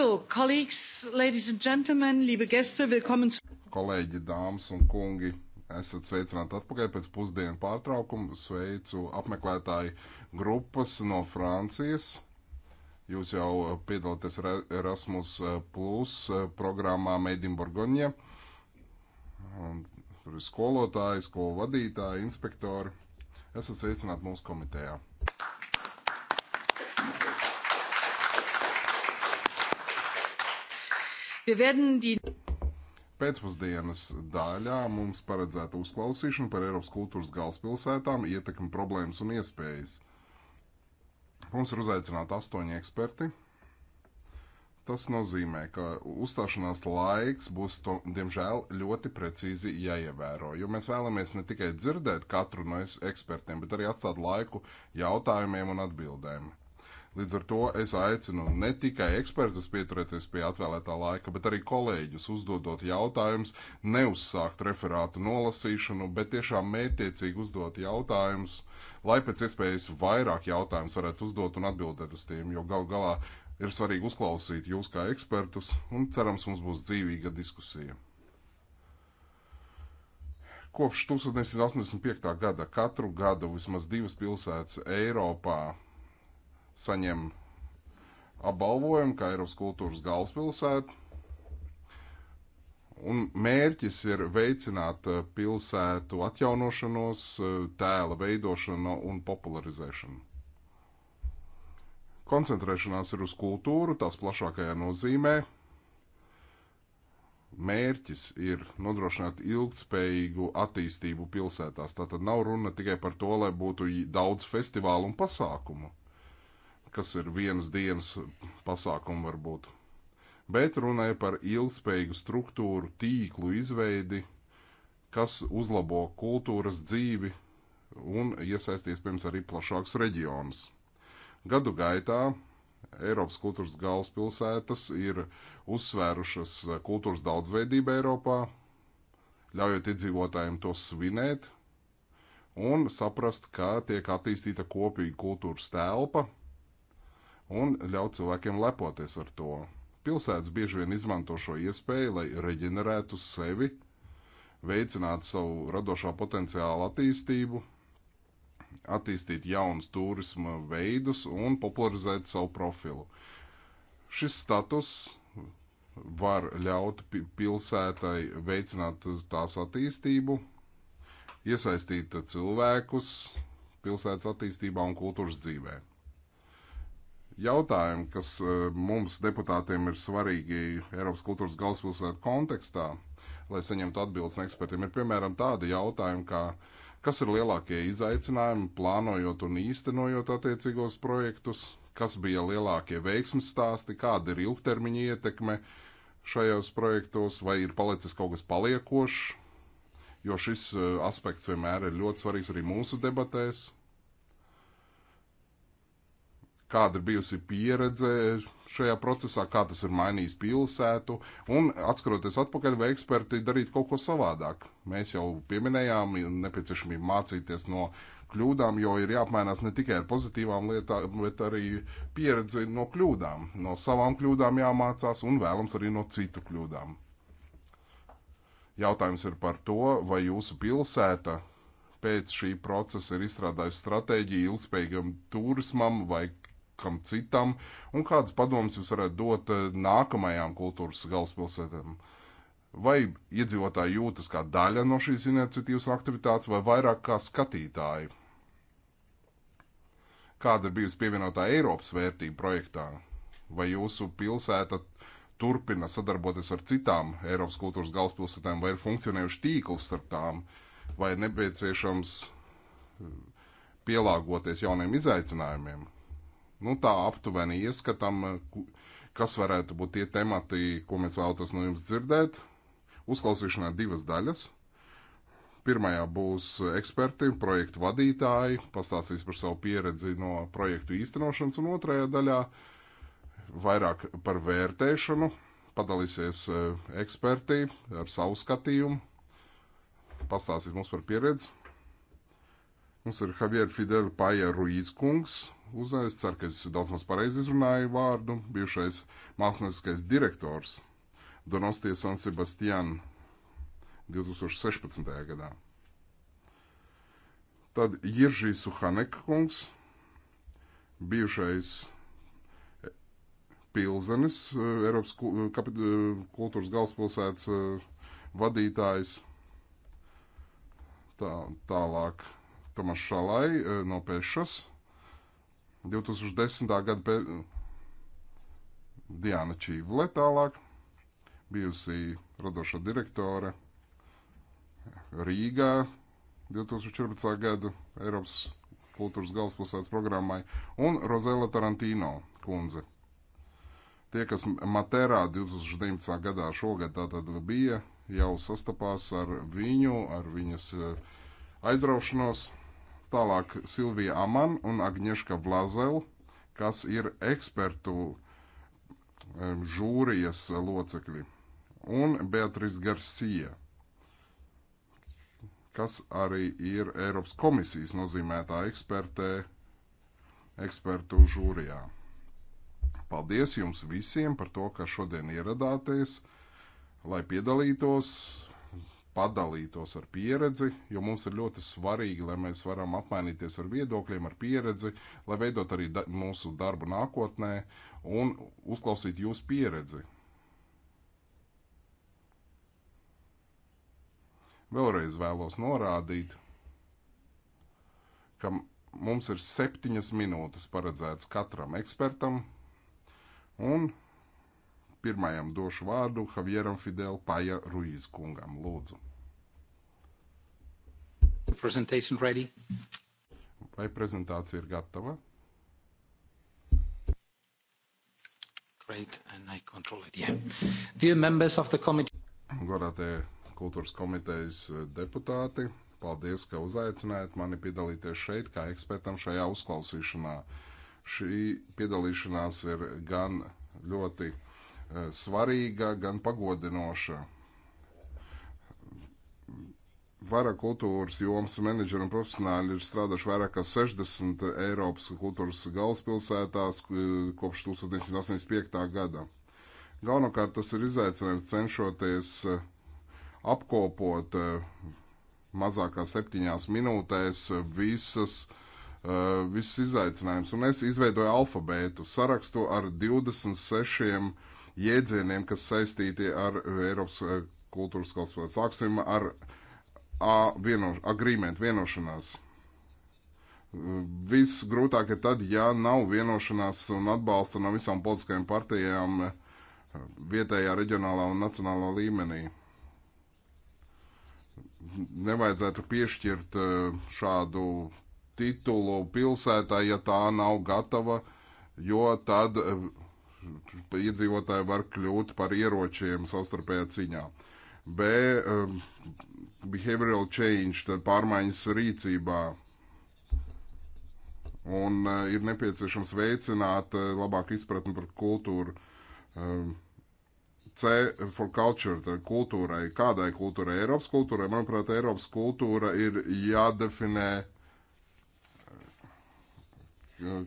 So, colleagues, ladies and gentlemen, liebe Gäste, willkommen zu... Kolēģi, dāmas un kungi, esat sveicināti atpakaļ pēc pusdienu pārtraukuma. Sveicu apmeklētāju grupas no Francijas. Jūs jau piedalāties Erasmus eh, Plus eh, programmā Made in Borgoņa. Tur ir skolotāji, skolu vadītāji, inspektori. Esat sveicināti mūsu komitejā. Pēcpusdienas daļā mums paredzēta uzklausīšana par Eiropas kultūras galvaspilsētām, ietekmi problēmas un iespējas. Mums ir uzaicināti astoņi eksperti. Tas nozīmē, ka uzstāšanās laiks būs, to, diemžēl, ļoti precīzi jāievēro, jo mēs vēlamies ne tikai dzirdēt katru no ekspertiem, bet arī atstāt laiku jautājumiem un atbildēm. Līdz ar to es aicinu ne tikai ekspertus pieturēties pie atvēlētā laika, bet arī kolēģus uzdodot jautājumus, neuzsākt referātu nolasīšanu, bet tiešām mētiecīgi uzdot jautājumus, lai pēc iespējas vairāk jautājumus varētu uzdot un atbildēt uz tiem, jo gal galā ir svarīgi uzklausīt jūs kā ekspertus un cerams mums būs dzīvīga diskusija. Kopš 1985. gada katru gadu vismaz divas pilsētas Eiropā saņem apbalvojumu kā Eiropas kultūras galvaspilsēta. Un mērķis ir veicināt eh, pilsētu atjaunošanos, eh, tēla veidošanu un popularizēšanu. Koncentrēšanās ir uz kultūru, tās plašākajā nozīmē. Mērķis ir nodrošināt ilgspējīgu attīstību pilsētās. Tātad nav runa tikai par to, lai būtu daudz festivālu un pasākumu kas ir vienas dienas pasākumu varbūt. Bet runāja par ilgspējīgu struktūru, tīklu izveidi, kas uzlabo kultūras dzīvi un iesaistīs, pirms arī plašāks reģionus. Gadu gaitā Eiropas kultūras galvaspilsētas ir uzsvērušas kultūras daudzveidību Eiropā, ļaujot iedzīvotājiem to svinēt un saprast, kā tiek attīstīta kopīga kultūras telpa – un ļaut cilvēkiem lepoties ar to. Pilsētas bieži vien izmanto šo iespēju, lai reģenerētu sevi, veicinātu savu radošā potenciāla attīstību, attīstīt jaunus turisma veidus un popularizēt savu profilu. Šis status var ļaut pilsētai veicināt tās attīstību, iesaistīt cilvēkus pilsētas attīstībā un kultūras dzīvē jautājumi, kas eh, mums deputātiem ir svarīgi Eiropas kultūras galvaspilsētu kontekstā, lai saņemtu atbildes no ekspertiem, ir piemēram tādi jautājumi, kā kas ir lielākie izaicinājumi, plānojot un īstenojot attiecīgos projektus, kas bija lielākie veiksmes stāsti, kāda ir ilgtermiņa ietekme šajos projektos, vai ir palicis kaut kas paliekošs, jo šis eh, aspekts vienmēr ir ļoti svarīgs arī mūsu debatēs, kāda ir bijusi pieredze šajā procesā, kā tas ir mainījis pilsētu, un atskatoties atpakaļ, vai eksperti darītu kaut ko savādāk. Mēs jau pieminējām nepieciešamību mācīties no kļūdām, jo ir jāapmainās ne tikai ar pozitīvām lietām, bet arī pieredzi no kļūdām. No savām kļūdām jāmācās un vēlams arī no citu kļūdām. Jautājums ir par to, vai jūsu pilsēta pēc šī procesa ir izstrādājusi stratēģiju ilgspējīgam turismam vai kam citam, un kādas padomas jūs varētu dot eh, nākamajām kultūras galvaspilsētām? Vai iedzīvotāji jūtas kā daļa no šīs iniciatīvas aktivitātes, vai vairāk kā skatītāji? Kāda ir bijusi pievienotā Eiropas vērtība projektā? Vai jūsu pilsēta turpina sadarboties ar citām Eiropas kultūras galvaspilsētām, vai ir funkcionējuši tīkls starp tām, vai ir nepieciešams eh, pielāgoties jauniem izaicinājumiem? Nu, tā aptuveni ieskatam, kas varētu būt tie temati, ko mēs vēlamies no jums dzirdēt. Uzklausīšanā divas daļas. Pirmajā būs eksperti, projektu vadītāji, pastāstīs par savu pieredzi no projektu īstenošanas, un otrajā daļā vairāk par vērtēšanu. Padalīsies eh, eksperti ar savu skatījumu, pastāstīs mums par pieredzi. Mums ir Javier Fidel Paja Ruiz kungs, uzņēmis, ceru, ka es daudz maz pareizi izrunāju vārdu, bijušais mākslinieckais direktors Donostie San Sebastian 2016. gadā. Tad Jiržī Suhanek kungs, bijušais Pilzenis, eh, Eiropas eh, eh, kultūras galvaspilsētas vadītājs. Tā, tālāk Tomas Šalai eh, no Pešas. 2010. gada pē... Diana Čīvle tālāk, bijusi radošā direktore Rīgā 2014. gada Eiropas kultūras galvaspilsētas programmai, un Rozela Tarantino kundze. Tie, kas Materā 2019. gadā šogad tātad bija, jau sastapās ar viņu, ar viņas eh, aizraušanos, Tālāk Silvija Aman un Agnieszka Vlazel, kas ir ekspertu žūrijas locekļi. Un Beatrice Garcia, kas arī ir Eiropas komisijas nozīmētā ekspertē ekspertu žūrijā. Paldies jums visiem par to, ka šodien ieradāties, lai piedalītos padalītos ar pieredzi, jo mums ir ļoti svarīgi, lai mēs varam apmainīties ar viedokļiem, ar pieredzi, lai veidot arī da mūsu darbu nākotnē un uzklausīt jūsu pieredzi. Vēlreiz vēlos norādīt, ka mums ir septiņas minūtes paredzētas katram ekspertam, un Pirmajam došu vārdu Javieram Fidel Paja Ruiz kungam. Lūdzu. Presentation ready. Vai prezentācija ir gatava? Great, and I control it, yeah. Dear members of the committee. Godātie kultūras komitejas eh, deputāti, paldies, ka uzaicinājāt mani piedalīties šeit kā ekspertam šajā uzklausīšanā. Šī piedalīšanās ir gan ļoti Eh, svarīga, gan pagodinoša. Vara kultūras jomas menedžeri un profesionāļi ir strādājuši vairāk kā 60 Eiropas kultūras galvaspilsētās eh, kopš 1985. gada. Galvenokārt tas ir izaicinājums cenšoties eh, apkopot mazākā septiņās minūtēs visas, visas izaicinājums. Un es izveidoju alfabētu sarakstu ar 26 jēdzieniem, kas saistīti ar eh, Eiropas eh, kultūras kalpošanas. Sāksim ar A vieno, agreement, vienošanās. Eh, viss grūtāk ir tad, ja nav vienošanās un atbalsta no visām politiskajām partijām vietējā, reģionālā un nacionālā līmenī. Nevajadzētu piešķirt šādu titulu pilsētā, ja tā nav gatava, jo tad iedzīvotāji var kļūt par ieročiem savstarpējā ciņā. B. Um, behavioral change, tad pārmaiņas rīcībā. Un uh, ir nepieciešams veicināt uh, labāku izpratni par kultūru. Um, C. For culture, tad kultūrai. Kādai kultūrai? Eiropas kultūrai. Manuprāt, Eiropas kultūra ir jādefinē uh,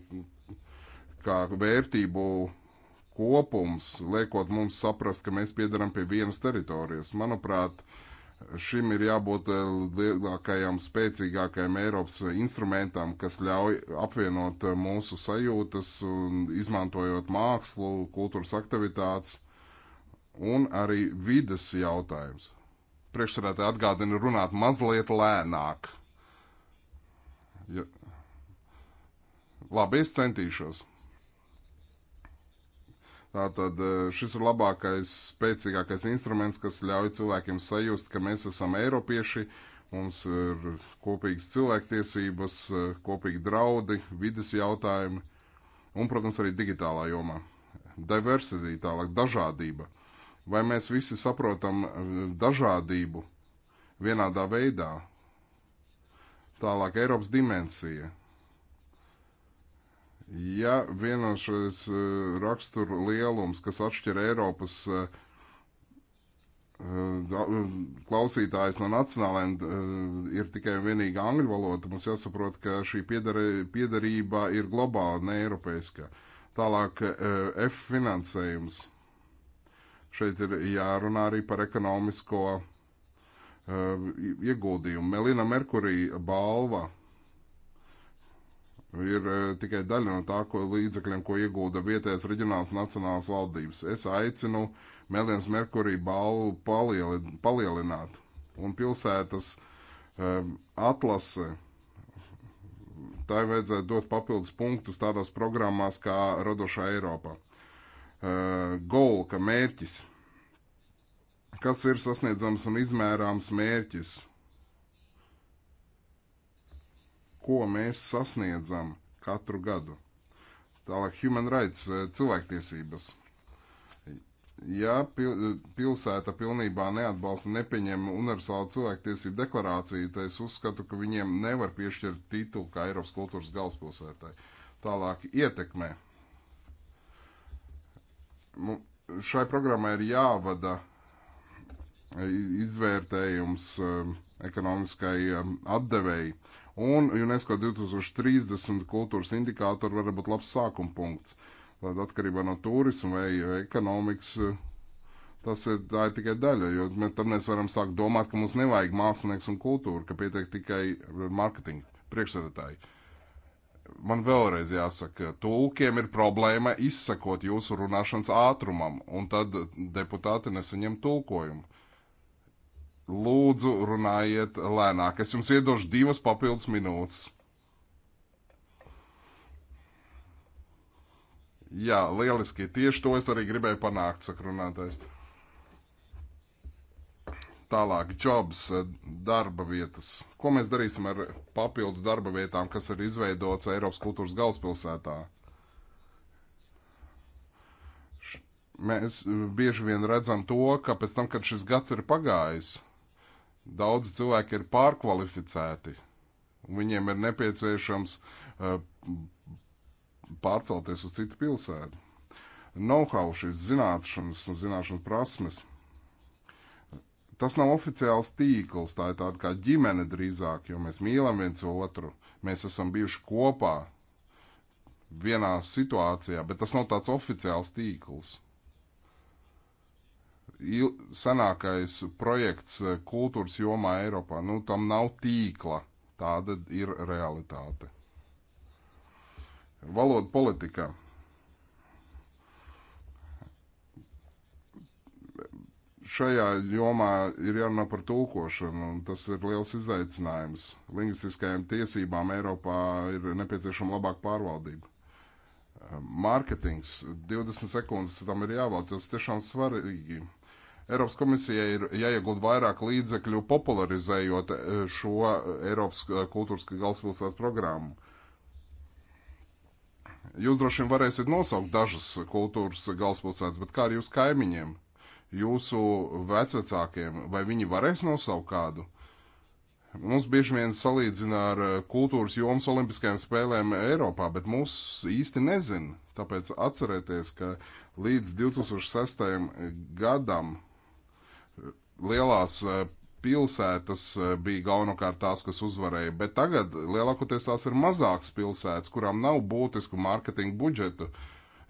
kā vērtību uh, kopums, liekot mums saprast, ka mēs piedaram pie vienas teritorijas. Manuprāt, šim ir jābūt eh, lielākajam, spēcīgākajam Eiropas instrumentam, kas ļauj apvienot eh, mūsu sajūtas, izmantojot mākslu, kultūras aktivitātes un arī vides jautājums. Priekšsēdētāji atgādina runāt mazliet lēnāk. Ja. Labi, es centīšos. Tātad e, šis ir labākais, spēcīgākais instruments, kas ļauj cilvēkiem sajust, ka mēs esam eiropieši, mums ir kopīgas cilvēktiesības, e, kopīgi draudi, vidas jautājumi un, protams, arī digitālā jomā. Diversity, tālāk dažādība. Vai mēs visi saprotam e, dažādību vienādā veidā? Tālāk Eiropas dimensija Ja vienošais eh, rakstura lielums, kas atšķir Eiropas eh, eh, klausītājs no nacionālajiem, ir tikai un vienīgi angļu valoda, mums jāsaprot, ka šī piedarība ir globāla, ne eiropeiska. Tālāk F finansējums. Šeit ir jārunā arī par ekonomisko ieguldījumu. Melina Merkurija balva ir eh, tikai daļa no tā, ko līdzekļiem, ko iegūda vietējais reģionāls nacionāls valdības. Es aicinu Mēlēns Merkurī balvu palieli, palielināt un pilsētas um, atlase. Tā ir vajadzētu dot papildus punktus tādās programmās kā Radošā Eiropa. Uh, eh, Golka mērķis. Kas ir sasniedzams un izmērāms mērķis? ko mēs sasniedzam katru gadu. Tālāk, human rights, eh, cilvēktiesības. Ja pilsēta pilnībā neatbalsta, nepieņem universālu cilvēktiesību deklarāciju, tad es uzskatu, ka viņiem nevar piešķirt titulu kā Eiropas kultūras galvaspilsētai. Tālāk, ietekmē. Šai programmai ir jāvada eh, izvērtējums eh, ekonomiskai atdevēji Un UNESCO 2030 kultūras indikātori var būt labs sākuma punkts. Tad atkarībā no turisma vai ekonomikas tas ir, ir tikai daļa, jo mē, tad mēs varam sākt domāt, ka mums nevajag mākslinieks un kultūru, ka pietiek tikai marketinga priekšsēdētāji. Man vēlreiz jāsaka, tulkiem ir problēma izsakot jūsu runāšanas ātrumam, un tad deputāti nesaņem tulkojumu. Lūdzu, runājiet lēnāk. Es jums iedošu divas papildus minūtes. Jā, lieliski. Tieši to es arī gribēju panākt, saka runātājs. Tālāk, jobs, darba vietas. Ko mēs darīsim ar papildu darba vietām, kas ir izveidots Eiropas kultūras galvaspilsētā? Mēs bieži vien redzam to, ka pēc tam, kad šis gads ir pagājis, Daudz cilvēki ir pārkvalificēti, un viņiem ir nepieciešams uh, pārcelties uz citu pilsētu. Know-how, šīs zināšanas, zināšanas prasmes. Tas nav oficiāls tīkls, tā ir tāda kā ģimene drīzāk, jo mēs mīlam viens otru, mēs esam bijuši kopā vienā situācijā, bet tas nav tāds oficiāls tīkls senākais projekts eh, kultūras jomā Eiropā. Nu, tam nav tīkla. Tāda ir realitāte. Valoda politikā. Šajā jomā ir jārunā par tulkošanu, un tas ir liels izaicinājums. Lingvistiskajām tiesībām Eiropā ir nepieciešama labāka pārvaldība eh, mārketings, 20 sekundes tam ir jāvēl, tas tiešām svarīgi. Eiropas komisijai ir jāiegūt vairāk līdzekļu popularizējot e, šo Eiropas e, kultūras galvaspilsētas programmu. Jūs droši vien varēsiet nosaukt dažas kultūras galvaspilsētas, bet kā ar jūsu kaimiņiem, jūsu vecvecākiem, vai viņi varēs nosaukt kādu? Mums bieži vien salīdzina ar e, kultūras jomas olimpiskajām spēlēm Eiropā, bet mūs īsti nezina. Tāpēc atcerieties, ka līdz 2006. gadam lielās eh, pilsētas eh, bija galvenokārt tās, kas uzvarēja, bet tagad lielākoties tās ir mazākas pilsētas, kurām nav būtisku mārketinga budžetu,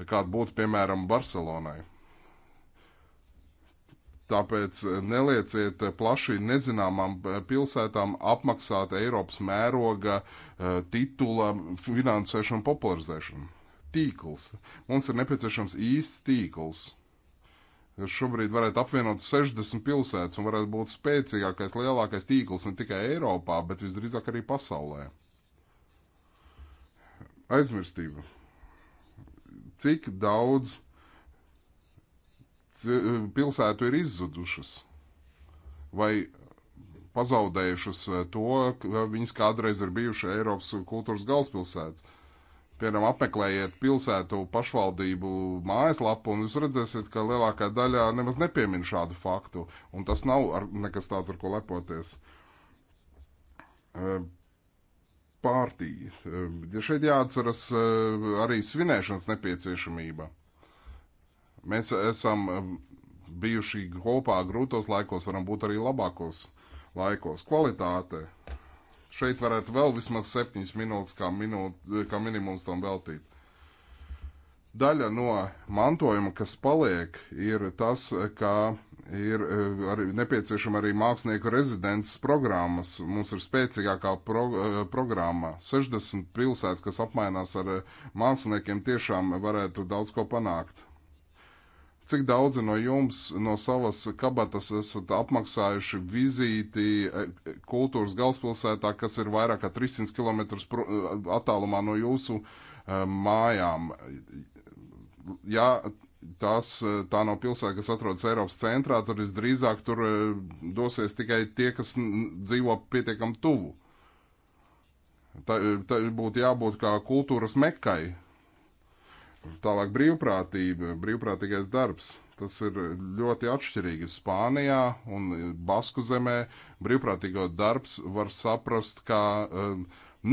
kāda būtu, piemēram, Barcelonai. Tāpēc eh, nelieciet plaši nezināmām pilsētām apmaksāt Eiropas mēroga titula finansēšanu popularizēšanu. Tīkls. Mums ir nepieciešams īsts tīkls šobrīd varētu apvienot 60 pilsētas un varētu būt spēcīgākais, lielākais tīkls ne tikai Eiropā, bet visdrīzāk arī pasaulē. Aizmirstība. Cik daudz pilsētu ir izzudušas vai pazaudējušas eh, to, ka viņas kādreiz ir bijušas Eiropas kultūras galvaspilsētas? Piemēram, apmeklējiet pilsētu pašvaldību mājaslapu, un jūs redzēsiet, ka lielākā daļa nemaz nepiemin šādu faktu. Un tas nav ar, nekas tāds, ar ko lepoties. Ehm, pārtīja. Ehm, ja šeit jāatceras ehm, arī svinēšanas nepieciešamība. Mēs esam bijuši kopā grūtos laikos, varam būt arī labākos laikos. Kvalitāte šeit varētu vēl vismaz septiņas minūtes kā, minūte, kā minimums tam veltīt. Daļa no mantojuma, kas paliek, ir tas, ka ir eh, arī nepieciešama arī mākslinieku rezidents programmas. Mums ir spēcīgākā pro, eh, programma. 60 pilsētas, kas apmainās ar eh, māksliniekiem, tiešām varētu daudz ko panākt. Cik daudzi no jums no savas kabatas esat apmaksājuši vizīti e, kultūras galvaspilsētā, kas ir vairāk kā 300 km e, attālumā no jūsu e, mājām? Ja tas, tā nav pilsēta, kas atrodas Eiropas centrā, tad visdrīzāk tur dosies tikai tie, kas dzīvo pietiekam tuvu. Tā, tā būtu jābūt kā kultūras mekai Tālāk brīvprātība, brīvprātīgais darbs. Tas ir ļoti atšķirīgi. Spānijā un Basku zemē brīvprātīgo darbs var saprast kā um,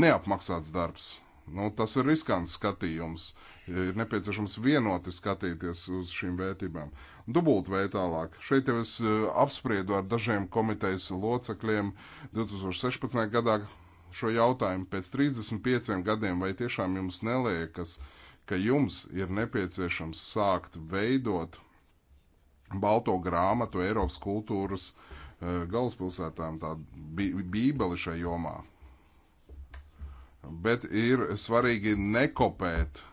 neapmaksāts darbs. Nu, tas ir riskants skatījums. Ir nepieciešams vienoti skatīties uz šīm vērtībām. Dubultvei tālāk. Šeit jau es uh, apspriedu ar dažiem komitejas locekļiem 2016. gadā šo jautājumu. Pēc 35 gadiem vai tiešām jums neliekas, ka ka jums ir nepieciešams sākt veidot balto grāmatu Eiropas kultūras eh, galvaspilsētām, tādu bībeli šai jomā. Bet ir svarīgi nekopēt.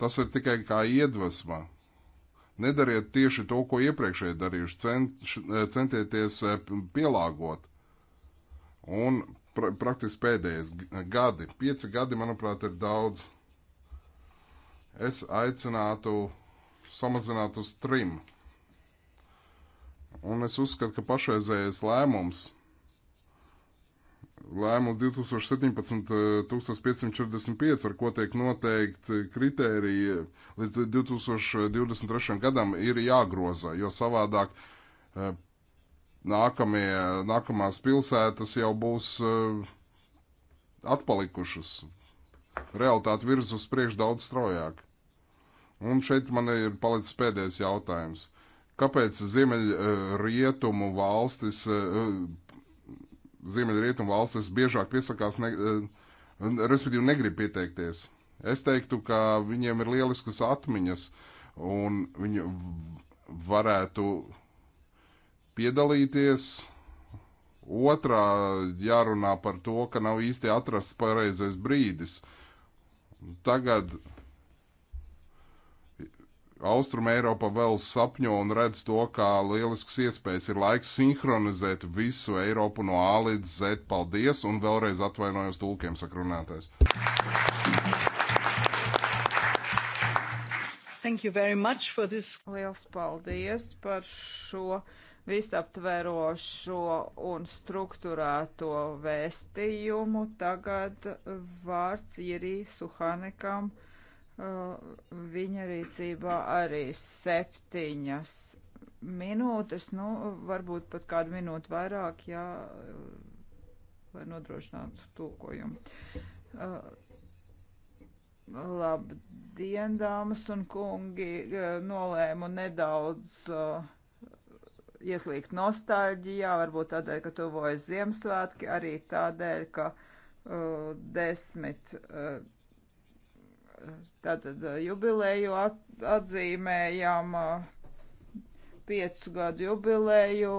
Tas ir tikai kā iedvesma. Nedariet tieši to, ko iepriekšēji darījuši, cent, eh, centieties eh, pielāgot. Un pra, praktiski pēdējais gadi. Pieci gadi, manuprāt, ir daudz. Es aicinātu samazināt uz trim. Un es uzskatu, ka pašreizējais lēmums, lēmums 2017.545, ar ko tiek noteikti kritērija līdz 2023. gadam, ir jāgroza, jo savādāk eh, nākamie, nākamās pilsētas jau būs uh, atpalikušas. Realtāte virz uz priekšu daudz straujāk. Un šeit man ir palicis pēdējais jautājums. Kāpēc ziemeļrietumu e, uh, valstis, uh, e, ziemeļrietumu valstis biežāk piesakās, ne, respektīvi negrib pieteikties? Es teiktu, ka viņiem ir lieliskas atmiņas un viņi varētu piedalīties. Otrā jārunā par to, ka nav īsti atrasts pareizais brīdis. Tagad Austruma Eiropa vēl sapņo un redz to, kā lielisks iespējas ir laiks sinhronizēt visu Eiropu no A līdz Z. Paldies un vēlreiz atvainojos tulkiem sakrunātais. Thank you very much for this. Liels paldies par šo visaptverošo un struktūrēto vēstījumu. Tagad vārds Jirī Suhanekam. Uh, viņa rīcībā arī septiņas minūtes, nu, varbūt pat kādu minūtu vairāk, jā, uh, lai nodrošinātu tulkojumu. Uh, labdien, dāmas un kungi, nolēmu nedaudz uh, ieslīgt nostalģijā, varbūt tādēļ, ka tuvojas Ziemassvētki, arī tādēļ, ka uh, desmit uh, tātad uh, jubilēju at, atzīmējām uh, piecu gadu jubilēju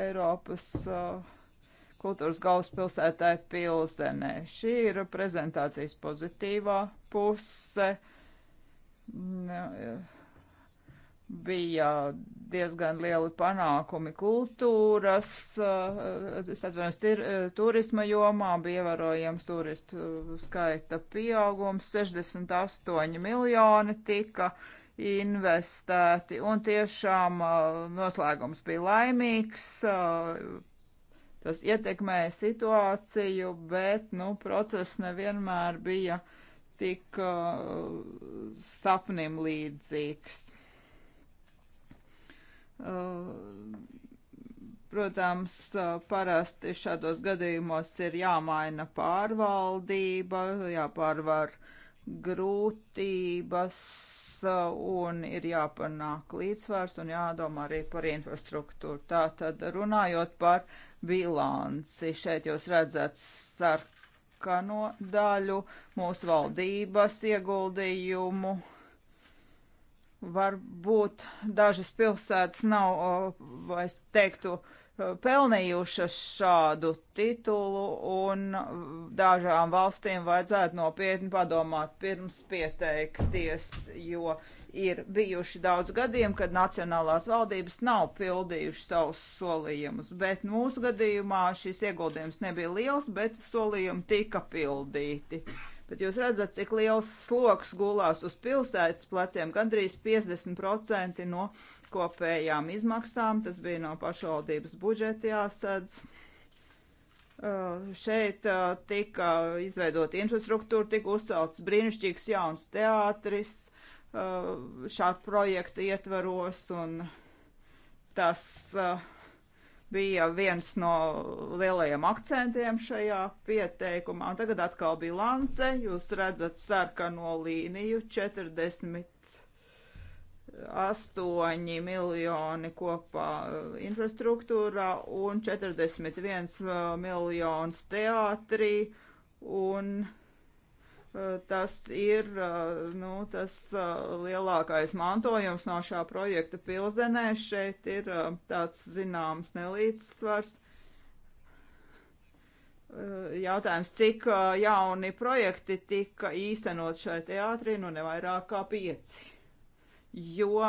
Eiropas uh, kultūras galvaspilsētāja Pilzenē. Šī ir prezentācijas pozitīvā puse. Mm, uh, bija diezgan lieli panākumi kultūras, eh, es atvainojos, tur, eh, turisma jomā bija ievērojams turistu skaita pieaugums, 68 miljoni tika investēti, un tiešām eh, noslēgums bija laimīgs, tas ietekmēja situāciju, bet, nu, process nevienmēr bija tik sapnim līdzīgs Eh, protams, eh, parasti šādos gadījumos ir jāmaina pārvaldība, jāpārvar grūtības eh, un ir jāpanāk līdzsvars un jādomā arī par infrastruktūru. Tātad runājot par bilanci, šeit jūs redzat sarkano daļu, mūsu valdības ieguldījumu varbūt dažas pilsētas nav, vai es teiktu, pelnījušas šādu titulu, un dažām valstīm vajadzētu nopietni padomāt pirms pieteikties, jo ir bijuši daudz gadiem, kad nacionālās valdības nav pildījušas savus solījumus, bet mūsu gadījumā šis ieguldījums nebija liels, bet solījumi tika pildīti. Uh, Bet jūs redzat, cik liels sloks gulās uz pilsētas pleciem - gandrīz 50% no kopējām izmaksām. Tas bija no pašvaldības budžeta jāsadz. Uh, šeit uh, tika izveidota infrastruktūra, tika uzcelts brīnišķīgs jauns teātris uh, šā projekta ietvaros, un tas uh, bija viens no lielajiem akcentiem šajā pieteikumā. Un tagad atkal bilance. Jūs redzat sarkano līniju 40. 8 miljoni kopā uh, infrastruktūrā un 41 uh, miljonus teātrī un Eh, tas ir eh, nu, tas eh, lielākais mantojums no šā projekta Pilsdenē. Šeit ir tāds zināms nelīdzsvars. Jautājums, cik jauni projekti tika īstenot šai teātrī, nu nevairāk kā pieci, jo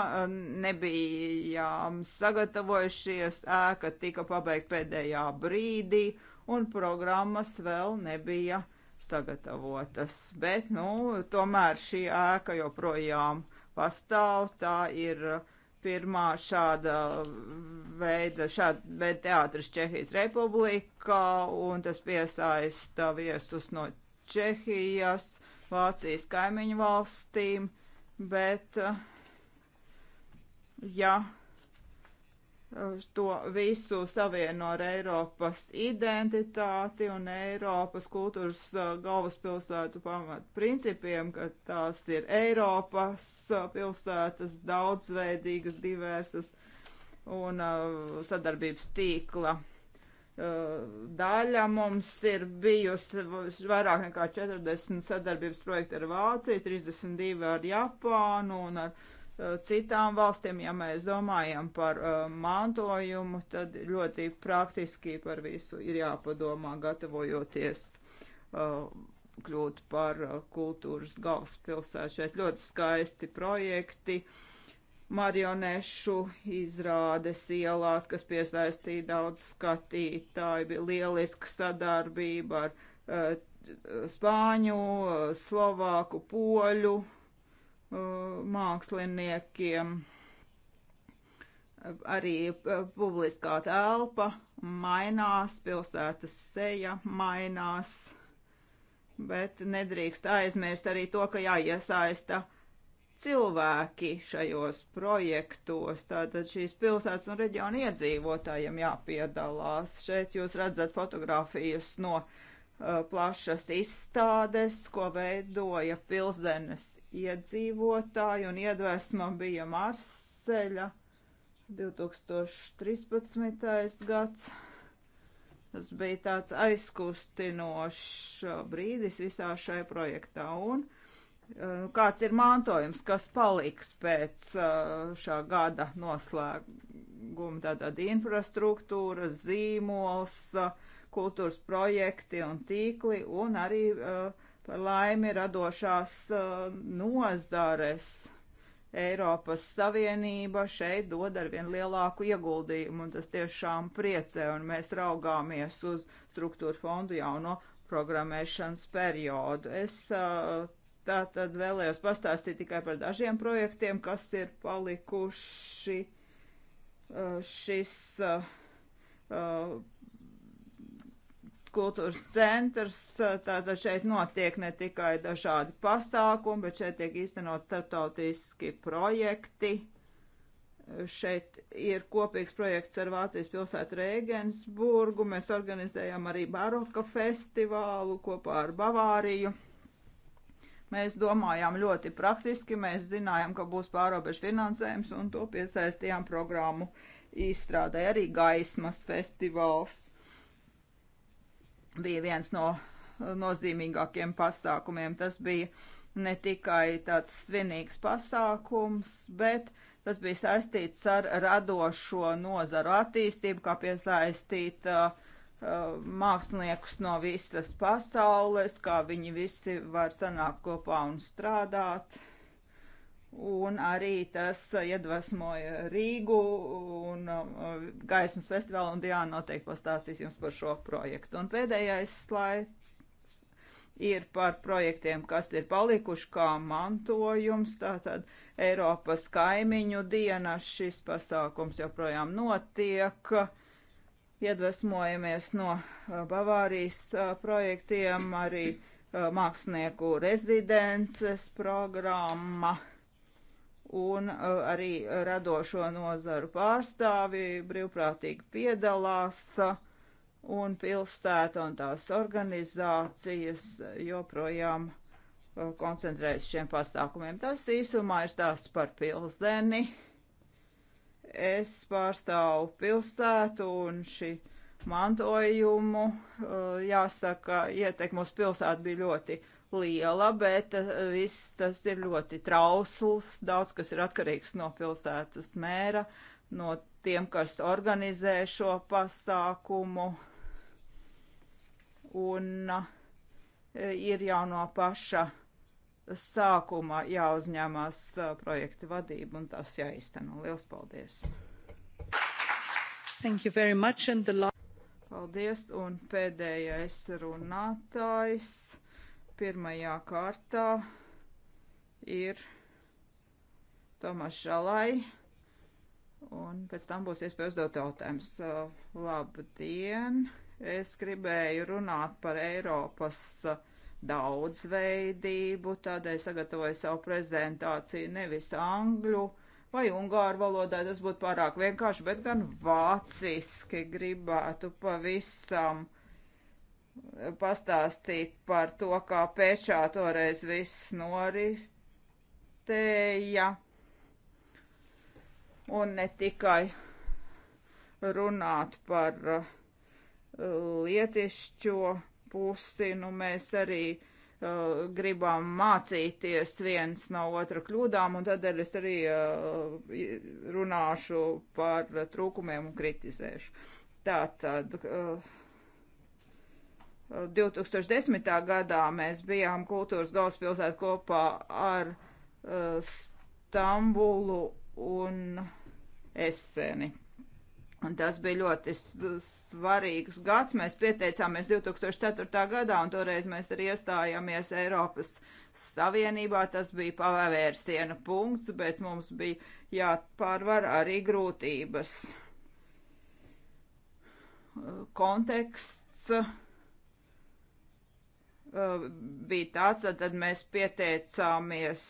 nebijām sagatavojušies, ēka tika pabeigta pēdējā brīdī un programmas vēl nebija uh, sagatavotas. Bet, nu, tomēr šī ēka joprojām pastāv. Tā ir pirmā šāda veida, šāda veida teātris Čehijas republikā, un tas piesaista viesus no Čehijas, Vācijas kaimiņu valstīm, bet, ja to visu savieno ar Eiropas identitāti un Eiropas kultūras uh, galvaspilsētu pamatprincipiem, ka tās ir Eiropas uh, pilsētas daudzveidīgas, diversas un uh, sadarbības tīkla daļa mums ir bijusi vairāk nekā 40 sadarbības projekti ar Vāciju, 32 ar Japānu un ar Eh, citām valstīm. Ja mēs domājam par eh, mantojumu, tad ļoti praktiski par visu ir jāpadomā, gatavojoties eh, kļūt par kultūras galvaspilsētu. Šeit ļoti skaisti projekti, marionešu izrādes ielās, kas piesaistīja daudz skatītāju, bija lieliska sadarbība ar uh, spāņu, slovāku, poļu Uh, māksliniekiem arī uh, publiskā telpa mainās, pilsētas seja mainās, bet nedrīkst aizmirst arī to, ka jāiesaista cilvēki šajos projektos, tātad šīs pilsētas un reģiona iedzīvotājiem jāpiedalās. Šeit jūs redzat fotografijas no uh, plašas izstādes, ko veidoja Pilzenes iedzīvotāji, un iedvesma bija Marseļa 2013. gads. Tas bija tāds aizkustinošs brīdis visā šai projektā. Un uh, nu, kāds ir mantojums, kas paliks pēc uh, šā gada noslēguma? Tātad infrastruktūra, zīmols, uh, kultūras projekti un tīkli un arī uh, Par laimi radošās eh, nozares Eiropas Savienība šeit dod ar vien lielāku ieguldījumu, un tas tiešām priecē, un mēs raugāmies uz struktūra fondu jauno programmēšanas periodu. Es eh, tā tad vēlējos pastāstīt tikai par dažiem projektiem, kas ir palikuši eh, šis kultūras centrs. Tātad šeit notiek ne tikai dažādi pasākumi, bet šeit tiek īstenot starptautiski projekti. Šeit ir kopīgs projekts ar Vācijas pilsētu Rēgensburgu. Mēs organizējam arī baroka festivālu kopā ar Bavāriju. Mēs domājām ļoti praktiski, mēs zinājām, ka būs pārobežu finansējums un to piesaistījām programmu izstrādē arī gaismas festivāls bija viens no nozīmīgākiem pasākumiem. Tas bija ne tikai tāds svinīgs pasākums, bet tas bija saistīts ar radošo nozaru attīstību, kā piesaistīt uh, uh māksliniekus no visas pasaules, kā viņi visi var sanākt kopā un strādāt. Un arī tas iedvesmoja Rīgu un uh, gaismas festivālu, un Diana noteikti pastāstīs jums par šo projektu. Un pēdējais slaids ir par projektiem, kas ir palikuši kā mantojums. Tātad Eiropas kaimiņu diena šis pasākums joprojām notiek. Iedvesmojamies no uh, Bavārijas uh, projektiem arī mākslinieku rezidences programma un uh, arī radošo nozaru pārstāvi brīvprātīgi piedalās uh, un pilsēta un tās organizācijas joprojām uh, koncentrējas šiem pasākumiem. Tas īsumā ir stāsts par pilsēni. Es pārstāvu pilsētu un šī mantojumu, jāsaka, ietekme uz pilsētu bija ļoti liela, bet eh, viss tas ir ļoti trausls. Daudz kas ir atkarīgs no pilsētas mēra, no tiem, kas organizē šo pasākumu. Un eh, ir jau no paša sākuma jāuzņemās eh, projekta vadība un tas jāizteno. Lielas paldies! Thank you very much and the last. Paldies un pēdējais runātājs Pirmajā kārtā ir Tomas Žalai, un pēc tam būs iespēja uzdot jautājumus. Uh, labdien! Es gribēju runāt par Eiropas uh, daudzveidību, tādēļ sagatavoju savu prezentāciju nevis angļu vai ungāru valodā, tas būtu pārāk vienkārši, bet gan vāciski gribētu pavisam pastāstīt par to, kā pēčā toreiz viss noristēja. Un ne tikai runāt par uh, lietišķo pusi, nu mēs arī uh, gribam mācīties viens no otra kļūdām, un tādēļ es arī uh, runāšu par trūkumiem un kritizēšu. Tātad. Uh, 2010. gadā mēs bijām kultūras galvaspilsēta kopā ar uh, Stambulu un Eseni. Un tas bija ļoti svarīgs gads. Mēs pieteicāmies 2004. gadā, un toreiz mēs arī iestājāmies Eiropas Savienībā. Tas bija pavērsiena punkts, bet mums bija jāpārvar arī grūtības. Eh, konteksts Uh, bija tāds, tad mēs pieteicāmies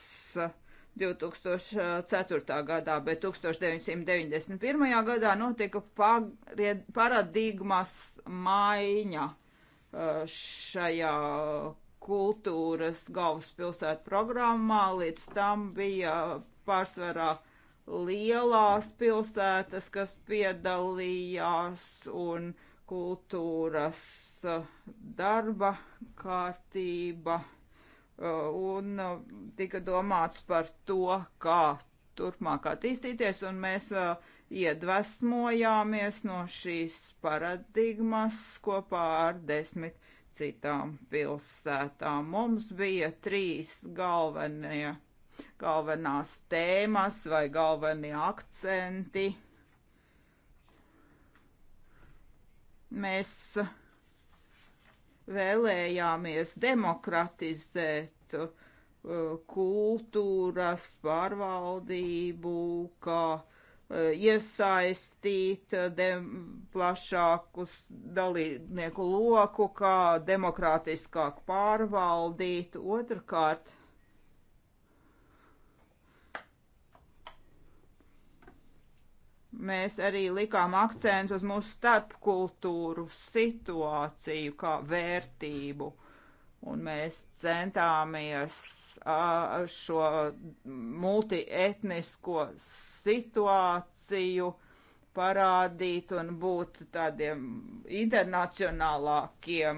2004. Uh, gadā, bet 1991. gadā notika paradigmas maiņa uh, šajā kultūras galvaspilsētu programmā. Līdz tam bija pārsvarā lielās pilsētas, kas piedalījās un uh, kultūras darba kārtība uh, un uh, tika domāts par to, kā turpmāk attīstīties, un mēs uh, iedvesmojāmies no šīs paradigmas kopā ar desmit citām pilsētām. Mums bija trīs galvenie, galvenās tēmas vai galvenie akcenti Mēs vēlējāmies demokratizēt uh, kultūras pārvaldību, kā uh, iesaistīt uh, de plašākus dalībnieku loku, kā demokrātiskāk pārvaldīt. Otrkārt, mēs arī likām akcentu uz mūsu starpkultūru situāciju kā vērtību. Un mēs centāmies šo multietnisko situāciju parādīt un būt tādiem internacionālākiem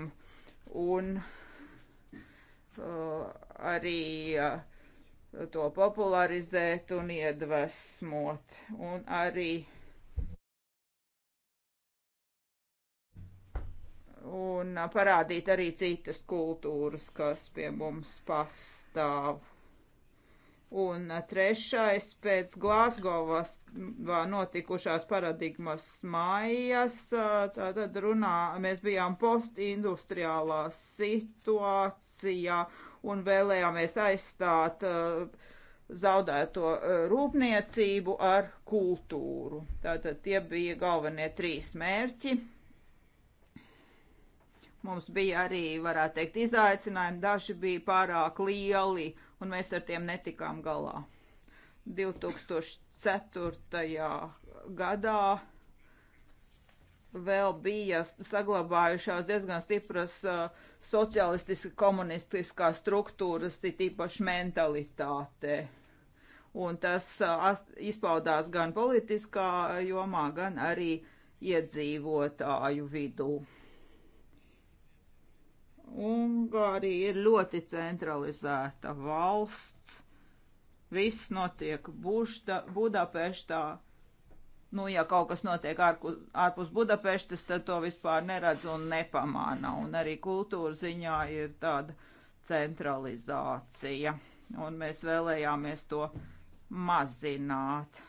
un uh, arī uh, to popularizēt un iedvesmot. Un arī un parādīt arī citas kultūras, kas pie mums pastāv. Un trešais pēc Glāzgovas notikušās paradigmas mājas, tātad runā, mēs bijām postindustriālā situācijā un vēlējāmies aizstāt uh, zaudēto rūpniecību ar kultūru. Tātad tie bija galvenie trīs mērķi. Mums bija arī, varētu teikt, izaicinājumi, daži bija pārāk lieli, un mēs ar tiem netikām galā. 2004. gadā vēl bija saglabājušās diezgan stipras uh, sociālistiska, komunistiskā struktūras, it īpaši mentalitāte. Un tas uh, izpaudās gan politiskā jomā, gan arī iedzīvotāju vidū. Ungārija ir ļoti centralizēta valsts. Viss notiek Bušta, Budapeštā. Nu, ja kaut kas notiek ārpus, ārpus Budapeštas, tad to vispār neredz un nepamāna. Un arī kultūra ziņā ir tāda centralizācija. Un mēs vēlējāmies to mazināt.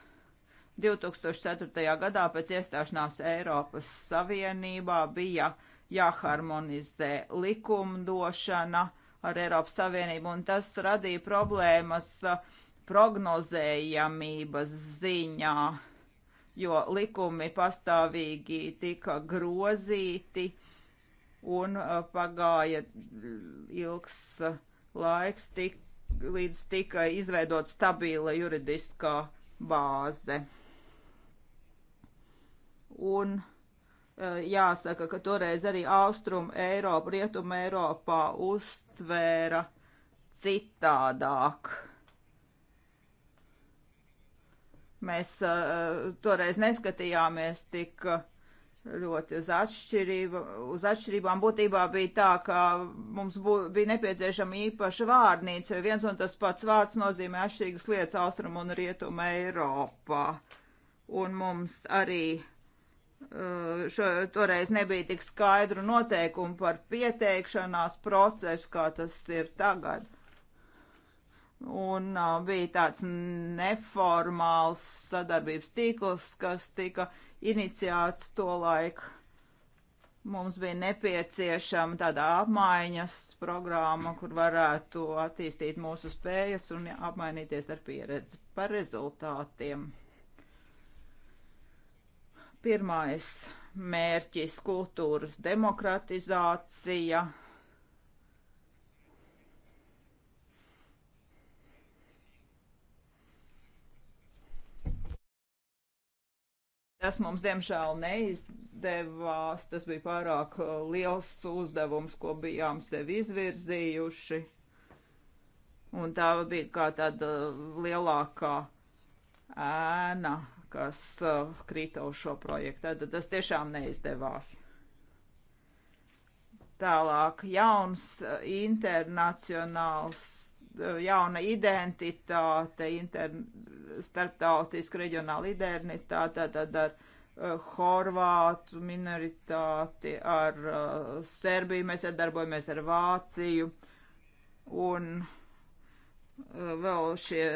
2004. gadā pēc iestāšanās Eiropas Savienībā bija uh, jāharmonizē likumdošana ar Eiropas Savienību, un tas radīja problēmas uh, prognozējamības ziņā, jo likumi pastāvīgi tika grozīti un uh, pagāja ilgs uh, laiks, tik, līdz tika izveidot stabila juridiskā bāze. Un Eh, jāsaka, ka toreiz arī Austrum Eiropa, Rietum Eiropā uztvēra citādāk. Mēs uh, toreiz neskatījāmies tik ļoti uz, atšķirību, uz atšķirībām. Būtībā bija tā, ka mums bū, bija nepieciešama īpaša vārnīca, jo viens un tas pats vārds nozīmē atšķirīgas lietas Austrum un Rietum Eiropā. Un mums arī uh, Eh, šo, toreiz nebija tik skaidru noteikumu par pieteikšanās procesu, kā tas ir tagad. Un uh, bija tāds neformāls sadarbības tīkls, kas tika iniciēts to laiku. Mums bija nepieciešama tāda apmaiņas programma, kur varētu attīstīt mūsu spējas un apmainīties ar pieredzi par rezultātiem. Pirmais mērķis - kultūras demokratizācija. Tas mums, diemžēl, neizdevās. Tas bija pārāk uh, liels uzdevums, ko bijām sev izvirzījuši. Un tā bija kā tāda uh, lielākā ēna kas uh, krita uz šo projektu. Tad tas tiešām neizdevās. Tālāk jauns uh, internacionāls, uh, jauna identitāte, inter, starptautiska reģionāla identitāte, tad ar uh, horvātu minoritāti, ar uh, Serbiju mēs sadarbojamies ar Vāciju un uh, vēl šie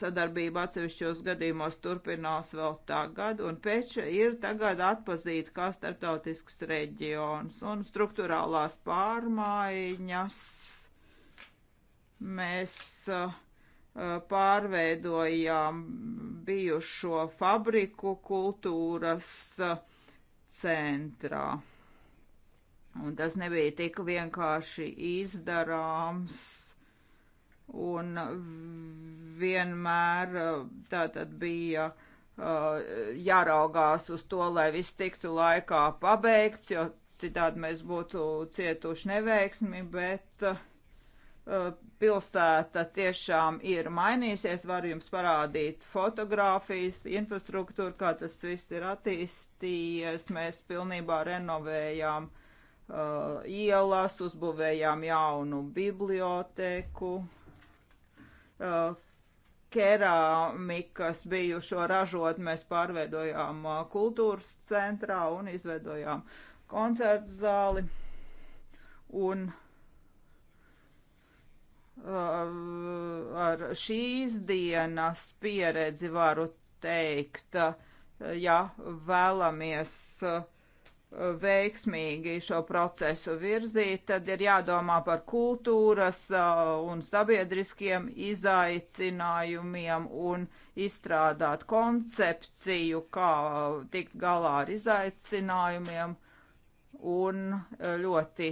sadarbība atsevišķos gadījumos turpinās vēl tagad, un peča ir tagad atpazīta kā starptautisks reģions, un struktūrālās pārmaiņas mēs uh, pārveidojām bijušo fabriku kultūras uh, centrā. Un tas nebija tik vienkārši izdarāms un vienmēr eh, tātad bija eh, jāraugās uz to, lai viss tiktu laikā pabeigts, jo citādi mēs būtu cietuši neveiksmi, bet eh, pilsēta tiešām ir mainīsies. Varu jums parādīt fotogrāfijas, infrastruktūru, kā tas viss ir attīstījies. Mēs pilnībā renovējām uh, ielas, uzbūvējām jaunu biblioteku, uh, kerāmikas bijušo ražotu mēs pārveidojām uh, kultūras centrā un izveidojām koncertu zāli. Un uh, ar šīs dienas pieredzi varu teikt, uh, ja vēlamies uh, veiksmīgi šo procesu virzīt, tad ir jādomā par kultūras uh, un sabiedriskiem izaicinājumiem un izstrādāt koncepciju, kā tikt galā ar izaicinājumiem. Un uh, ļoti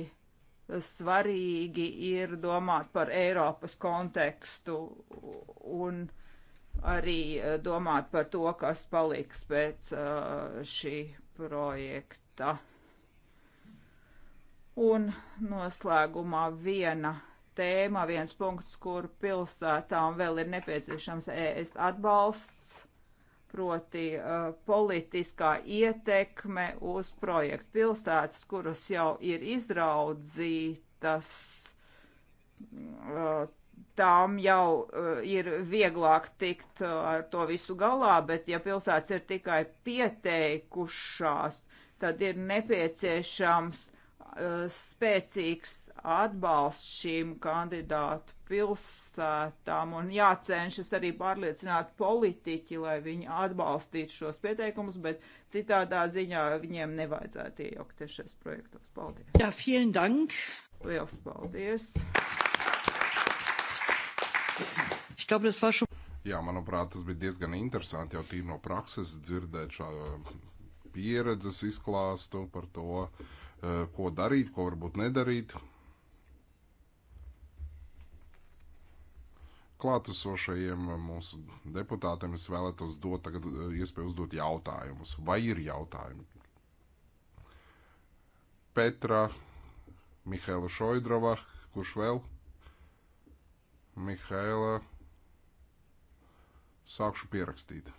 svarīgi ir domāt par Eiropas kontekstu un arī uh, domāt par to, kas paliks pēc šī projekta vietā. Un noslēgumā viena tēma, viens punkts, kur pilsētām vēl ir nepieciešams ES atbalsts, proti uh, politiskā ietekme uz projektu pilsētas, kuras jau ir izraudzītas. Uh, tām jau uh, ir vieglāk tikt uh, ar to visu galā, bet ja pilsētas ir tikai pieteikušās tad ir nepieciešams uh, spēcīgs atbalsts šīm kandidātu pilsētām un jācenšas arī pārliecināt politiķi, lai viņi atbalstītu šos pieteikumus, bet citādā ziņā viņiem nevajadzētu iejaukties šajos projektos. Paldies! Jā, ja, vielen dank! Liels paldies! Ich glaube, das war schon. Jā, manuprāt, tas bija diezgan interesanti jau tīri no prakses dzirdēt šādu pieredzes izklāstu par to, eh, ko darīt, ko varbūt nedarīt. Klātesošajiem eh, mūsu deputātiem es vēlētos dot tagad eh, iespēju uzdot jautājumus. Vai ir jautājumi? Petra, Mihaila Šoidrova, kurš vēl? Mihaila, sākšu pierakstīt.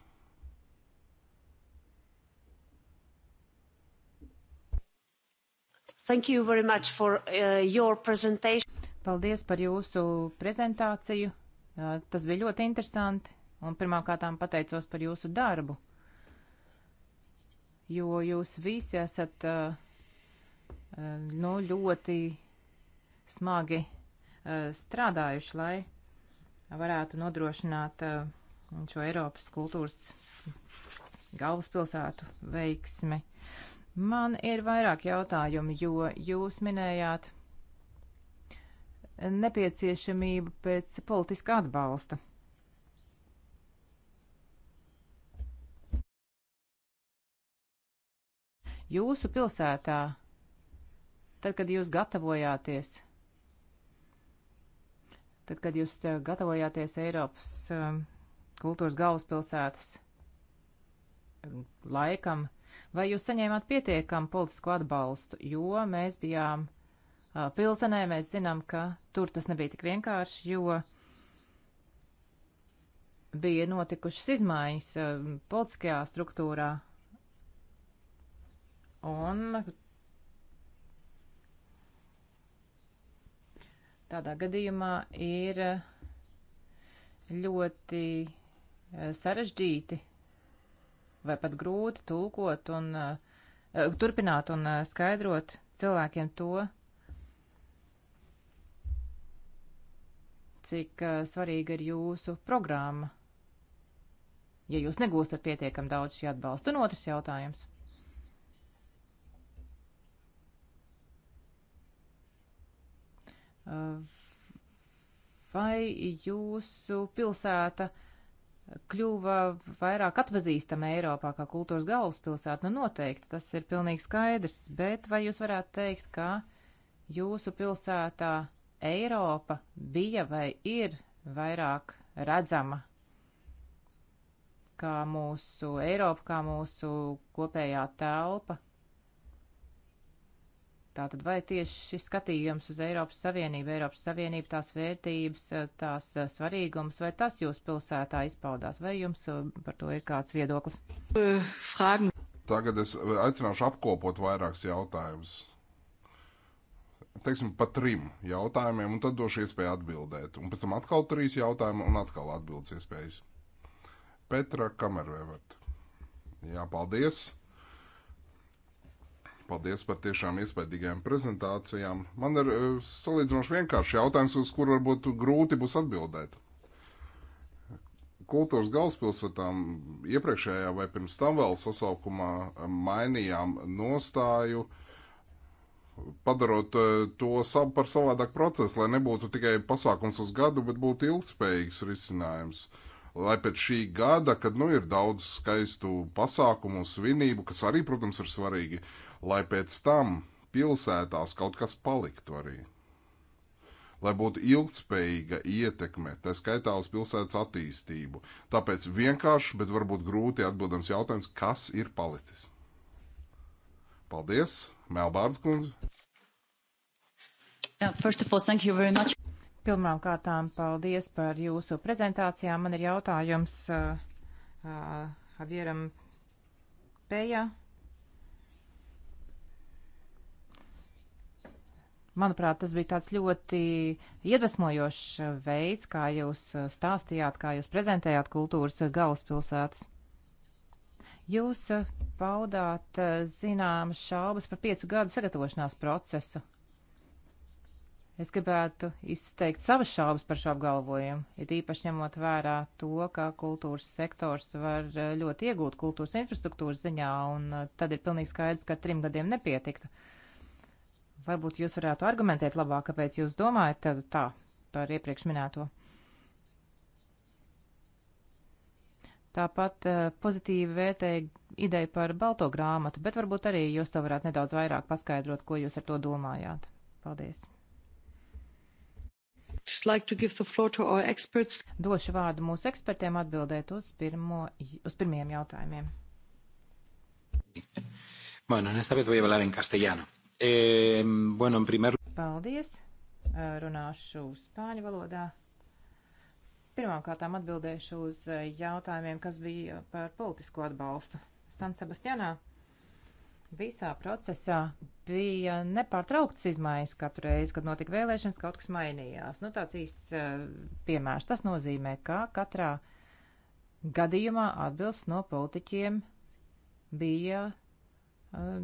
Thank you very much for uh, your presentation. Paldies par jūsu prezentāciju. Uh, tas bija ļoti interesanti un pirmkārtām pateicos par jūsu darbu, jo jūs visi esat uh, uh nu, ļoti smagi uh, strādājuši, lai varētu nodrošināt uh, šo Eiropas kultūras galvaspilsētu veiksmi. Man ir vairāk jautājumu, jo jūs minējāt nepieciešamību pēc politiska atbalsta. Jūsu pilsētā, tad, kad jūs gatavojāties, tad, kad jūs eh, gatavojāties Eiropas eh, kultūras galvaspilsētas eh, laikam, uh, Vai jūs saņēmāt pietiekam politisko atbalstu, jo mēs bijām uh, Pilsenē, mēs zinām, ka tur tas nebija tik vienkārši, jo bija notikušas izmaiņas uh, politiskajā struktūrā. Un tādā gadījumā ir ļoti sarežģīti vai pat grūti tulkot un eh, turpināt un eh, skaidrot cilvēkiem to, cik eh, svarīga ir jūsu programma, ja jūs negūstat pietiekam daudz šī atbalsta. Un otrs jautājums. Vai jūsu pilsēta uh, kļuva vairāk atpazīstama Eiropā kā kultūras galvaspilsēta. Nu, noteikti tas ir pilnīgi skaidrs, bet vai jūs varētu teikt, ka jūsu pilsētā Eiropa bija vai ir vairāk redzama kā mūsu Eiropa, kā mūsu kopējā telpa, Tātad vai tieši šis skatījums uz Eiropas Savienību, Eiropas Savienību tās vērtības, eh, tās eh, svarīgums, vai tas jūs pilsētā izpaudās, vai jums eh, par to ir kāds viedoklis? Tagad es aicināšu apkopot vairākus jautājumus. Teiksim, pa trim jautājumiem, un tad došu iespēju atbildēt. Un pēc tam atkal trīs jautājumi, un atkal atbildes iespējas. Petra Kamervevert. Jā, paldies! Paldies par tiešām iespaidīgajām prezentācijām. Man ir eh, salīdzinoši vienkārši jautājums, uz kuru varbūt grūti būs atbildēt. Kultūras galvaspilsētām iepriekšējā vai pirms tam vēl sasaukumā eh, mainījām nostāju, padarot eh, to savu par savādāk procesu, lai nebūtu tikai pasākums uz gadu, bet būtu ilgspējīgs risinājums. Uh, lai pēc šī gada, kad nu ir daudz skaistu pasākumu, svinību, kas arī, protams, ir svarīgi, lai pēc tam pilsētās kaut kas paliktu arī. Lai būtu ilgspējīga ietekme, tā skaitā uz pilsētas attīstību. Tāpēc vienkārši, bet varbūt grūti atbildams jautājums, kas ir palicis. Paldies, Melbārds kundze! Yeah, first of all, thank you very much. Pirmām kārtām paldies par jūsu prezentācijām. Man ir jautājums uh, uh, Javieram Pējā. Manuprāt, tas bija tāds ļoti iedvesmojošs veids, kā jūs uh, stāstījāt, kā jūs prezentējāt kultūras galvaspilsētas. Jūs uh, paudāt uh, zināmas šaubas par piecu gadu sagatavošanās procesu. Es gribētu izteikt savas šaubas par šo apgalvojumu, ir īpaši ņemot vērā to, ka kultūras sektors var eh, ļoti iegūt kultūras infrastruktūras ziņā, un eh, tad ir pilnīgi skaidrs, ka ar trim gadiem nepietiktu. Varbūt jūs varētu argumentēt labāk, kāpēc jūs domājat tā par iepriekš minēto. Tāpat eh, pozitīvi vērtēja ideju par balto grāmatu, bet varbūt arī jūs to varētu nedaudz vairāk paskaidrot, ko jūs ar to domājāt. Paldies! like Došu vārdu mūsu ekspertiem atbildēt uz, pirmo, uz pirmiem jautājumiem. Bueno, en esta vez voy a hablar en castellano. Eh, bueno, en primer... Paldies. Eh, runāšu spāņu valodā. Pirmkārt, atbildēšu uz eh, jautājumiem, kas bija par politisko atbalstu. San Sebastianā visā procesā bija nepārtrauktas izmaiņas katru reizi, kad notika vēlēšanas, kaut kas mainījās. Nu, tāds īsts eh, piemērs. Tas nozīmē, ka katrā gadījumā atbilst no politiķiem bija eh,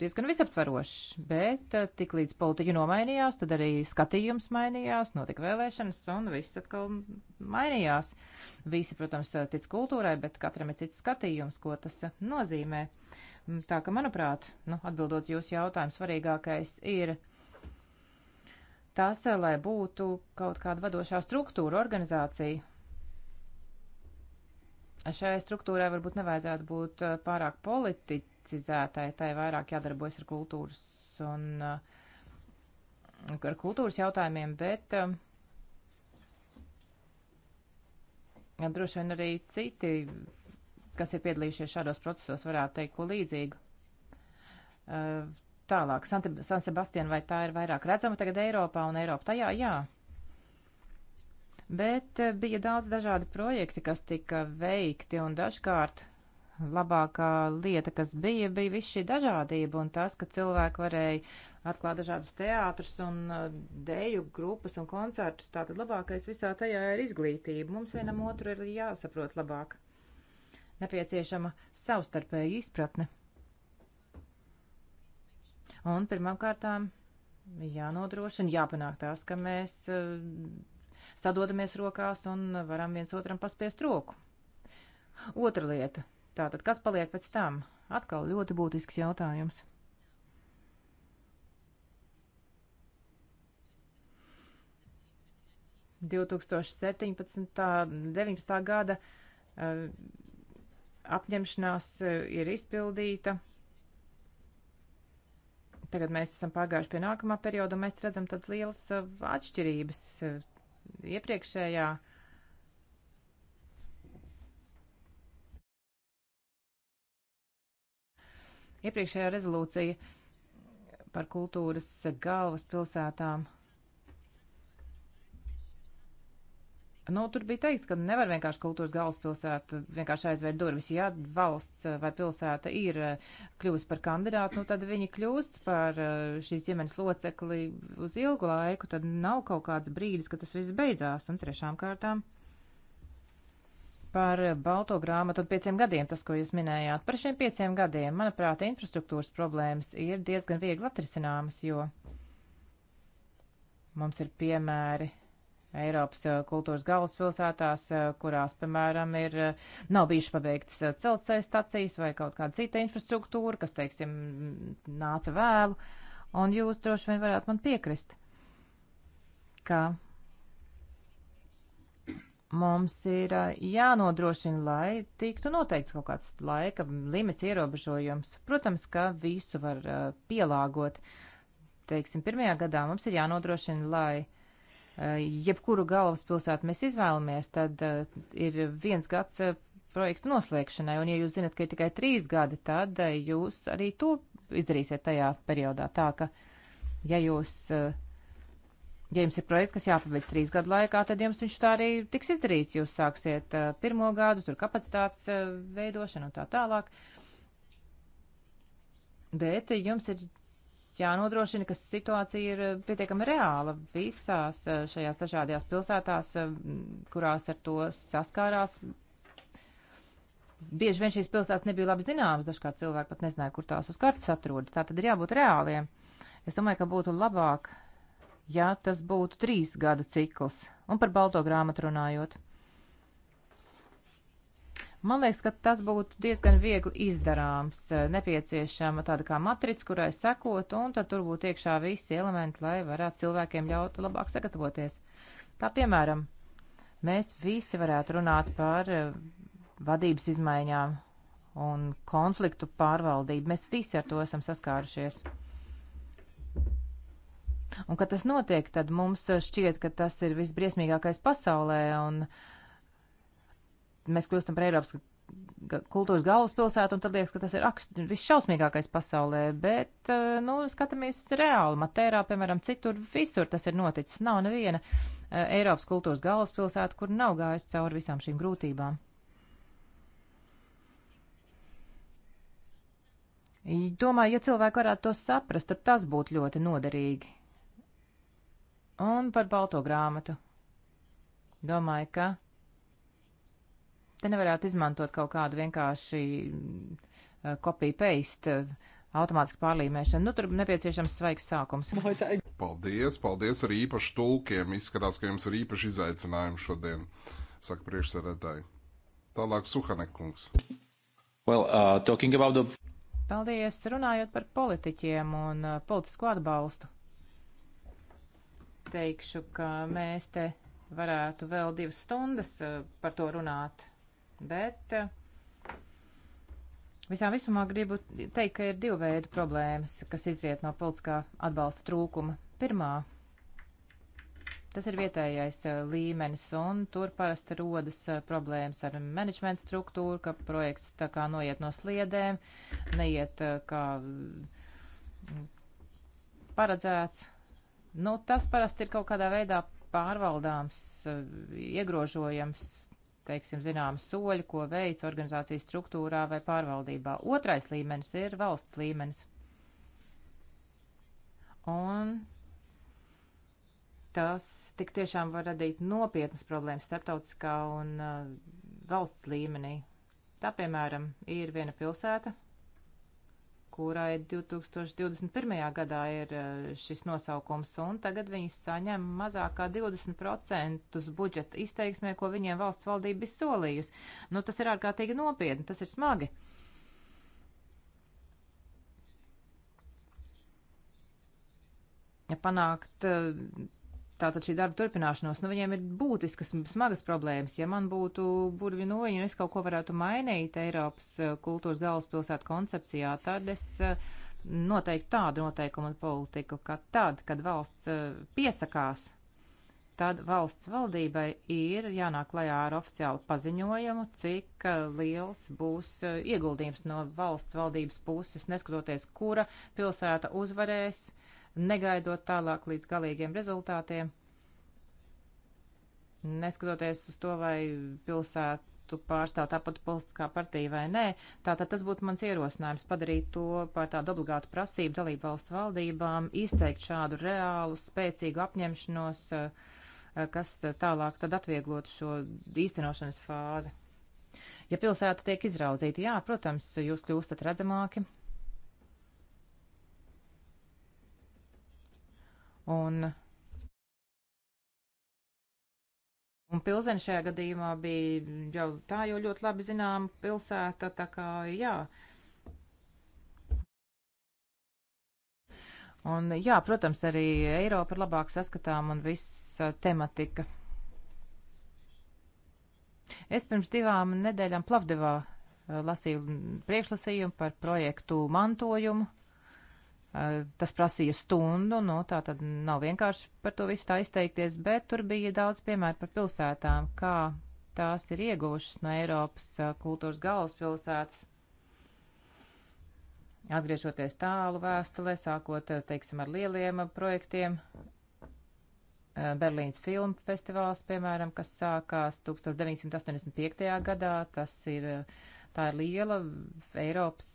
diezgan visaptvarošs, bet eh, tik līdz politiķi nomainījās, tad arī skatījums mainījās, notika vēlēšanas un viss atkal mainījās. Visi, protams, tic kultūrai, bet katram ir cits skatījums, ko tas nozīmē. Nu, tā ka, manuprāt, nu, atbildot jūsu jautājumu, svarīgākais ir tas, lai būtu kaut kāda vadošā struktūra, organizācija. Šai struktūrai varbūt nevajadzētu būt eh, pārāk politicizētai, tai vairāk jādarbojas ar kultūras un eh, ar kultūras jautājumiem, bet uh, droši vien arī citi kas ir piedalījušies šādos procesos, varētu teikt ko līdzīgu. Uh, tālāk, San Sebastian, vai tā ir vairāk redzama tagad Eiropā un Eiropa tajā? Jā. Bet uh, bija daudz dažādi projekti, kas tika veikti un dažkārt labākā lieta, kas bija, bija viss šī dažādība un tas, ka cilvēki varēja atklāt dažādus teātrus un uh, deju grupas un koncertus. Tātad labākais visā tajā ir izglītība. Mums vienam otru ir jāsaprot labāk nepieciešama savstarpēja izpratne. Un pirmkārtām jānodrošina, jāpanāk tās, ka mēs eh, sadodamies rokās un varam viens otram paspiest roku. Otra lieta. Tātad, kas paliek pēc tam? Atkal ļoti būtisks jautājums. Divtūkstoš 17. 19. gada eh, apņemšanās e, ir izpildīta. Tagad mēs esam pārgājuši pie nākamā perioda, un mēs redzam tādas lielas e, atšķirības e, iepriekšējā. Iepriekšējā rezolūcija par kultūras galvaspilsētām Nu, tur bija teikts, ka nevar vienkārši kultūras galvaspilsēta vienkārši aizvērt durvis. Ja valsts vai pilsēta ir eh, kļūst par kandidātu, nu, tad viņi kļūst par eh, šīs ģimenes locekli uz ilgu laiku, tad nav kaut kāds brīdis, ka tas viss beidzās. Un trešām kārtām par balto grāmatu un pieciem gadiem, tas, ko jūs minējāt. Par šiem pieciem gadiem, manuprāt, infrastruktūras problēmas ir diezgan viegli atrisināmas, jo mums ir piemēri Eiropas eh, kultūras galvaspilsētās, eh, kurās, piemēram, ir, eh, nav bijuši pabeigts celtceļa stacijas vai kaut kāda cita infrastruktūra, kas, teiksim, nāca vēlu, un jūs droši vien varētu man piekrist, ka mums ir jānodrošina, lai tiktu noteikts kaut kāds laika limits ierobežojums. Protams, ka visu var pielāgot. Teiksim, pirmajā gadā mums ir jānodrošina, lai Eh, jebkuru galvaspilsētu mēs izvēlamies, tad eh, ir viens gads eh, projektu noslēgšanai, un ja jūs zinat, ka ir tikai trīs gadi, tad jūs arī to izdarīsiet tajā periodā. Tā ka, ja jūs ja jums ir projekts, kas jāpabeidz trīs gadu laikā, tad jums viņš tā arī tiks izdarīts. Jūs sāksiet uh, pirmo gadu, tur kapacitātes uh, veidošanu un tā tālāk. Bet jums ir jānodrošina, ka situācija ir eh, pietiekami reāla visās eh, šajās dažādajās pilsētās, eh, kurās ar to saskārās. Bieži vien šīs pilsētas nebija labi zināmas, dažkārt cilvēki pat nezināja, kur tās uz kartes atrodas. Tā tad ir jābūt reāliem. Es domāju, ka būtu labāk, ja tas būtu trīs gadu cikls. Un par balto grāmatu runājot. Man liekas, ka tas būtu diezgan viegli izdarāms. Eh, nepieciešama tāda kā matrica, kurai sekot, un tad tur būtu iekšā visi elementi, lai varētu cilvēkiem ļaut labāk sagatavoties. Tā piemēram, mēs visi varētu runāt par eh, vadības izmaiņām un konfliktu pārvaldību. Mēs visi ar to esam saskārušies. Un, kad tas notiek, tad mums eh, šķiet, ka tas ir visbriesmīgākais pasaulē, un uh, mēs kļūstam par Eiropas kultūras galvaspilsētu, un tad liekas, ka tas ir akst, visšausmīgākais pasaulē, bet, eh, nu, skatāmies reāli, Matērā, piemēram, citur, visur tas ir noticis, nav neviena eh, Eiropas kultūras galvaspilsēta, kur nav gājis cauri visām šīm grūtībām. Domāju, ja cilvēki varētu to saprast, tad tas būtu ļoti noderīgi. Un par balto grāmatu. Domāju, ka te nevarētu izmantot kaut kādu vienkārši eh, copy-paste eh, automātisku pārlīmēšanu. Nu, tur nepieciešams svaigs sākums. Paldies, paldies arī īpaši tulkiem. Izskatās, ka jums ir īpaši izaicinājumi šodien, saka priekšsēdētāji. Tālāk Suhanekungs. Well, uh, talking about the... Paldies, runājot par politiķiem un uh, eh, politisko atbalstu. Teikšu, ka mēs te varētu vēl divas stundas uh, par to runāt Bet eh, visā visumā gribu teikt, ka ir divi veidi problēmas, kas izriet no politiskā atbalsta trūkuma. Pirmā Tas ir vietējais eh, līmenis, un tur parasti rodas eh, problēmas ar menedžmenta struktūru, ka projekts tā kā noiet no sliedēm, neiet kā mm, paredzēts. Nu, tas parasti ir kaut kādā veidā pārvaldāms, iegrožojams, teiksim, zināmi soļi, ko veic organizācijas struktūrā vai pārvaldībā. Otrais līmenis ir valsts līmenis. Un tas tik tiešām var radīt nopietnas problēmas starptautiskā un uh, valsts līmenī. Tā, piemēram, ir viena pilsēta, kurai 2021. gadā ir e, šis nosaukums, un tagad viņi saņem mazāk kā 20% budžeta izteiksmē, ko viņiem valsts valdība bija solījusi. Nu, tas ir ārkārtīgi nopietni, tas ir smagi. Ja panākt e, tātad šī darba turpināšanos, nu viņiem ir būtiskas, smagas problēmas. Ja man būtu burvinoņi un es kaut ko varētu mainīt Eiropas eh, kultūras galvaspilsētu koncepcijā, tad es eh, noteikti tādu noteikumu un politiku, ka tad, kad valsts eh, piesakās, tad valsts valdībai ir jānāk klajā ar oficiālu paziņojumu, cik liels būs ieguldījums no valsts valdības puses, neskatoties, kura pilsēta uzvarēs uh, negaidot tālāk līdz galīgiem rezultātiem, neskatoties uz to, vai pilsētu pārstāv tāpat politiskā partija vai nē. Tātad tas būtu mans ierosinājums padarīt to par tādu obligātu prasību dalību valstu valdībām, izteikt šādu reālu, spēcīgu apņemšanos, eh, eh, kas tālāk tad atvieglotu šo īstenošanas fāzi. Ja pilsēta tiek izraudzīta, jā, protams, jūs kļūstat redzamāki, Un, un pilsēna šajā gadījumā bija jau tā jau ļoti labi zinām pilsēta, tā kā jā. Un jā, protams, arī Eiropa ir labāk saskatām un visa tematika. Es pirms divām nedēļām Plavdivā eh, lasīju priekšlasījumu par projektu mantojumu. Eh, tas prasīja stundu, nu, tā tad nav vienkārši par to visu tā izteikties, bet tur bija daudz piemēru par pilsētām, kā tās ir ieguvušas no Eiropas eh, kultūras galvaspilsētas. Atgriežoties tālu vēstulē, sākot, eh, teiksim, ar lieliem projektiem, Berlīnas filmu festivāls, piemēram, kas sākās 1985. gadā, tas ir, tā ir liela Eiropas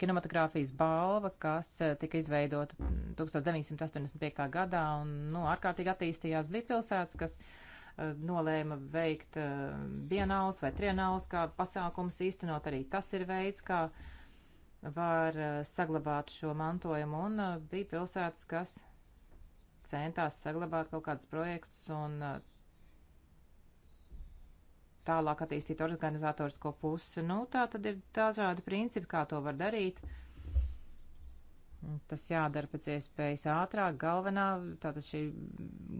kinematogrāfijas balva, kas eh, tika izveidota 1985. gadā un nu, ārkārtīgi attīstījās bija pilsētas, kas uh, nolēma veikt uh, eh, bienāls vai trienāls kā pasākums īstenot. Arī tas ir veids, kā var uh, saglabāt šo mantojumu un bija pilsētas, kas centās saglabāt kaut kādus projektus un tālāk attīstīt organizatorisko pusi. Nu, tā tad ir dažādi principi, kā to var darīt. Tas jādara pēc iespējas ātrāk, galvenā, tātad šī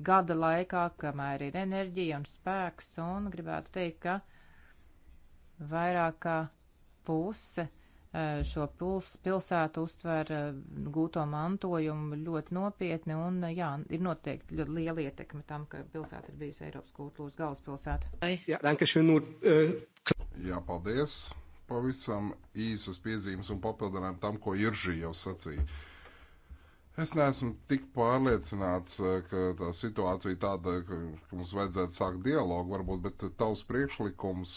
gada laikā, kamēr ir enerģija un spēks, un gribētu teikt, ka vairāk kā puse Eh, šo pils, pilsētu uztver eh, gūto mantojumu ļoti nopietni un, eh, jā, ir noteikti ļoti liela ietekme tam, ka pilsēta ir bijusi Eiropas kultūras galvaspilsēta. Jā, jā, paldies. Pavisam īsas piezīmes un papildinājumu tam, ko Iržī jau sacīja. Es neesmu tik pārliecināts, ka tā situācija tāda, ka mums vajadzētu sākt dialogu varbūt, bet tavs priekšlikums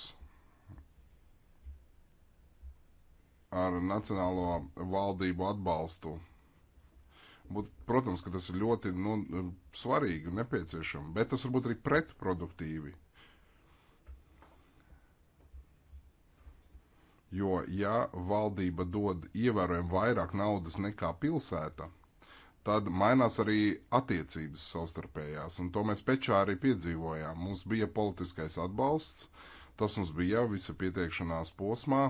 ar nacionālo valdību atbalstu. Bet, protams, ka tas ir ļoti nu, svarīgi un nepieciešami, bet tas varbūt arī pretproduktīvi. Jo, ja valdība dod ievērojami vairāk naudas nekā pilsēta, tad mainās arī attiecības savstarpējās, un to mēs pečā arī piedzīvojām. Mums bija politiskais atbalsts, tas mums bija visa pieteikšanās posmā,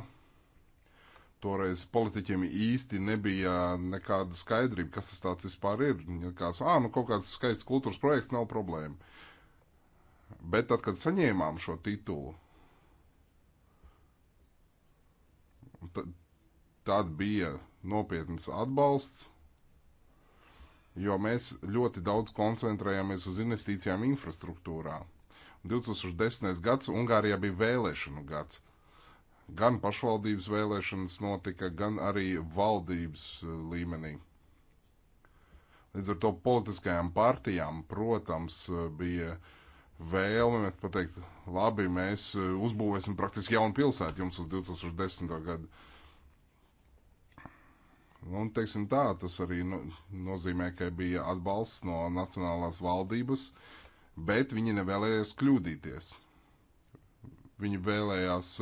toreiz politiķiem īsti nebija nekāda skaidrība, kas tas tāds vispār ir. Kāds, ah, nu kaut kāds skaists kultūras projekts nav problēma. Bet tad, kad saņēmām šo titulu, tad, tad bija nopietns atbalsts, jo mēs ļoti daudz koncentrējāmies uz investīcijām infrastruktūrā. 2010. gads Ungārijā bija vēlēšanu gads Gan pašvaldības vēlēšanas notika, gan arī valdības eh, līmenī. Līdz ar to politiskajām partijām, protams, eh, bija vēlme pateikt, labi, mēs eh, uzbūvēsim praktiski jaunu pilsētu jums uz 2010. gadu. Un, teiksim tā, tas arī no, nozīmē, ka bija atbalsts no nacionālās valdības, bet viņi nevēlējās kļūdīties. Viņi vēlējās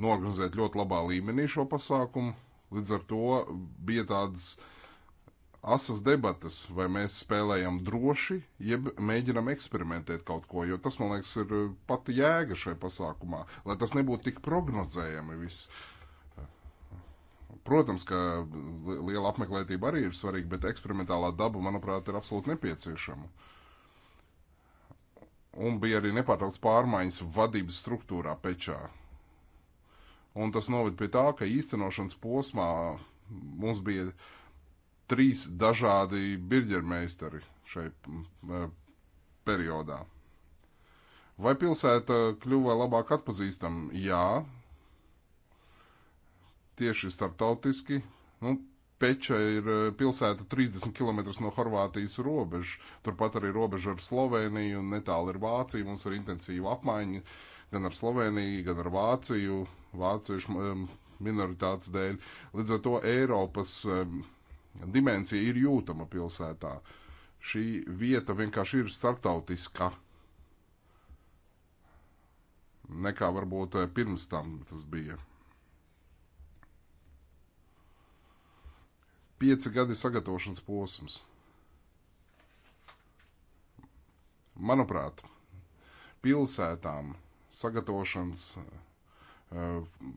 norganizēt ļoti labā līmenī šo pasākumu. Līdz ar to bija tādas asas debatas, vai mēs spēlējam droši, jeb mēģinam eksperimentēt kaut ko, jo tas, man liekas, ir pati jēga šai pasākumā, lai tas nebūtu tik prognozējami viss. Protams, ka liela apmeklētība arī ir svarīga, bet eksperimentālā daba, manuprāt, ir absolūti nepieciešama. Un bija arī nepārtraukts pārmaiņas vadības struktūrā pečā, Un tas noved pie tā, ka īstenošanas posmā mums bija trīs dažādi birģermeistari šai periodā. Vai pilsēta kļuva labāk atpazīstama? Jā, tieši starptautiski. Nu, Peča ir e, pilsēta 30 km no Horvātijas robežas. Turpat arī robeža ar Sloveniju un netālu ir Vācija. Mums ir intensīva apmaiņa uh, gan ar Sloveniju, gan ar Vāciju, vāciešu um, minoritātes dēļ. Līdz ar to Eiropas um, dimensija ir jūtama pilsētā. Šī vieta vienkārši ir starptautiska nekā varbūt eh, pirms tam tas bija. Pieci gadi sagatavošanas posms. Manuprāt, pilsētām sagatavošanas eh,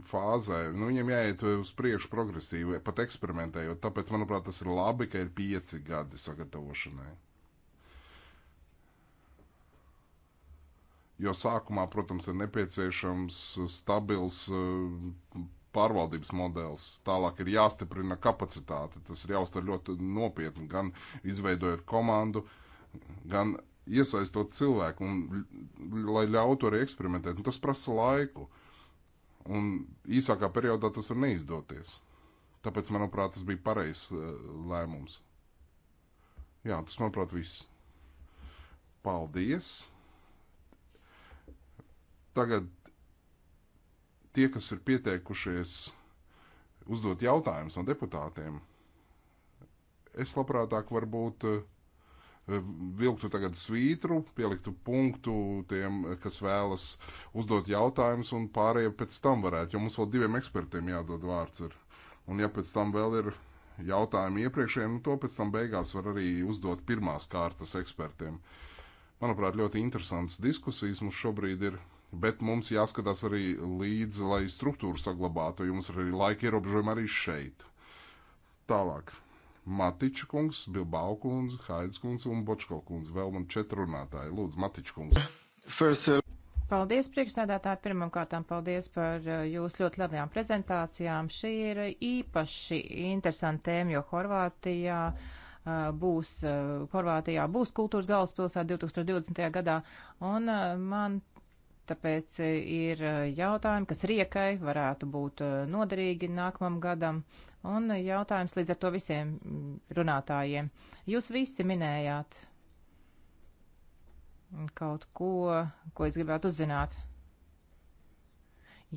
fāzē. Nu, viņam jāiet uz priekšu progresīvi, pat eksperimentējot. Tāpēc, manuprāt, tas ir labi, ka ir pieci gadi sagatavošanai. Jo sākumā, protams, ir nepieciešams stabils eh, pārvaldības modelis. Tālāk ir jāstiprina kapacitāte. Tas ir jāuztver ļoti nopietni, gan izveidojot komandu, gan iesaistot cilvēku un lai ļautu arī eksperimentēt. Un tas prasa laiku. Un īsākā periodā tas var neizdoties. Tāpēc, manuprāt, tas bija pareizs eh, lēmums. Jā, tas, manuprāt, viss. Paldies! Tagad tie, kas ir pieteikušies uzdot jautājumus no deputātiem, es labprātāk varbūt uh, Eh, vilktu tagad svītru, pieliktu punktu tiem, kas vēlas uzdot jautājumus, un pārējie pēc tam varētu, jo mums vēl diviem ekspertiem jādod vārds. Ir. Un ja pēc tam vēl ir jautājumi iepriekšējiem, nu to pēc tam beigās var arī uzdot pirmās kārtas ekspertiem. Manuprāt, ļoti interesants diskusijas mums šobrīd ir. Bet mums jāskatās arī līdzi, lai struktūru saglabātu, jo mums ir arī laika ierobežojumi arī šeit. Tālāk. Matiča kungs, Bilbao kungs, Haidas kungs un Bočko kungs. Vēl man četri runātāji. Lūdzu, Matiča kungs. First, uh... Paldies, priekšsēdētāji. Pirmkārtām paldies par uh, jūsu ļoti labajām prezentācijām. Šī ir īpaši interesanta tēma, jo Horvātijā uh, būs, uh, Horvātijā būs kultūras galvaspilsēta 2020. gadā. Un man Tāpēc e, ir e, jautājumi, kas riekai varētu būt e, noderīgi nākamam gadam, un jautājums līdz ar to visiem mm, runātājiem. Jūs visi minējāt kaut ko, ko es gribētu uzzināt.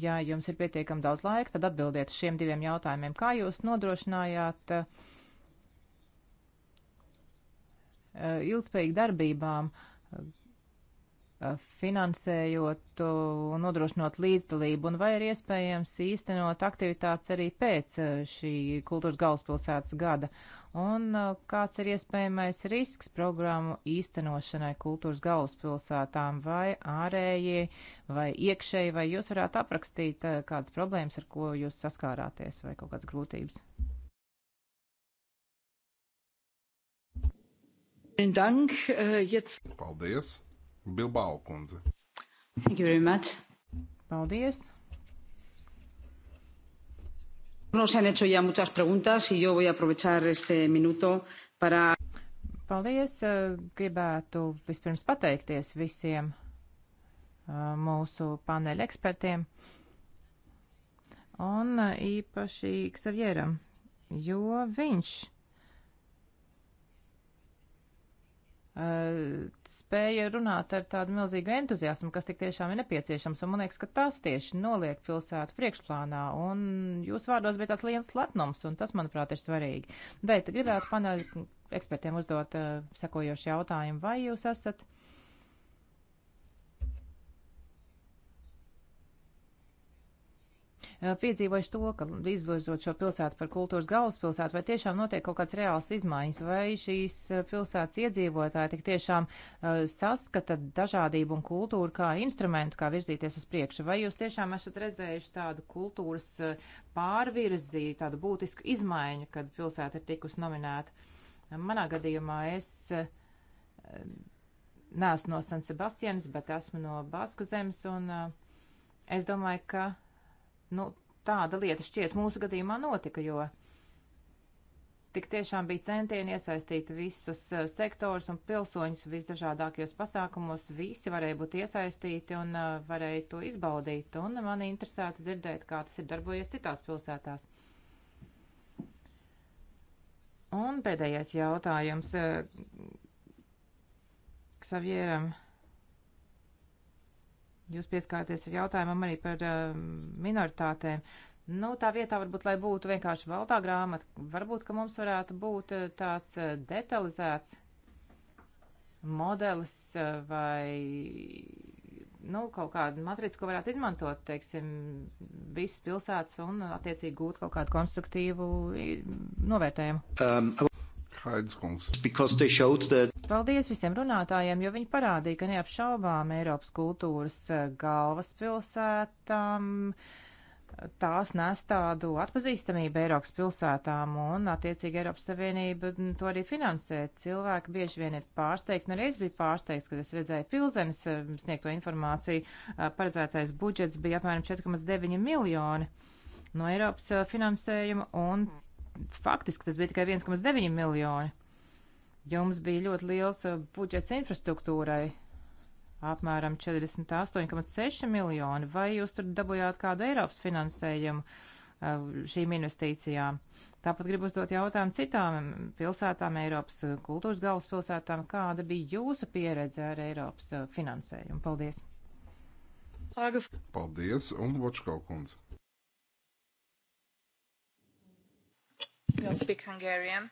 Ja jums ir pietiekami daudz laika, tad atbildiet uz šiem diviem jautājumiem. Kā jūs nodrošinājāt uh, ilgspējīgu darbībām? Uh, Eh, finansējot eh, un nodrošinot līdzdalību, un vai ir iespējams īstenot aktivitātes arī pēc eh, šī kultūras galvaspilsētas gada, un kāds ir iespējamais risks programmu īstenošanai kultūras galvaspilsētām, vai ārējie, vai iekšēji, vai jūs varētu aprakstīt kādas problēmas, ar ko jūs saskārāties, vai kaut kādas grūtības? Äh, Paldies! Bilbao kundze. Thank you very much. Paldies. No se han hecho ya muchas preguntas y yo voy a aprovechar este minuto para. Paldies. Eh, gribētu vispirms pateikties visiem eh, mūsu paneļa ekspertiem un eh, īpaši Ksavieram, jo viņš spēja runāt ar tādu milzīgu entuziasmu, kas tik tiešām ir nepieciešams, un man liekas, ka tas tieši noliek pilsētu priekšplānā, un jūs vārdos bija tāds liels lepnums, un tas, manuprāt, ir svarīgi. Bet gribētu paneļu ekspertiem uzdot uh, sekojošu jautājumu, vai jūs esat Eh, piedzīvojuši to, ka izvirzot šo pilsētu par kultūras galvaspilsētu, vai tiešām notiek kaut kāds reāls izmaiņas, vai šīs eh, pilsētas iedzīvotāji tik tiešām eh, saskata dažādību un kultūru kā instrumentu, kā virzīties uz priekšu, vai jūs tiešām esat redzējuši tādu kultūras pārvirzi, tādu būtisku izmaiņu, kad pilsēta ir tikus nominēta. Manā gadījumā es neesmu no San Sebastianas, bet esmu no Basku zemes, un es domāju, ka Nu, tāda lieta šķiet mūsu gadījumā notika, jo tik tiešām bija centieni iesaistīt visus eh, sektors un pilsoņus visdažādākajos pasākumos. Visi varēja būt iesaistīti un eh, varēja to izbaudīt, un mani interesētu dzirdēt, kā tas ir darbojies citās pilsētās. Un pēdējais jautājums eh, Ksavieram. Uh, Jūs pieskārties ar jautājumam arī par uh, minoritātēm. Nu, tā vietā varbūt, lai būtu vienkārši baltā grāmata, varbūt, ka mums varētu būt uh, tāds uh, detalizēts modelis uh, vai, nu, kaut kāda matrica, ko varētu izmantot, teiksim, visas pilsētas un, attiecīgi, gūt kaut kādu konstruktīvu novērtējumu. Um, Haidiskungs. That... Paldies visiem runātājiem, jo viņi parādīja, ka neapšaubām Eiropas kultūras eh, galvaspilsētām eh, tās nes tādu atpazīstamību Eiropas pilsētām un, attiecīgi, Eiropas Savienība mm, to arī finansē. Cilvēki bieži vien ir pārsteigti, un arī es biju pārsteigts, kad es redzēju Pilzenes eh, sniegto informāciju. Paredzētais budžets bija apmēram 4,9 miljoni no Eiropas finansējuma, un faktiski tas bija tikai 1,9 miljoni. Jums bija ļoti liels uh, budžets infrastruktūrai, apmēram 48,6 miljoni, vai jūs tur dabujāt kādu Eiropas finansējumu uh, šīm investīcijām? Tāpat gribu uzdot jautājumu citām um, pilsētām, Eiropas uh, kultūras galvaspilsētām, kāda bija jūsu pieredze ar Eiropas finansējumu? Paldies! Paldies, un Vočkal kundze! I'll speak Hungarian.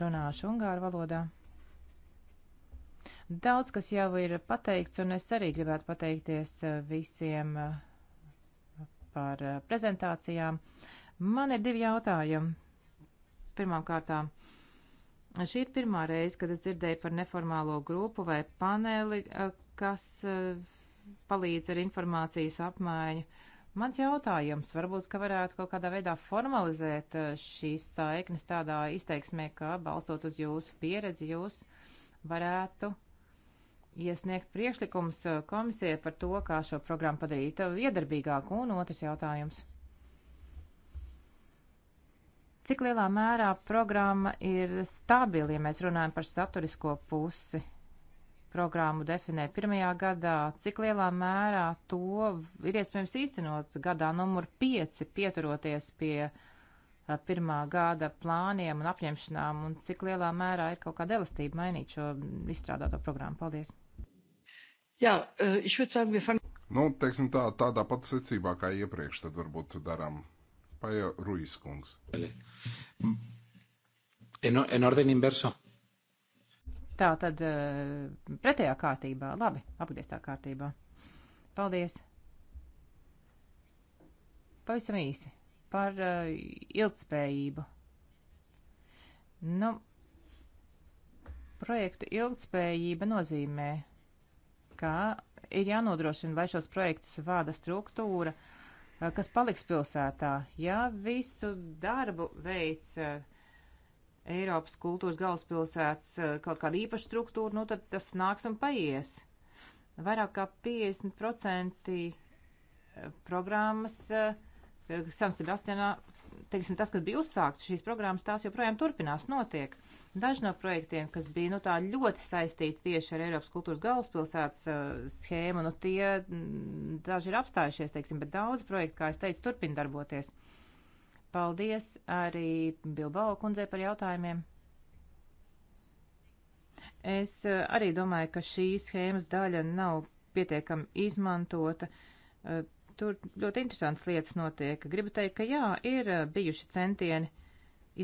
Runāšu Ungāru valodā. Daudz, kas jau ir pateikts, un es arī gribētu pateikties visiem par prezentācijām. Man ir divi jautājumi. Pirmkārt, šī ir pirmā reize, kad es dzirdēju par neformālo grupu vai paneli, kas palīdz ar informācijas apmaiņu. Mans jautājums varbūt, ka varētu kaut kādā veidā formalizēt eh, šīs saiknes tādā izteiksmē, ka balstot uz jūsu pieredzi, jūs varētu iesniegt priekšlikums eh, komisijai par to, kā šo programmu padarīt eh, iedarbīgāku. Un otrs jautājums. Cik lielā mērā programma ir stabila, ja mēs runājam par saturisko pusi? programmu definē pirmajā gadā, cik lielā mērā to ir iespējams īstenot gadā numur 5, pieturoties pie pirmā gada plāniem un apņemšanām, un cik lielā mērā ir kaut kāda elastība mainīt šo izstrādāto programmu. Paldies! Jā, es würde sagen, wir fangen. Nu, teiksim tā, tādā pat secībā kā iepriekš, tad varbūt darām Paja Ruijas kungs. En, en orden inverso. Tā tad eh, pretējā kārtībā. Labi, apgrieztā kārtībā. Paldies. Pavisam īsi par uh, ilgspējību. Nu, projektu ilgspējība nozīmē, ka ir jānodrošina, lai šos projektus vāda struktūra, eh, kas paliks pilsētā. Ja visu darbu veids uh, Eiropas kultūras galvaspilsētas eh, kaut kāda īpaša struktūra, nu tad tas nāks un paies. Vairāk kā 50% eh, programmas eh, San Sebastianā, teiksim, tas, kas bija uzsākts, šīs programmas tās joprojām turpinās notiek. Daži no projektiem, kas bija, nu tā ļoti saistīti tieši ar Eiropas kultūras galvaspilsētas uh, schēmu, nu tie mm, daži ir apstājušies, teiksim, bet daudz projektu, kā es teicu, turpina darboties. Uh, Paldies arī Bilbao kundzei par jautājumiem. Es eh, arī domāju, ka šī schēmas daļa nav pietiekami izmantota. Eh, tur ļoti interesants lietas notiek. Gribu teikt, ka jā, ir eh, bijuši centieni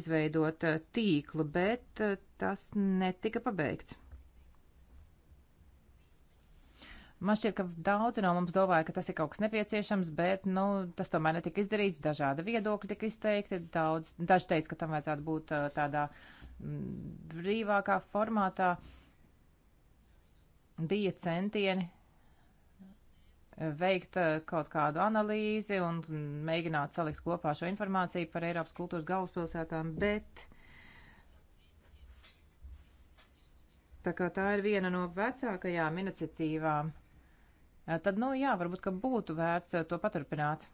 izveidot tīklu, bet tas netika pabeigts. Man šķiet, ka daudzi no mums domāja, ka tas ir kaut kas nepieciešams, bet, nu, tas tomēr netika izdarīts, dažādi viedokļi tika izteikti, daudz, daži teica, ka tam vajadzētu būt uh, tādā mm, brīvākā formātā. Bija centieni uh, veikt uh, kaut kādu analīzi un mēģināt salikt kopā šo informāciju par Eiropas kultūras galvaspilsētām, bet. Tā kā tā ir viena no vecākajām iniciatīvām, Eh, tad, nu, jā, varbūt, ka būtu vērts eh, to paturpināt.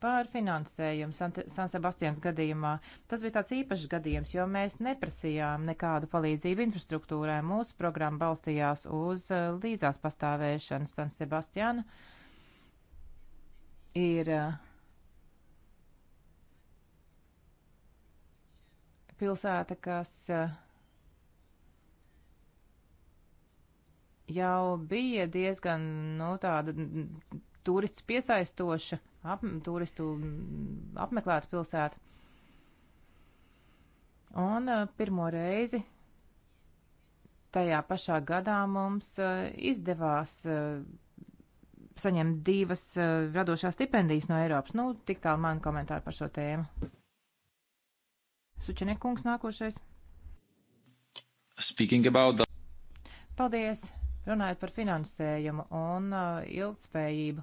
Par finansējumu San Sebastians gadījumā. Tas bija tāds īpašs gadījums, jo mēs neprasījām nekādu palīdzību infrastruktūrai. Mūsu programma balstījās uz eh, līdzās pastāvēšanu San Sebastianu. Ir pilsēta, kas uh, jau bija diezgan, nu, tāda turistu piesaistoša, ap, turistu apmeklēta pilsēta. Un eh, pirmo reizi tajā pašā gadā mums eh, izdevās eh, saņemt divas radošās stipendijas no Eiropas. Nu, tik tālu man komentāri par šo tēmu. Sučenekungs nākošais. Speaking about the... Paldies! Runājot par finansējumu un uh, ilgtspējību.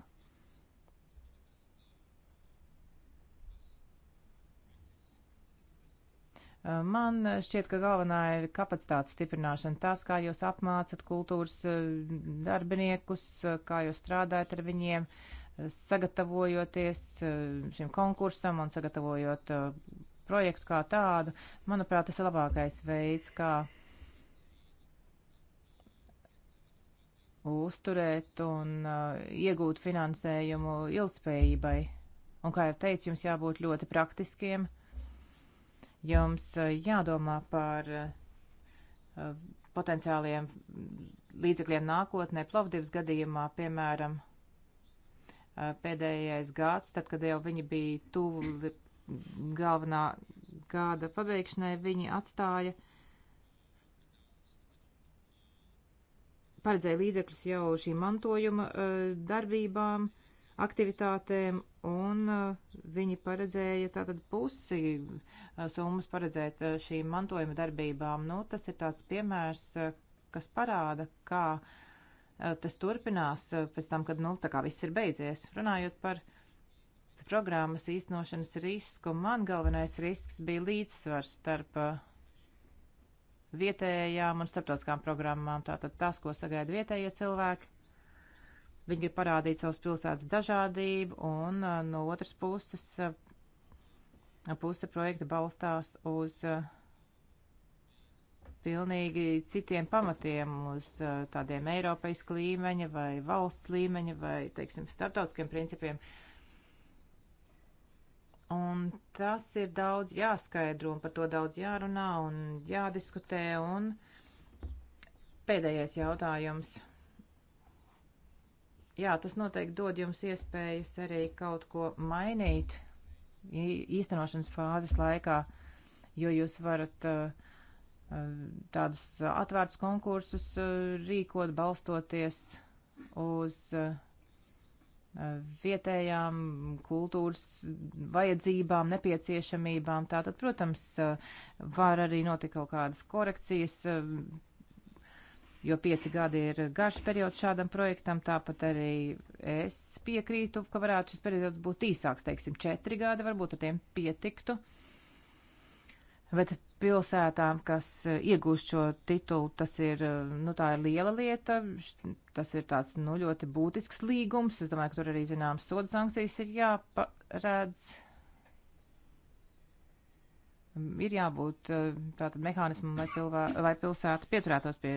Uh, man šķiet, ka galvenā ir kapacitātes stiprināšana, tas, kā jūs apmācat kultūras uh, darbiniekus, kā jūs strādājat ar viņiem, sagatavojoties šim konkursam un sagatavojot projektu kā tādu. Manuprāt, tas ir labākais veids, kā uzturēt un uh, iegūt finansējumu ilgspējībai. Un, kā jau teicu, jums jābūt ļoti praktiskiem. Jums uh, jādomā par uh, potenciāliem līdzekļiem nākotnē, plavdības gadījumā, piemēram, uh, pēdējais gads, tad, kad jau viņi bija tuvu galvenā gada pabeigšanai, viņi atstāja uh, paredzēja līdzekļus jau šīm mantojuma e, darbībām, aktivitātēm, un e, viņi paredzēja tātad pusi e, summas paredzēt šīm mantojuma darbībām. Nu, tas ir tāds piemērs, kas parāda, kā tas turpinās pēc tam, kad, nu, tā kā viss ir beidzies. Runājot par programmas īstenošanas risku, man galvenais risks bija līdzsvars starp uh, vietējām un starptautiskām programmām. Tātad tas, ko sagaida vietējie cilvēki. Viņi grib parādīt savas pilsētas dažādību, un uh, no otras puses uh, puse projekta balstās uz uh, pilnīgi citiem pamatiem, uz tādiem Eiropas līmeņa vai valsts līmeņa vai, teiksim, starptautiskiem principiem. Uh, Un tas ir daudz jāskaidro, un par to daudz jārunā un jādiskutē. Un pēdējais jautājums. Jā, tas noteikti dod jums iespējas arī kaut ko mainīt īstenošanas fāzes laikā, jo jūs varat uh, uh, tādus atvērtus konkursus uh, rīkot, balstoties uz vietējām kultūras vajadzībām, nepieciešamībām. Tātad, protams, var arī notikt kaut kādas korekcijas, jo pieci gadi ir garš periods šādam projektam. Tāpat arī es piekrītu, ka varētu šis periods būt īsāks, teiksim, četri gadi varbūt ar tiem pietiktu. Bet pilsētām, kas eh, iegūst šo titulu, tas ir, eh, nu, tā ir liela lieta, tas ir tāds, nu, ļoti būtisks līgums. Es domāju, ka tur arī, zinām, soda sankcijas ir jāparedz. Ir jābūt eh, tātad mehānismam, lai cilvēki, lai pilsēta pieturētos pie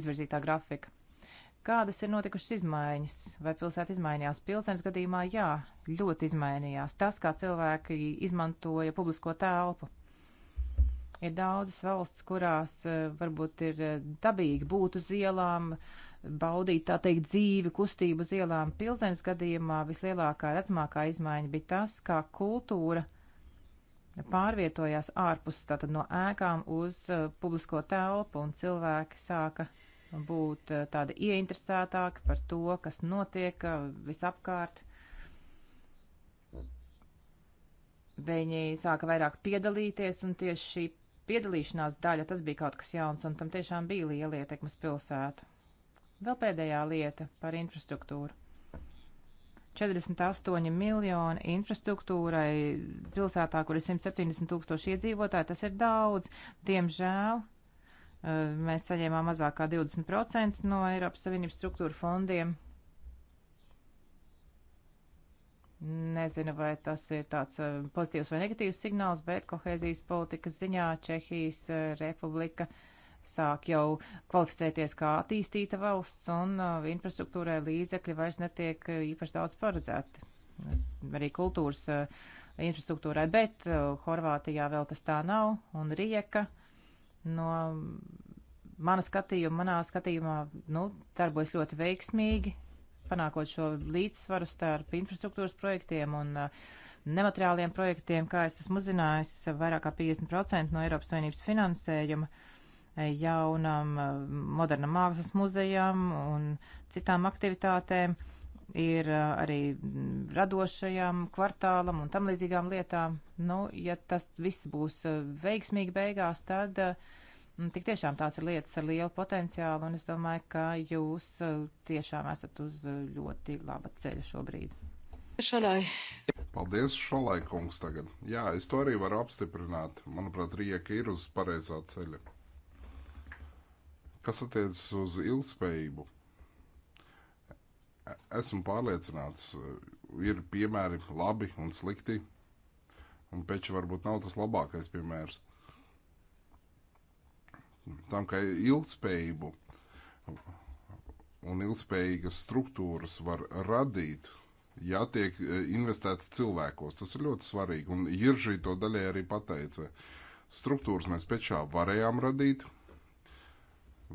izvirzītā grafika. Kādas ir notikušas izmaiņas? Vai pilsēta izmainījās? Pilsēnas gadījumā jā, ļoti izmainījās tas, kā cilvēki izmantoja publisko telpu. Ir daudzas valsts, kurās eh, varbūt ir eh, dabīgi būt uz ielām, baudīt, tā teikt, dzīvi, kustību uz ielām. Pilsēnas gadījumā vislielākā redzamākā izmaiņa bija tas, kā kultūra pārvietojās ārpus, tātad no ēkām uz eh, publisko telpu, un cilvēki sāka būt tādi ieinteresētāki par to, kas notiek visapkārt. Viņi sāka vairāk piedalīties, un tieši šī piedalīšanās daļa, tas bija kaut kas jauns, un tam tiešām bija liela ietekmes pilsētu. Vēl pēdējā lieta par infrastruktūru. 48 miljoni infrastruktūrai pilsētā, kur ir 170 tūkstoši iedzīvotāji, tas ir daudz. Diemžēl eh, mēs saņēmām mazāk kā 20% no Eiropas Savienības struktūra fondiem Nezinu, vai tas ir tāds eh, pozitīvs vai negatīvs signāls, bet kohēzijas politikas ziņā Čehijas eh, republika sāk jau kvalificēties kā attīstīta valsts, un eh, infrastruktūrai līdzekļi vairs netiek īpaši daudz paredzēti. Arī kultūras infrastruktūrai, bet Horvātijā vēl tas tā nav, un rieka no mana skatījuma, manā skatījumā, nu, darbojas ļoti veiksmīgi, panākot šo līdzsvaru starp infrastruktūras projektiem un uh, nemateriāliem projektiem, kā es esmu uzzinājis, vairāk kā 50% no Eiropas Savienības finansējuma eh, jaunam uh, modernam mākslas muzejam un citām aktivitātēm ir uh, arī radošajām kvartālam un tam līdzīgām lietām. Nu, ja tas viss būs veiksmīgi beigās, tad uh, Mm, tik tiešām tās ir lietas ar lielu potenciālu, un es domāju, ka jūs eh, tiešām esat uz eh, ļoti laba ceļa šobrīd. Šalai. Paldies, Šalai kungs, tagad. Jā, es to arī varu apstiprināt. Manuprāt, Rieka ir uz pareizā ceļa. Kas attiecas uz ilgspējību? E, esmu pārliecināts, e, ir piemēri labi un slikti, un peči varbūt nav tas labākais piemērs tam, ka ilgspējību un ilgspējīgas struktūras var radīt, ja tiek e, investēts cilvēkos. Tas ir ļoti svarīgi, un Iržī to daļai arī pateica. Struktūras mēs pečā varējām radīt,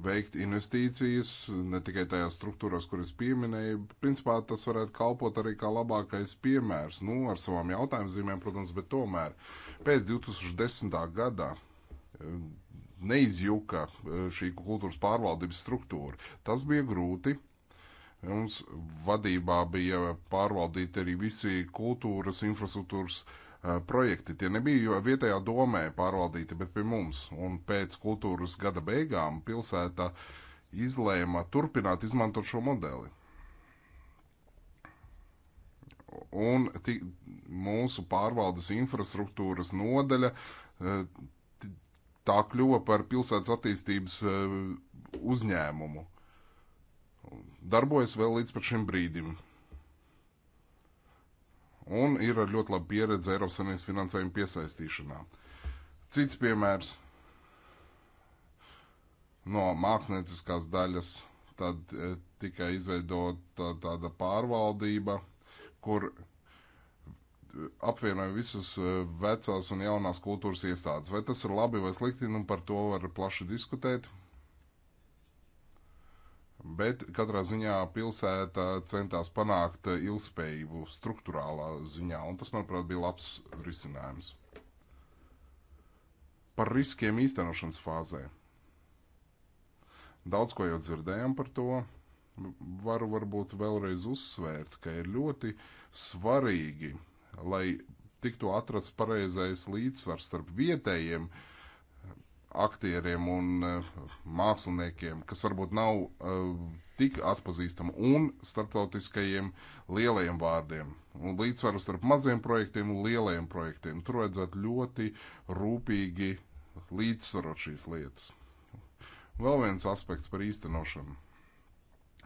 veikt investīcijas, ne tikai tajās struktūrās, kuras pieminēju. Principā tas varētu kalpot arī kā labākais piemērs, nu, ar savām jautājumzīmēm, protams, bet tomēr pēc 2010. gada e, neizjuka e, šī kultūras pārvaldības struktūra. Tas bija grūti. Mums vadībā bija pārvaldīti arī visi kultūras infrastruktūras e, projekti. Tie nebija vietējā domē pārvaldīti, bet pie mums. Un pēc kultūras gada beigām pilsēta izlēma turpināt izmantot šo modeli. Un mūsu pārvaldes infrastruktūras nodeļa e, tā kļuva par pilsētas attīstības eh, uzņēmumu. Darbojas vēl līdz šim brīdim. Un ir ļoti laba pieredze Eiropas Savienības finansējuma piesaistīšanā. Cits piemērs no mākslinieckās daļas, tad eh, tika izveidota tāda pārvaldība, kur apvienoja visas eh, vecās un jaunās kultūras iestādes. Vai tas ir labi vai slikti, nu par to var plaši diskutēt. Bet katrā ziņā pilsēta centās panākt eh, ilgspējību struktūrālā ziņā, un tas, manuprāt, bija labs risinājums. Par riskiem īstenošanas fāzē. Daudz ko jau dzirdējām par to, varu varbūt vēlreiz uzsvērt, ka ir ļoti svarīgi lai tiktu atrasts pareizais līdzsvars starp vietējiem eh, aktieriem un eh, māksliniekiem, kas varbūt nav uh, tik atpazīstami, un starptautiskajiem lielajiem vārdiem. Un līdzsvaru starp maziem projektiem un lielajiem projektiem. Tur vajadzētu ļoti rūpīgi līdzsvarot šīs lietas. Vēl viens aspekts par īstenošanu.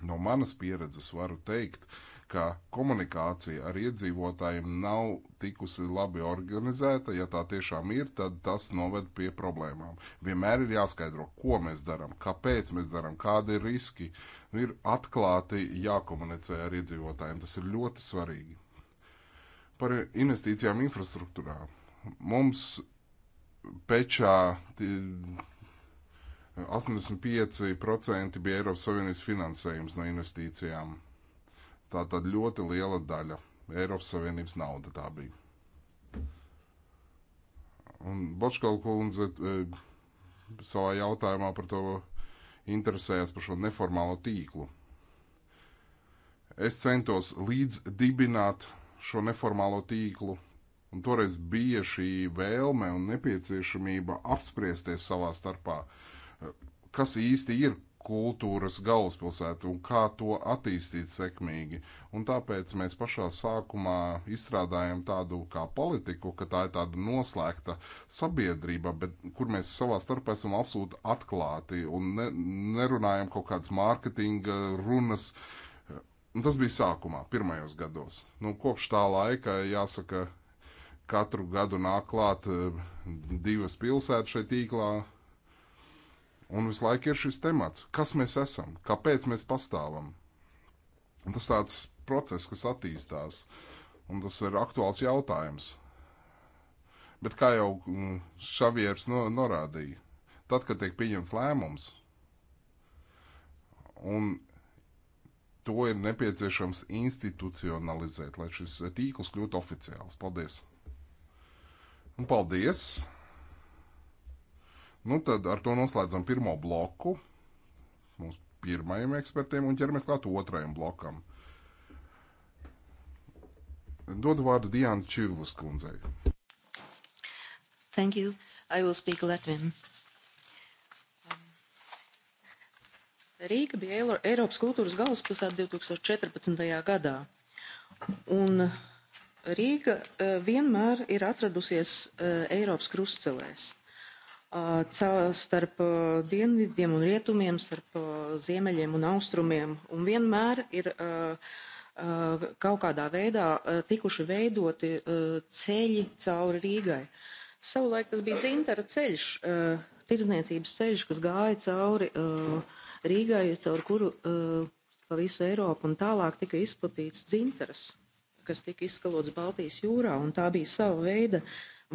No manas pieredzes varu teikt, uh, ka komunikācija ar iedzīvotājiem nav tikusi labi organizēta. Ja tā tiešām ir, tad tas noved pie problēmām. Vienmēr ir jāskaidro, ko mēs darām, kāpēc mēs darām, kādi ir riski. Ir atklāti jākomunicē ar iedzīvotājiem. Tas ir ļoti svarīgi. Par investīcijām infrastruktūrā. Mums pečā 85% bija Eiropas Savienības finansējums no investīcijām Tā tad ļoti liela daļa Eiropas Savienības nauda tā bija. Un Bočkala kundze e, savā jautājumā par to interesējās par šo neformālo tīklu. Es centos līdz dibināt šo neformālo tīklu, un toreiz bija šī vēlme un nepieciešamība apspriesties savā starpā, eh, kas īsti ir kultūras galvaspilsētu un kā to attīstīt sekmīgi. Un tāpēc mēs pašā sākumā izstrādājam tādu kā politiku, ka tā ir tāda noslēgta sabiedrība, bet kur mēs savā starpā esam absolūti atklāti un ne, nerunājam kaut kādas mārketinga runas. Un tas bija sākumā, pirmajos gados. Nu, kopš tā laika, jāsaka, katru gadu nāk klāt eh, divas pilsētas šeit tīklā, Un visu laiku ir šis temats, kas mēs esam, kāpēc mēs pastāvam. Un tas tāds process, kas attīstās, un tas ir aktuāls jautājums. Bet kā jau mm, Šavieris no, norādīja, tad, kad tiek pieņemts lēmums, un to ir nepieciešams institucionalizēt, lai šis tīkls kļūtu oficiāls. Paldies! Un paldies! Nu, tad ar to noslēdzam pirmo bloku mūsu pirmajiem ekspertiem un ķeramies klāt otrajam blokam. Dodu vārdu Diana Čivlas kundzei. Thank you. I will speak Latvian. Rīga bija Eiropas kultūras galvaspilsēta 2014. gadā. Un Rīga eh, vienmēr ir atradusies eh, Eiropas krustcelēs starp dienvidiem un rietumiem, starp ziemeļiem un austrumiem. Un vienmēr ir kaut kādā veidā tikuši veidoti ceļi cauri Rīgai. Savulaik tas bija dzintara ceļš, tirdzniecības ceļš, kas gāja cauri Rīgai, caur kuru pa visu Eiropu un tālāk tika izplatīts dzintaras, kas tika izskalots Baltijas jūrā, un tā bija sava veida uh,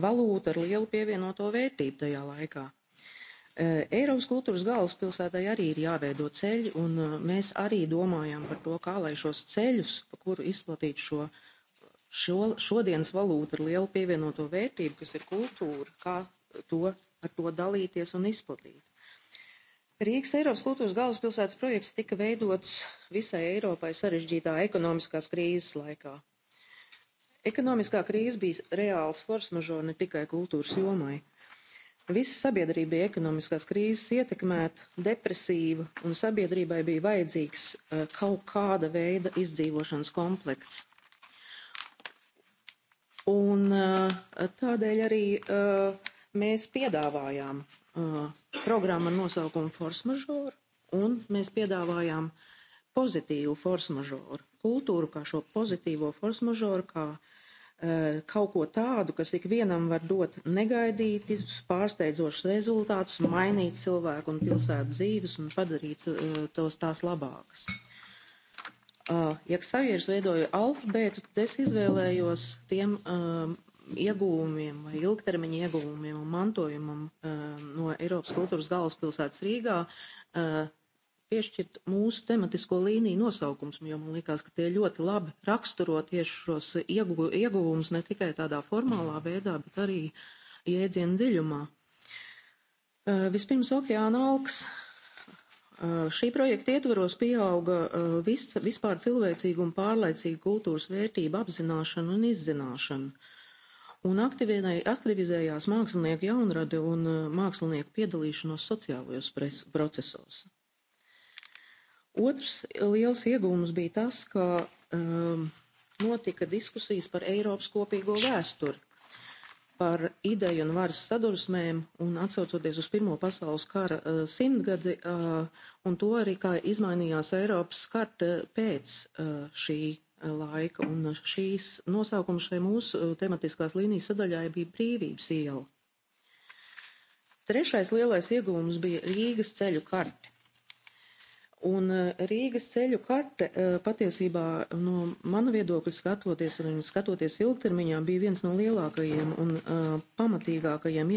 valūta ar lielu pievienoto vērtību tajā laikā. E, Eiropas kultūras galvaspilsētai arī ir jāveido ceļi, un e, mēs arī domājam par to, kā lai šos ceļus, pa kuru izplatīt šo, šo šodienas valūtu ar lielu pievienoto vērtību, kas ir kultūra, kā to, ar to dalīties un izplatīt. Rīgas Eiropas kultūras galvaspilsētas projekts tika veidots visai Eiropai sarežģītā ekonomiskās krīzes laikā. Ekonomiskā krīze bija reāls forsmažors ne tikai kultūras jomai. Visa sabiedrība bija ekonomiskās krīzes ietekmēta, depresīva, un sabiedrībai bija vajadzīgs eh, kaut kāda veida izdzīvošanas komplekts. Un eh, tādēļ arī eh, mēs piedāvājām programmu ar nosaukumu Force Majeure, un mēs piedāvājām pozitīvu force majeure, kultūru kā šo pozitīvo force majeure, kā Eh, kaut ko tādu, kas ikvienam var dot negaidītus, pārsteidzošus rezultātus, mainīt cilvēku un pilsētu dzīves un padarīt eh, tos tās labākas. Eh, ja Ksavieris veidoja alfabētu, tad es izvēlējos tiem ieguvumiem vai ilgtermiņa ieguvumiem un mantojumam no Eiropas kultūras galvaspilsētas Rīgā piešķirt mūsu tematisko līniju nosaukums, jo man liekas, ka tie ļoti labi raksturo tieši šos iegu, ieguvumus ne tikai tādā formālā veidā, bet arī jēdzienu dziļumā. Uh, vispirms okeāna augs. Uh, eh, šī projekta ietvaros pieauga uh, vis, vispār cilvēcīga un pārlaicīga kultūras vērtība apzināšana un izzināšana. Un aktivizējās mākslinieku jaunradi un mākslinieku piedalīšanos sociālajos procesos. Otrs liels iegūms bija tas, ka um, notika diskusijas par Eiropas kopīgo vēsturi, par ideju un varas sadursmēm un atsaucoties uz Pirmo pasaules kara uh, simtgadi uh, un to arī, kā izmainījās Eiropas karta pēc uh, šī uh, laika. Un šīs nosaukums šai mūsu uh, tematiskās līnijas sadaļai bija brīvības iela. Trešais lielais iegūms bija Rīgas ceļu karti. Un eh, Rīgas ceļu karte eh, patiesībā no mana viedokļa skatoties un skatoties ilgtermiņā bija viens no lielākajiem un uh, pamatīgākajiem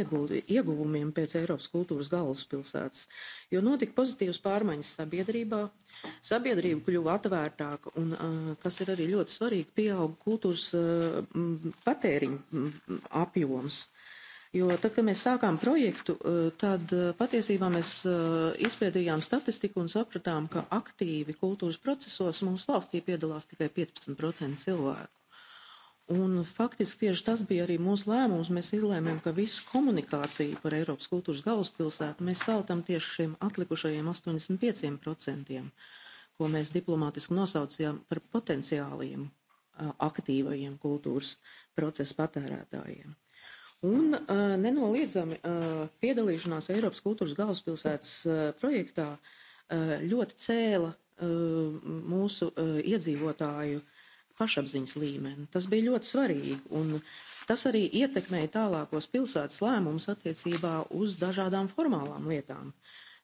ieguvumiem pēc Eiropas kultūras galvaspilsētas, jo notika pozitīvas pārmaiņas sabiedrībā, sabiedrība kļuva atvērtāka un, uh, kas ir arī ļoti svarīgi, pieauga kultūras uh, patēriņa apjoms. Jo tad, kad mēs sākām projektu, eh, tad eh, patiesībā mēs eh, izpētījām statistiku un sapratām, ka aktīvi kultūras procesos mums valstī piedalās tikai 15% cilvēku. Un faktiski tieši tas bija arī mūsu lēmums. Mēs izlēmēm, ka visu komunikāciju par Eiropas kultūras galvaspilsētu mēs veltam tieši šiem atlikušajiem 85%, ko mēs diplomātiski nosaucījām par potenciāliem aktīvajiem kultūras procesa patērētājiem. Un uh, nenoliedzami uh, piedalīšanās Eiropas kultūras galvaspilsētas uh, projektā uh, ļoti cēla uh, mūsu uh, iedzīvotāju pašapziņas līmeni. Tas bija ļoti svarīgi, un tas arī ietekmēja tālākos pilsētas lēmumus attiecībā uz dažādām formālām lietām.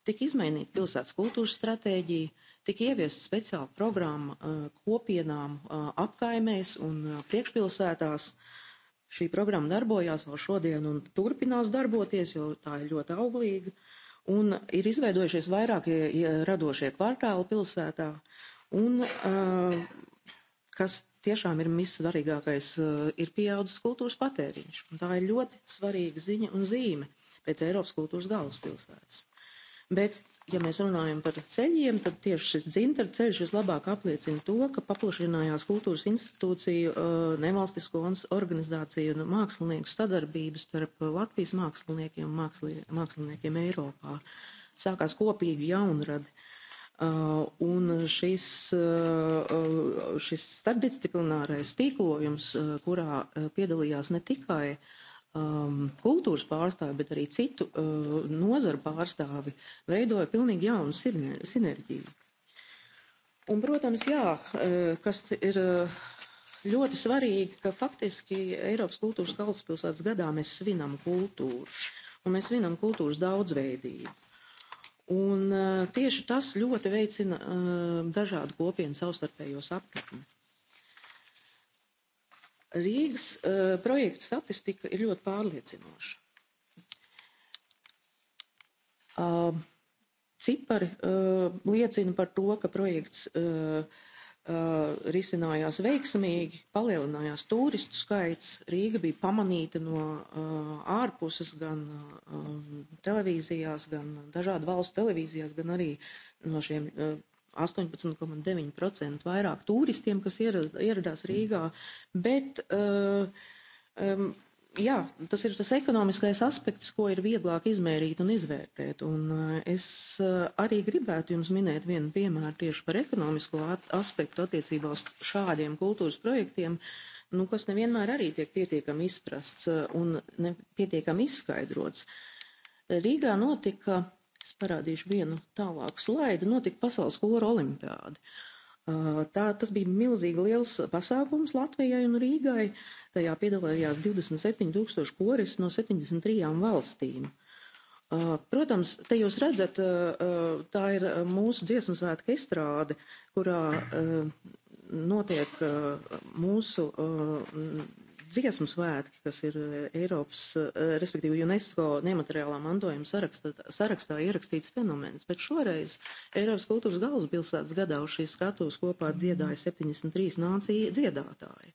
Tik izmainīta pilsētas kultūras stratēģija, tika ieviesta speciāla programma uh, kopienām uh, apkaimēs un uh, priekšpilsētās. Uh, Šī programma darbojās vēl šodien un turpinās darboties, jo tā ir ļoti auglīga. Un ir izveidojušies vairākie radošie kvartāli pilsētā, un, uh, kas tiešām ir missvarīgākais, uh, ir pieaudzis kultūras patēriņš. Un tā ir ļoti svarīga ziņa un zīme pēc Eiropas kultūras galvaspilsētas. Bet ja mēs runājam par ceļiem, tad tieši šis dzinter ceļš vislabāk apliecina to, ka paplašinājās kultūras institūciju, uh, nevalstisko organizāciju un mākslinieku sadarbības starp uh, Latvijas māksliniekiem un māksli, māksliniekiem Eiropā. Sākās kopīgi jaunradi. Uh, un šis, šis starpdisciplinārais tīklojums, kurā piedalījās ne tikai uh, um, kultūras pārstāvi, bet arī citu uh, nozaru pārstāvi veidoja pilnīgi jaunu sirne, sinerģiju. Un, protams, jā, uh, kas ir uh, ļoti svarīgi, ka faktiski Eiropas kultūras galvaspilsētas gadā mēs svinam kultūru, un mēs svinam kultūras daudzveidību. Un uh, tieši tas ļoti veicina uh, dažādu kopienu savstarpējo sapratni. Rīgas uh, projekta statistika ir ļoti pārliecinoša. Uh, cipari uh, liecina par to, ka projekts uh, uh, risinājās veiksmīgi, palielinājās turistu skaits. Rīga bija pamanīta no uh, ārpuses, gan uh, televīzijās, gan dažādu valstu televīzijās, gan arī no šiem uh, 18,9% vairāk turistiem, kas ieradās mm. Rīgā. Bet, uh, um, jā, tas ir tas ekonomiskais aspekts, ko ir vieglāk izmērīt un izvērtēt. Un eh, es eh, arī gribētu jums minēt vienu piemēru tieši par ekonomisko aspektu attiecībā uz šādiem kultūras projektiem, nu, kas nevienmēr arī tiek pietiekami izprasts un pietiekami izskaidrots. Rīgā notika Es parādīšu vienu tālāku slaidu. Notika pasaules koloru olimpiādi. Tā, tas bija milzīgi liels pasākums Latvijai un Rīgai. Tajā piedalījās 27 tūkstoši koris no 73 valstīm. Protams, te jūs redzat, tā ir mūsu dziesmu svētku estrāde, kurā notiek mūsu dziesmu svētki, kas ir e, Eiropas, e, respektīvi UNESCO nemateriālā mantojuma sarakstā, sarakstā ierakstīts fenomens, bet šoreiz Eiropas kultūras galvaspilsētas gadā uz šīs skatuves kopā dziedāja 73 nācija dziedātāji.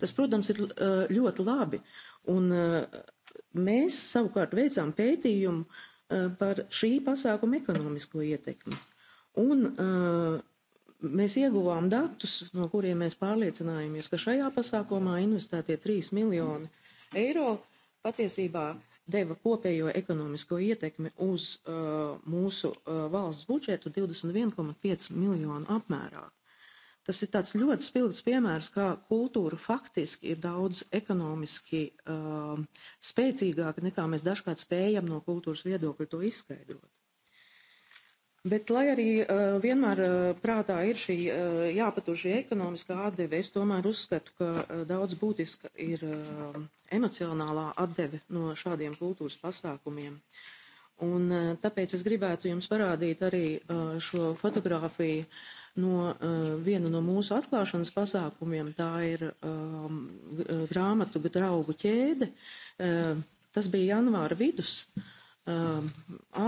Tas, protams, ir e, ļoti labi, un mēs savukārt veicām pētījumu par šī pasākuma ekonomisko ietekmi. Un uh, Mēs ieguvām datus, no kuriem mēs pārliecinājāmies, ka šajā pasākumā investētie 3 miljoni eiro patiesībā deva kopējo ekonomisko ietekmi uz uh, mūsu uh, valsts budžetu 21,5 miljonu apmērā. Tas ir tāds ļoti spilgts piemērs, kā kultūra faktiski ir daudz ekonomiski uh, spēcīgāka nekā mēs dažkārt spējam no kultūras viedokļa to izskaidrot. Bet, lai arī uh, vienmēr uh, prātā ir šī uh, jāpatur šī ekonomiskā atdeve, es tomēr uzskatu, ka uh, daudz būtiska ir uh, emocionālā atdeve no šādiem kultūras pasākumiem. Un, uh, tāpēc es gribētu jums parādīt arī uh, šo fotografiju no uh, viena no mūsu atklāšanas pasākumiem. Tā ir um, grāmatu draugu ķēde. Uh, tas bija janvāra vidus. Uh, Um,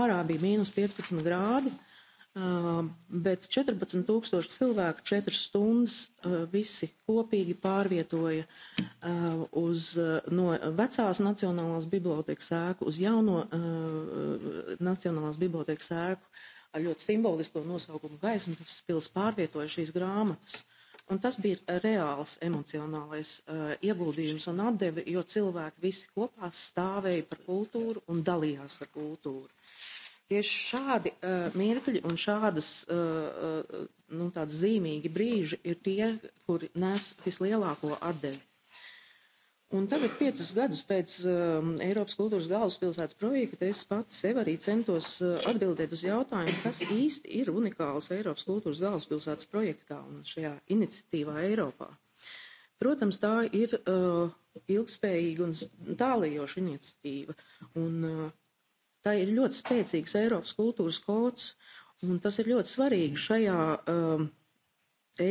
ārā bija mīnus 15 grādi, um, bet 14 tūkstoši cilvēku 4 stundas uh, visi kopīgi pārvietoja uh, uz, uh, no vecās Nacionālās bibliotekas ēku uz jauno Nacionālās bibliotekas ēku ar ļoti simbolisko nosaukumu gaismas pils pārvietoja šīs grāmatas. Un tas bija reāls emocionālais uh, ieguldījums un atdeve, jo cilvēki visi kopā stāvēja par kultūru un dalījās ar kultūru. Tieši šādi uh, mirkļi un šādas uh, uh, nu, zīmīgi brīži ir tie, kuri nes vislielāko atdevi. Un tagad, piecus gadus pēc uh, Eiropas kultūras galvaspilsētas projekta, es pati sev arī centos uh, atbildēt uz jautājumu, kas īsti ir unikāls Eiropas kultūras galvaspilsētas projektā un šajā iniciatīvā Eiropā. Protams, tā ir uh, ilgspējīga un tālējoša iniciatīva, un uh, tā ir ļoti spēcīgs Eiropas kultūras kods, un tas ir ļoti svarīgi šajā uh,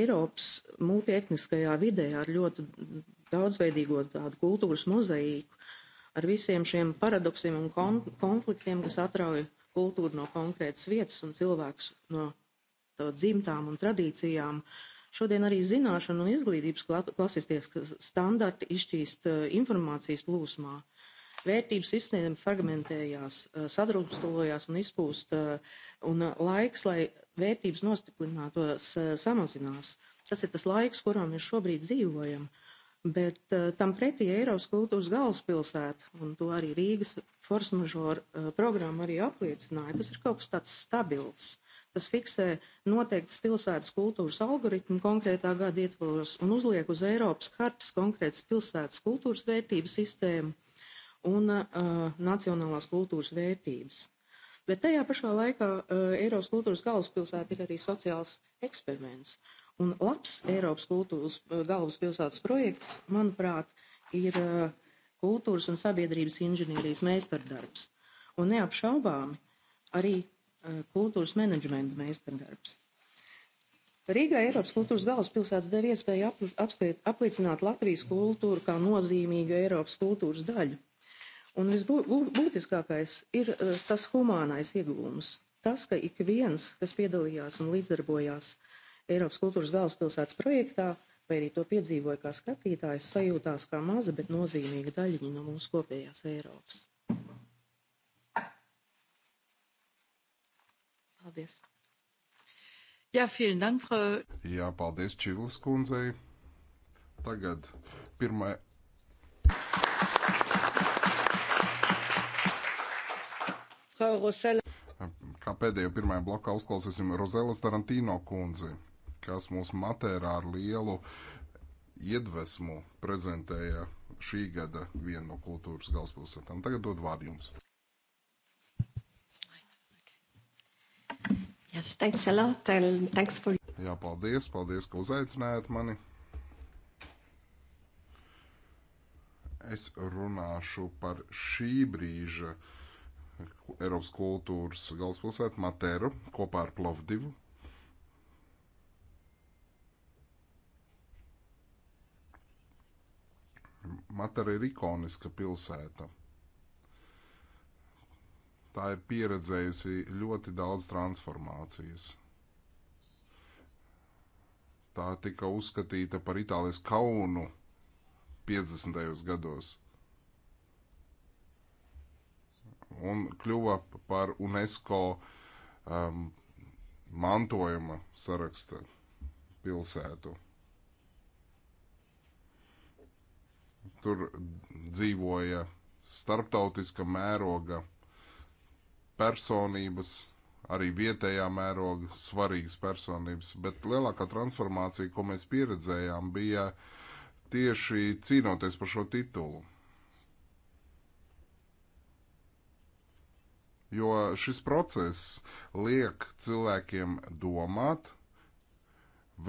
Eiropas multietniskajā vidē ar ļoti daudzveidīgo tādu kultūras mozaīku ar visiem šiem paradoksiem un kon konfliktiem, kas atrauj kultūru no konkrētas vietas un cilvēkus no to dzimtām un tradīcijām. Šodien arī zināšanu un izglītības klasisties standarti izšķīst eh, informācijas plūsmā. Vērtības sistēma fragmentējās, eh, sadrumstalojās un izpūst, eh, un laiks, lai vērtības nostiprinātos, samazinās. Tas ir tas laiks, kurām mēs šobrīd dzīvojam. Uh, Bet uh, tam pretī Eiropas kultūras galvaspilsēta, un to arī Rīgas force majeure uh, programma arī apliecināja, tas ir kaut kas tāds stabils. Tas fiksē noteiktas pilsētas kultūras algoritmu konkrētā gada ietvaros un uzliek uz Eiropas kartas konkrētas pilsētas kultūras vērtības sistēmu un uh, nacionālās kultūras vērtības. Bet tajā pašā laikā uh, Eiropas kultūras galvaspilsēta ir arī sociāls eksperiments. Uh, Un labs Eiropas kultūras eh, galvaspilsētas projekts, manuprāt, ir eh, kultūras un sabiedrības inženierijas meistardarbs. Un neapšaubāmi arī eh, kultūras menedžmenta meistardarbs. Rīgā Eiropas kultūras galvaspilsētas deva iespēju apstiet, apliecināt Latvijas kultūru kā nozīmīgu Eiropas kultūras daļu. Un visbūtiskākais ir tas humānais ieguvums. Tas, ka ik viens, kas piedalījās un līdzdarbojās Eiropas kultūras galvaspilsētas projektā, vai arī to piedzīvoja kā skatītājs, sajūtās kā maza, bet nozīmīga daļiņa no mūsu kopējās Eiropas. Paldies! Jā, vielen dank, Frau. Jā, paldies Čivlis kundzei. Tagad pirmā. Kā pēdējo pirmajā blokā uzklausīsim Rozelas Tarantīno kundzi kas mūs matērā ar lielu iedvesmu prezentēja šī gada vienu no kultūras galvaspilsētām. Tagad dod vārdu jums. Yes, thanks a lot and thanks for... Jā, paldies, paldies, ka uzaicinājāt mani. Es runāšu par šī brīža Eiropas kultūras galvaspilsētu Materu kopā ar Plovdivu. Matara ir ikoniska pilsēta. Tā ir pieredzējusi ļoti daudz transformācijas. Tā tika uzskatīta par Itālijas kaunu 50. gados un kļuva par UNESCO um, mantojuma saraksta pilsētu. Tur dzīvoja starptautiska mēroga personības, arī vietējā mēroga svarīgas personības, bet lielākā transformācija, ko mēs pieredzējām, bija tieši cīnoties par šo titulu. Jo šis process liek cilvēkiem domāt,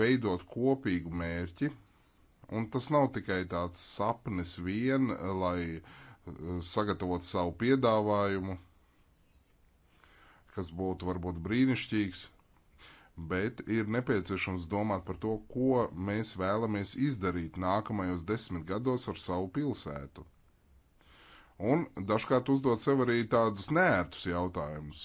veidot kopīgu mērķi, Un tas nav tikai tāds sapnis vien, lai eh, sagatavotu savu piedāvājumu, kas būtu varbūt brīnišķīgs, bet ir nepieciešams domāt par to, ko mēs vēlamies izdarīt nākamajos desmit gados ar savu pilsētu. Un dažkārt uzdot sev arī tādus nērtus jautājumus.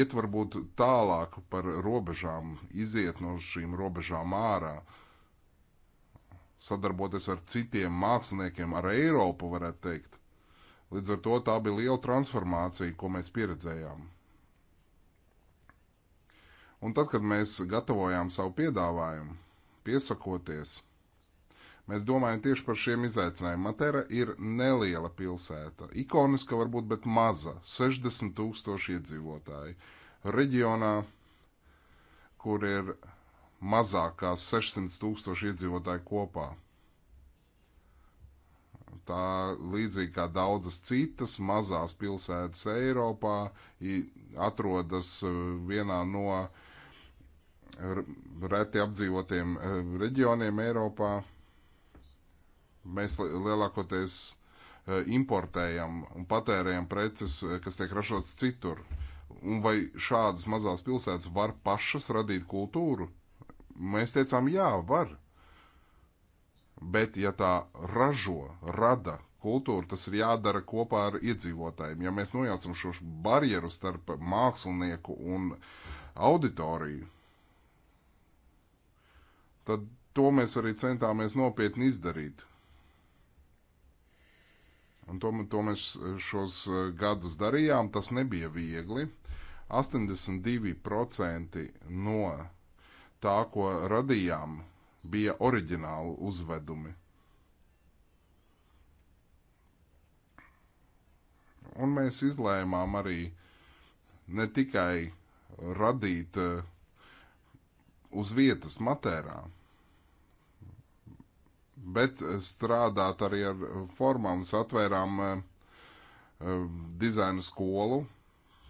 Iet varbūt tālāk par robežām, iziet no šīm robežām ārā, uh, sadarboties ar citiem māksliniekiem, ar Eiropu, varētu teikt. Līdz ar to tā bija liela transformācija, ko mēs pieredzējām. Un tad, kad mēs gatavojām savu piedāvājumu, piesakoties, mēs domājam tieši par šiem izaicinājumiem. Matera ir neliela pilsēta, ikoniska varbūt, bet maza - 60 tūkstoši iedzīvotāji. Reģionā, kur ir mazākās 600 tūkstoši iedzīvotāji kopā. Tā līdzīgi kā daudzas citas mazās pilsētas Eiropā, atrodas e, vienā no reti apdzīvotiem e, reģioniem Eiropā. Mēs lielākoties e, importējam un patērējam preces, kas tiek ražotas citur. Un vai šādas mazās pilsētas var pašas radīt kultūru? Mēs teicām, jā, var. Bet, ja tā ražo, rada kultūru, tas ir jādara kopā ar iedzīvotājiem. Ja mēs nojaucam šo barjeru starp mākslinieku un auditoriju, tad to mēs arī centāmies nopietni izdarīt. Un to, to mēs šos gadus darījām, tas nebija viegli. 82% no tā, ko radījām, bija oriģināli uzvedumi. Un mēs izlēmām arī ne tikai radīt eh, uz vietas matērā, bet strādāt arī ar formām. Mēs atvērām eh, eh, dizaina skolu,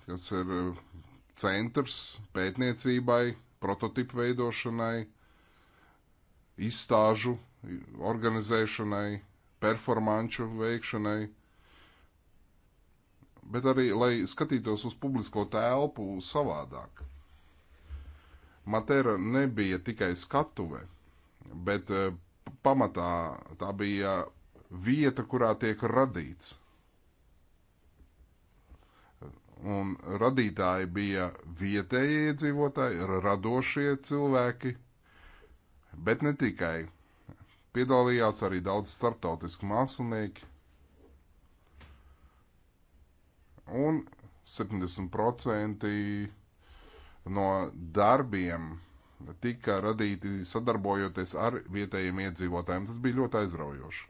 kas ir centrs pētniecībai, prototipu veidošanai, izstāžu organizēšanai, performanču veikšanai, bet arī, lai skatītos uz publisko telpu savādāk. Matera nebija tikai skatuve, bet eh, pamatā tā bija vieta, kurā tiek radīts Un radītāji bija vietējie iedzīvotāji, radošie cilvēki, bet ne tikai. Piedalījās arī daudz starptautisku mākslinieki. Un 70% no darbiem tika radīti sadarbojoties ar vietējiem iedzīvotājiem. Tas bija ļoti aizraujoši.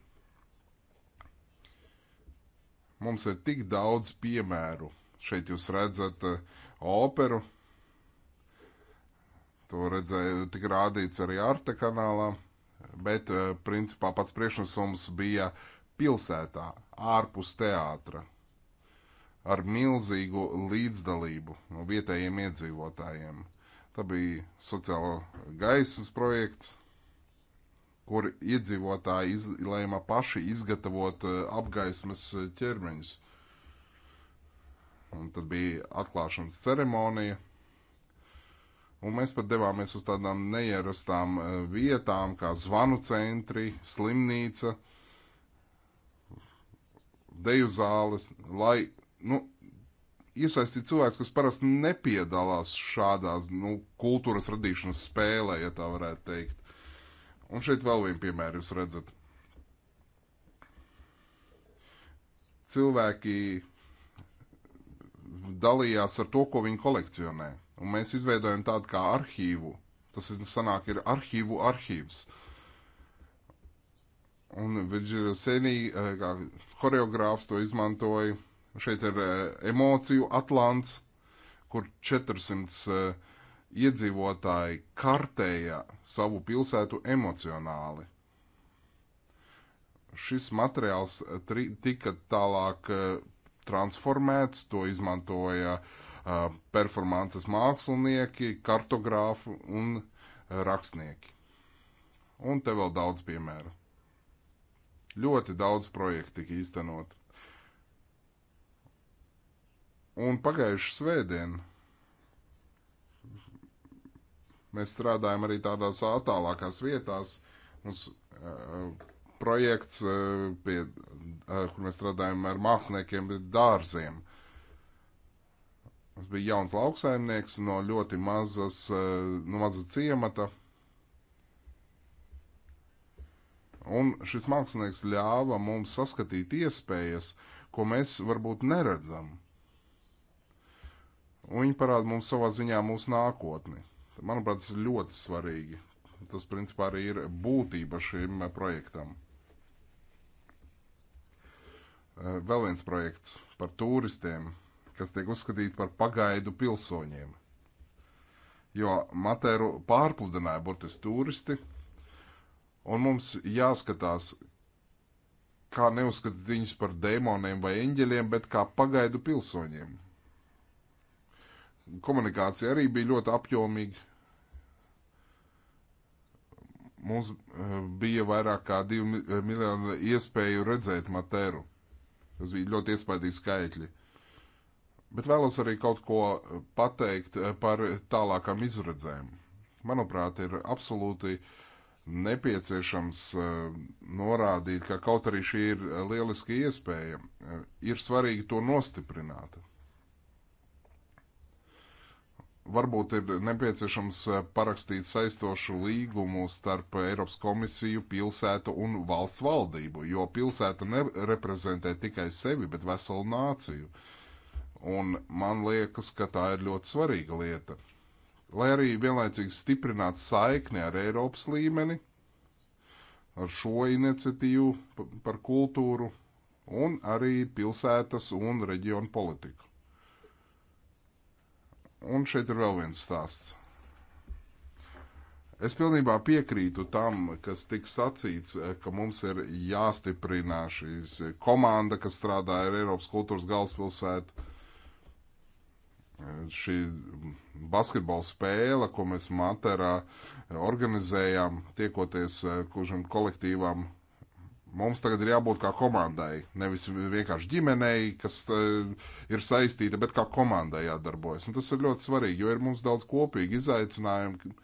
Mums ir tik daudz piemēru Šeit jūs redzat eh, operu. To redzēju, tika rādīts arī Arte kanālā, bet eh, principā pats priekšnesums bija pilsētā, ārpus teātra, ar milzīgu līdzdalību no vietējiem iedzīvotājiem. Tā bija sociālo gaismas projekts, kur iedzīvotāji izlēma paši izgatavot eh, apgaismas ķermeņus. Un tad bija atklāšanas ceremonija. Un mēs pat devāmies uz tādām neierastām eh, vietām, kā zvanu centri, slimnīca, deju zāles, lai nu, iesaistītu cilvēkus, kas parasti nepiedalās šādās nu, kultūras radīšanas spēlē, ja tā varētu teikt. Un šeit vēl vienu piemēru jūs redzat. Cilvēki dalījās ar to, ko viņi kolekcionē. Un mēs izveidojam tādu kā arhīvu. Tas sanāk, ir arhīvu arhīvs. Un Virģīna Senī, eh, kā horeogrāfs, to izmantoja. Šeit ir eh, emociju atlants, kur 400 eh, iedzīvotāji kartēja savu pilsētu emocionāli šis materiāls tri, tika tālāk transformēts, to izmantoja uh, performances mākslinieki, kartogrāfi un rakstnieki. Un te vēl daudz piemēru. Ļoti daudz projektu tika īstenot. Un pagājuši svētdien mēs strādājam arī tādās attālākās vietās. Mums uh, projekts, eh, pie, eh, kur mēs strādājam ar māksliniekiem dārziem. Tas bija jauns lauksaimnieks no ļoti mazas, eh, no maza ciemata. Un šis mākslinieks ļāva mums saskatīt iespējas, ko mēs varbūt neredzam. Un viņi parāda mums savā ziņā mūsu nākotni. Manuprāt, tas ir ļoti svarīgi. Tas, principā, arī ir būtība šim projektam. Eh, vēl viens projekts par turistiem, kas tiek uzskatīti par pagaidu pilsoņiem. Jo Matēru pārpludināja burtiski turisti, un mums jāskatās, kā neuzskatīt viņus par dēmoniem vai eņģeļiem, bet kā pagaidu pilsoņiem. Komunikācija arī bija ļoti apjomīga. Mums eh, bija vairāk kā divi miljoni iespēju redzēt Matēru. Tas bija ļoti iespaidīgi skaitļi. Bet vēlos arī kaut ko pateikt eh, par tālākām izredzēm. Manuprāt, ir absolūti nepieciešams eh, norādīt, ka kaut arī šī ir eh, lieliska iespēja, ir svarīgi to nostiprināt varbūt ir nepieciešams eh, parakstīt saistošu līgumu starp Eiropas komisiju, pilsētu un valsts valdību, jo pilsēta nereprezentē tikai sevi, bet veselu nāciju. Un man liekas, ka tā ir ļoti svarīga lieta. Lai arī vienlaicīgi stiprinātu saikni ar Eiropas līmeni, ar šo iniciatīvu par kultūru un arī pilsētas un reģionu politiku. Un šeit ir vēl viens stāsts. Es pilnībā piekrītu tam, kas tika sacīts, eh, ka mums ir jāstiprina šīs komanda, kas strādā ar Eiropas kultūras galvaspilsētu. Eh, šī basketbola spēle, ko mēs Materā organizējām, tiekoties eh, kužam kolektīvām Mums tagad ir jābūt kā komandai, nevis vienkārši ģimenei, kas uh, ir saistīta, bet kā komandai jādarbojas. Un tas ir ļoti svarīgi, jo ir mums daudz kopīgi izaicinājumi.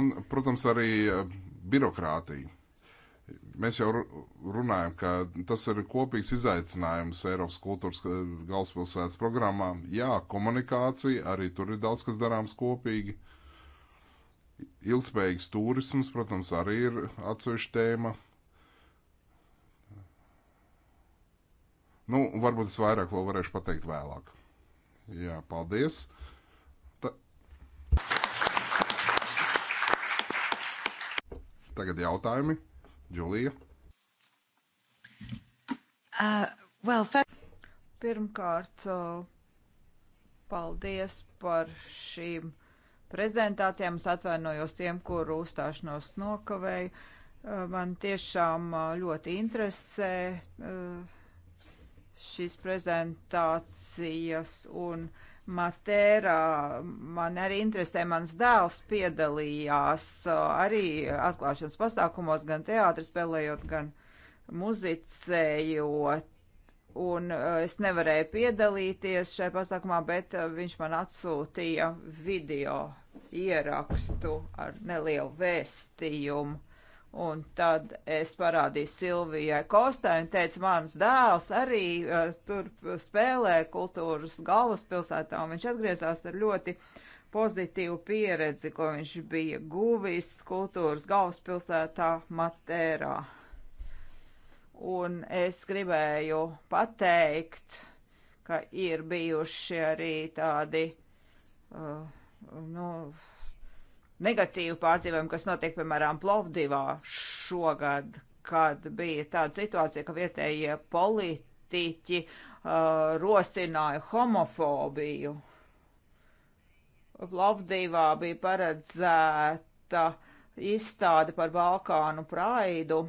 Un, protams, arī e, birokrātija. Mēs jau runājam, ka tas ir kopīgs izaicinājums Eiropas kultūras e, galvaspilsētas programmā. Jā, komunikācija, arī tur ir daudz kas darāms kopīgi. Uh, Ilgspējīgs turisms, protams, arī ir atsevišķa tēma. Nu, varbūt es vairāk vēl varēšu pateikt vēlāk. Jā, paldies. Ta... Tagad jautājumi. Džulija. Uh, well, fair... Pirmkārt, uh, paldies par šīm prezentācijām. Es atvainojos tiem, kuru uzstāšanos nokavēju. Eh, man tiešām eh, ļoti interesē eh, šīs prezentācijas un matērā. Man arī interesē, mans dēls piedalījās arī atklāšanas pasākumos, gan teātris spēlējot, gan muzicējot. Un es nevarēju piedalīties šajā pasākumā, bet viņš man atsūtīja video ierakstu ar nelielu vēstījumu. Un tad es parādīju Silvijai Kostai un teicu, mans dēls arī uh, tur spēlē kultūras galvaspilsētā, un viņš atgriezās ar ļoti pozitīvu pieredzi, ko viņš bija guvis kultūras galvaspilsētā Matērā. Un es gribēju pateikt, ka ir bijuši arī tādi uh, nu, negatīvu pārdzīvojumu, kas notiek, piemēram, Plovdivā šogad, kad bija tāda situācija, ka vietējie politiķi uh, rosināja homofobiju. Plovdivā bija paredzēta izstāde par Balkānu praidu,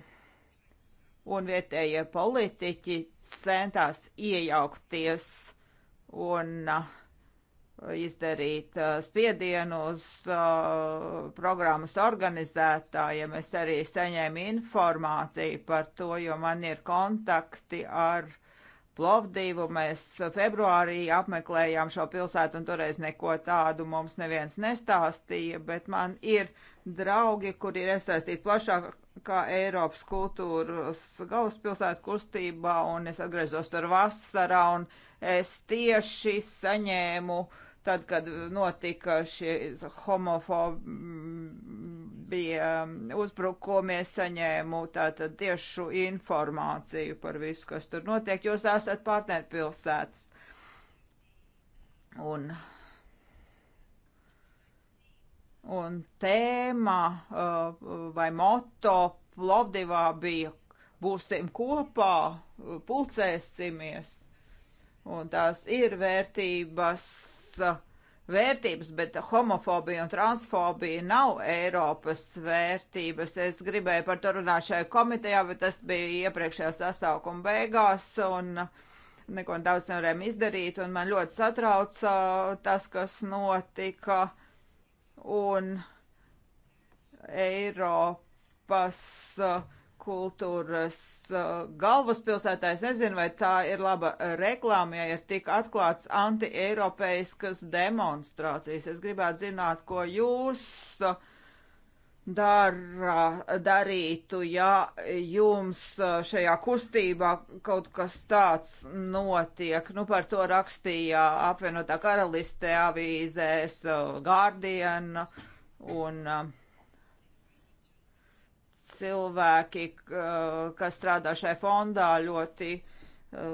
un vietējie politiķi centās iejaukties un uh, izdarīt spiedienu uz uh, programmas organizētājiem. Es arī saņēmu informāciju par to, jo man ir kontakti ar Plovdīvu. Mēs februārī apmeklējām šo pilsētu un toreiz neko tādu mums neviens nestāstīja, bet man ir draugi, kuri ir iesaistīti plašāk kā Eiropas kultūras galvaspilsētu kustībā, un es atgriezos tur vasarā, un es tieši saņēmu uh, tad, kad notika šie homofobija uzbrukumi, es saņēmu tātad tiešu informāciju par visu, kas tur notiek. Jūs esat partnerpilsētas. Un, un tēma uh, vai moto Plovdivā bija būsim kopā, pulcēsimies. Un tās ir vērtības, Uh, vērtības, bet homofobija un transfobija nav Eiropas vērtības. Es gribēju par to runāt šajā komitejā, bet tas bija iepriekšējā sasaukuma beigās un neko daudz nevarējām izdarīt, un man ļoti satrauca uh, tas, kas notika, un Eiropas uh, kultūras uh, galvaspilsētā. Es nezinu, vai tā ir laba reklāma, ja ir tik atklāts anti-eiropeiskas demonstrācijas. Es gribētu zināt, ko jūs uh, dara, darītu, ja jums uh, šajā kustībā kaut kas tāds notiek. Nu, par to rakstīja apvienotā karaliste avīzēs Guardian un uh, cilvēki, kas strādā šai fondā, ļoti e,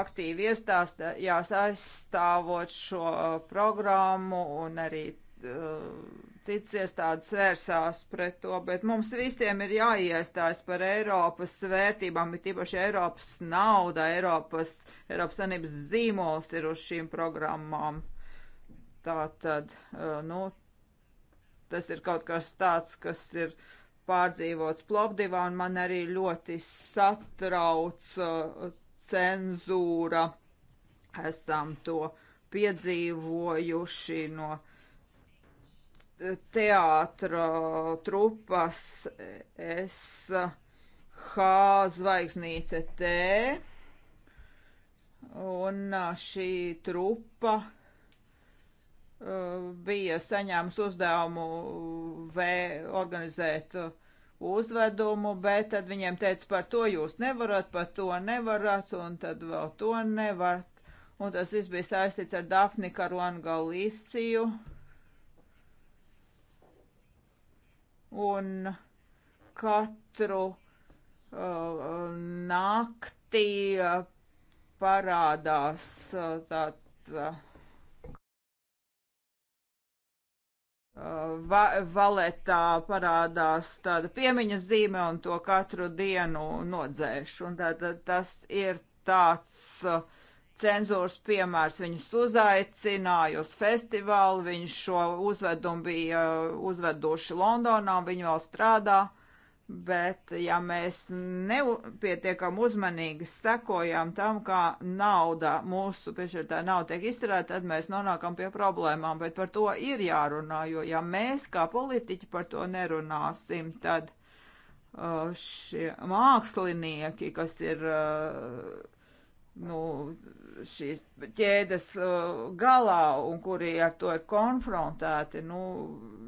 aktīvi iestāstījās aizstāvot šo e, programmu un arī e, cits iestādes vērsās pret to, bet mums visiem ir jāiestājas par Eiropas vērtībām, bet īpaši Eiropas nauda, Eiropas, Eiropas Sanības zīmols ir uz šīm programmām. Tā tad, nu, tas ir kaut kas tāds, kas ir pārdzīvots Plovdivā, un man arī ļoti satrauc uh, cenzūra. Esam to piedzīvojuši no uh, teātra trupas SH zvaigznīte T. Un uh, šī trupa bija saņēmis uzdevumu uh, vē, organizēt uh, uzvedumu, bet tad viņiem teica, par to jūs nevarat, par to nevarat, un tad vēl to nevarat. Un tas viss bija saistīts ar Dafni Karuanu Galisiju. Un katru uh, naktī uh, parādās uh, tāds. Uh, va valetā parādās tāda piemiņas zīme un to katru dienu nodzēš. Un tātad tas ir tāds uh, cenzūras piemērs. Viņus uzaicināja uz festivālu, viņš šo uzvedumu bija uh, uzveduši Londonā, viņi vēl strādā. Uh, Bet, ja mēs nepietiekam uzmanīgi sekojam tam, kā nauda, mūsu piešķirtā nauda tiek izturēta, tad mēs nonākam pie problēmām, bet par to ir jārunā, jo ja mēs kā politiķi par to nerunāsim, tad uh, šie mākslinieki, kas ir uh, nu, šīs ķēdes uh, galā un kuri ar to ir konfrontēti, nu,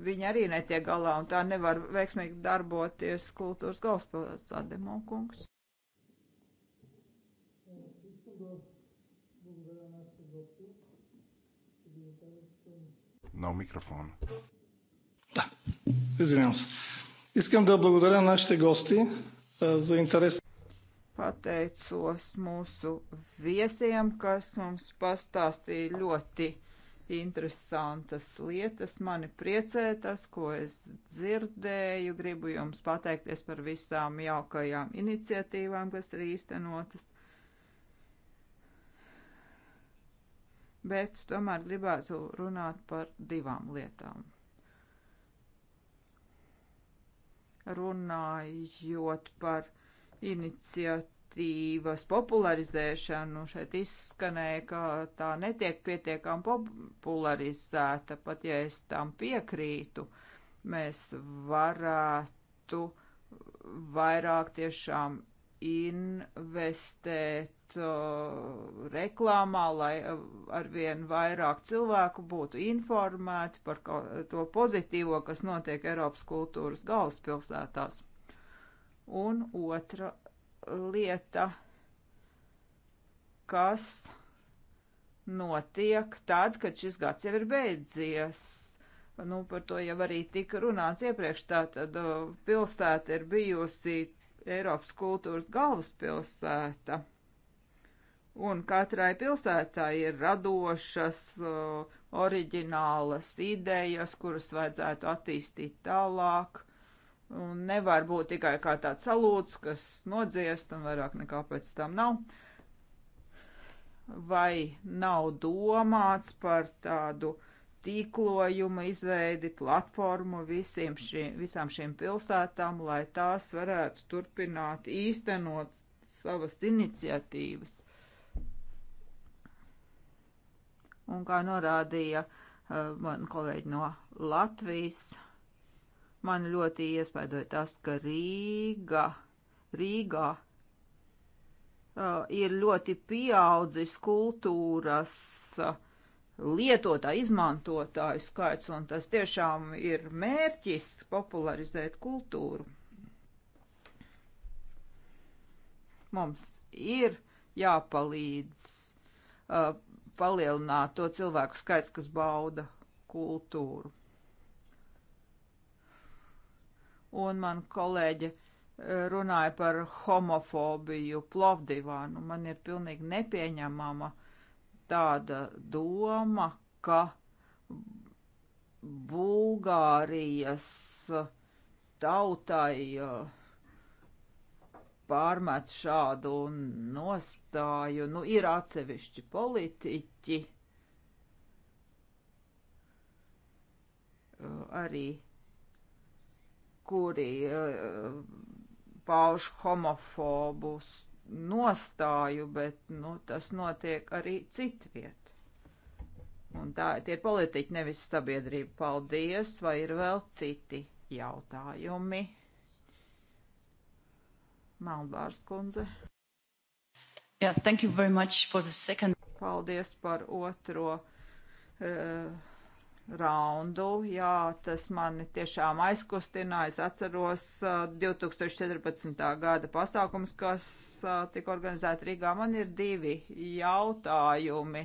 viņi arī netiek galā un tā nevar veiksmīgi darboties kultūras galvaspilsētas atdemokungs. Nav микрофона. Да, извинявам се. Искам да благодаря нашите гости за интерес. Pateicos mūsu viesiem, kas mums pastāstīja ļoti interesantas lietas. Mani priecē tas, ko es dzirdēju. Gribu jums pateikties par visām jaukajām iniciatīvām, kas ir īstenotas. bet tomēr gribētu runāt par divām lietām. Runājot par iniciatīvas popularizēšanu. Šeit izskanēja, ka tā netiek pietiekam popularizēta, pat ja es tam piekrītu, mēs varētu vairāk tiešām investēt uh, reklāmā, lai arvien vairāk cilvēku būtu informēti par to pozitīvo, kas notiek Eiropas kultūras galvaspilsētās. Un otra lieta, kas notiek tad, kad šis gads jau ir beidzies. Nu, par to jau arī tika runāts iepriekš. Tātad uh, pilsēta ir bijusi Eiropas kultūras galvaspilsēta. Un katrai pilsētā ir radošas, uh, oriģinālas idejas, kuras vajadzētu attīstīt tālāk. Un nevar būt tikai kā tāds salūts, kas nodziest un vairāk nekā pēc tam nav. Vai nav domāts par tādu tīklojuma izveidi, platformu visiem šiem, visām šīm pilsētām, lai tās varētu turpināt īstenot savas iniciatīvas. Un kā norādīja uh, man kolēģi no Latvijas, Man ļoti iespaidoja tas, ka Rīga, Rīgā uh, ir ļoti pieaudzis kultūras uh, lietotāju, izmantotāju skaits, un tas tiešām ir mērķis popularizēt kultūru. Mums ir jāpalīdz uh, palielināt to cilvēku skaits, kas bauda kultūru. un man kolēģi eh, runāja par homofobiju Plovdivā. Nu, man ir pilnīgi nepieņemama tāda doma, ka Bulgārijas tautai eh, pārmet šādu nostāju. Nu, ir atsevišķi politiķi eh, arī kuri eh, pauž homofobus nostāju, bet nu, tas notiek arī citviet. Un tā tie politiķi, nevis sabiedrība. Paldies, vai ir vēl citi jautājumi? Melnbārs kundze. Yeah, thank you very much for the second. Paldies par otro. Uh, raundu. Jā, tas mani tiešām aizkustināja. Es atceros uh, 2014. gada pasākums, kas uh, tika organizēta Rīgā. Man ir divi jautājumi.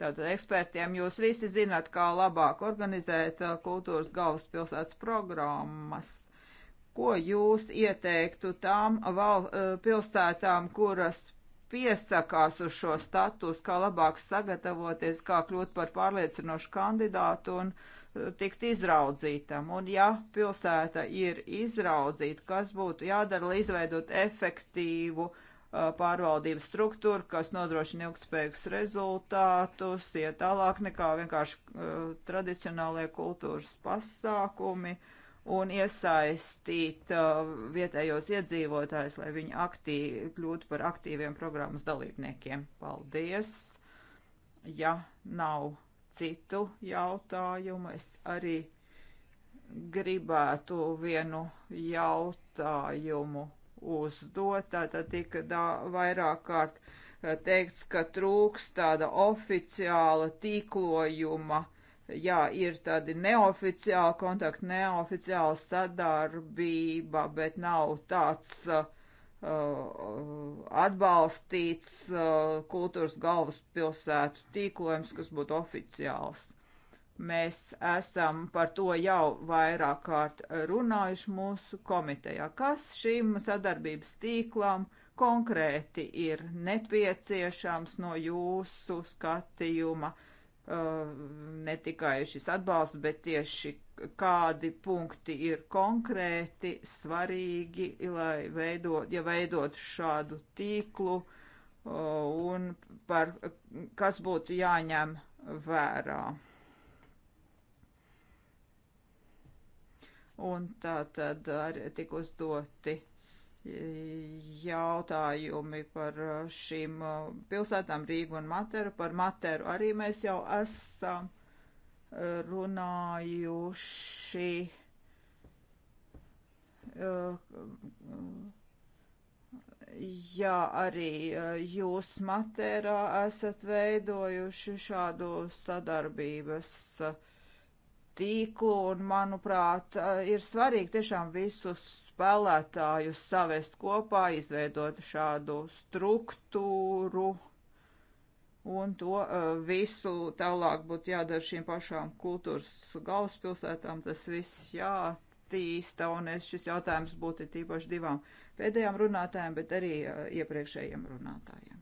Tātad ekspertiem jūs visi zināt, kā labāk organizēt uh, kultūras galvaspilsētas programmas. Ko jūs ieteiktu tām val, pilsētām, kuras piesakās uz šo statusu, kā labāk sagatavoties, kā kļūt par pārliecinošu kandidātu un uh, tikt izraudzītam. Un ja pilsēta ir izraudzīta, kas būtu jādara, lai izveidot efektīvu uh, pārvaldības struktūru, kas nodrošina ilgspējīgus rezultātus, iet tālāk nekā vienkārši uh, tradicionālajie kultūras pasākumi. Uh, un iesaistīt uh, vietējos iedzīvotājus, lai viņi aktīvi kļūtu par aktīviem programmas dalībniekiem. Paldies! Ja nav citu jautājumu, es arī gribētu vienu jautājumu uzdot. Tātad tika da, vairāk kārt uh, teikts, ka trūks tāda oficiāla tīklojuma uh, jā, ir tādi neoficiāli kontakti, neoficiāla sadarbība, bet nav tāds uh, uh, atbalstīts uh, kultūras galvaspilsētu tīklojums, kas būtu oficiāls. Mēs esam par to jau vairāk kārt runājuši mūsu komitejā. Kas šim sadarbības tīklam konkrēti ir nepieciešams no jūsu skatījuma? Uh, Um, ne tikai šis atbalsts, bet tieši kādi punkti ir konkrēti, svarīgi, lai veidot, ja veidot šādu tīklu uh, un par kas būtu jāņem vērā. Un tā tad arī tik uzdoti jautājumi par uh, šīm uh, pilsētām Rīgu un Materu. Par Materu arī mēs jau esam uh, runājuši. Jā, arī jūs Materā esat veidojuši šādu sadarbības uh, tīklu, un, manuprāt, eh, ir svarīgi tiešām visus spēlētājus savest kopā, izveidot šādu struktūru, un to eh, visu tālāk būtu jādara šīm pašām kultūras galvaspilsētām, tas viss jātīsta, un es šis jautājums būtu tīpaši divām pēdējām runātājiem, bet arī eh, iepriekšējiem runātājiem.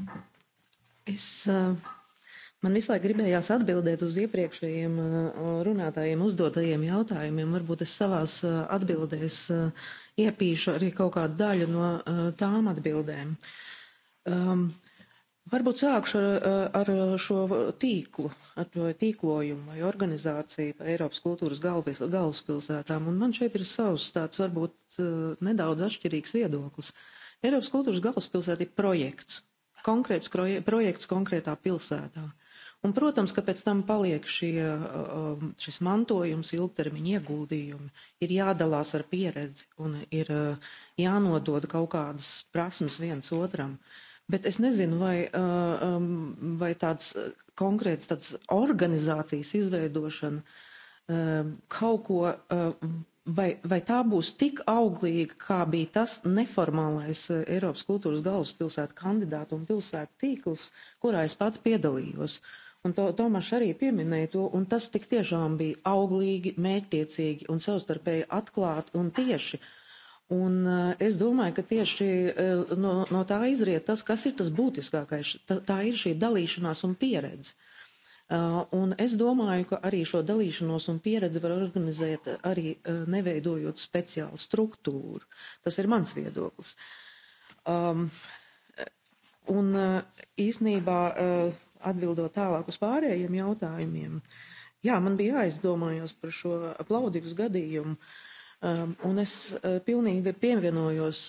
Thank you. Es, eh, man visu laiku gribējās atbildēt uz iepriekšējiem eh, runātājiem uzdotajiem jautājumiem. Varbūt es savās eh, atbildēs iepīšu arī kaut kādu daļu no tām atbildēm. Um, Varbūt sākšu ar, ar šo tīklu, ar to tīklojumu vai organizāciju par Eiropas kultūras galvis, galvaspilsētām. Un man šeit ir savs tāds varbūt nedaudz atšķirīgs viedoklis. Eiropas kultūras galvaspilsēta ir projekts konkrēts projekts konkrētā pilsētā. Un, protams, ka pēc tam paliek šie, um, šis mantojums, ilgtermiņa ieguldījumi, ir jādalās ar pieredzi un ir uh, jānodod kaut kādas prasmes viens otram. Bet es nezinu, vai, uh, um, vai tāds uh, konkrēts tāds organizācijas izveidošana um, kaut ko Vai, vai tā būs tik auglīga, kā bija tas neformālais eh, Eiropas kultūras galvaspilsētu kandidātu un pilsētu tīkls, kurā es pati piedalījos? Un to Tomašs arī pieminēja to, un tas tik tiešām bija auglīgi, mērķtiecīgi un savstarpēji atklāti un tieši. Un eh, es domāju, ka tieši eh, no, no tā izriet tas, kas ir tas būtiskākais. Tā, tā ir šī dalīšanās un pieredze. Uh, Un es domāju, ka arī šo dalīšanos un pieredzi var organizēt arī neveidojot speciālu struktūru. Tas ir mans viedoklis. Um, un īsnībā atbildot tālāk uz pārējiem jautājumiem, jā, man bija aizdomājos par šo aplaudīgas gadījumu. Um, un es pilnīgi pievienojos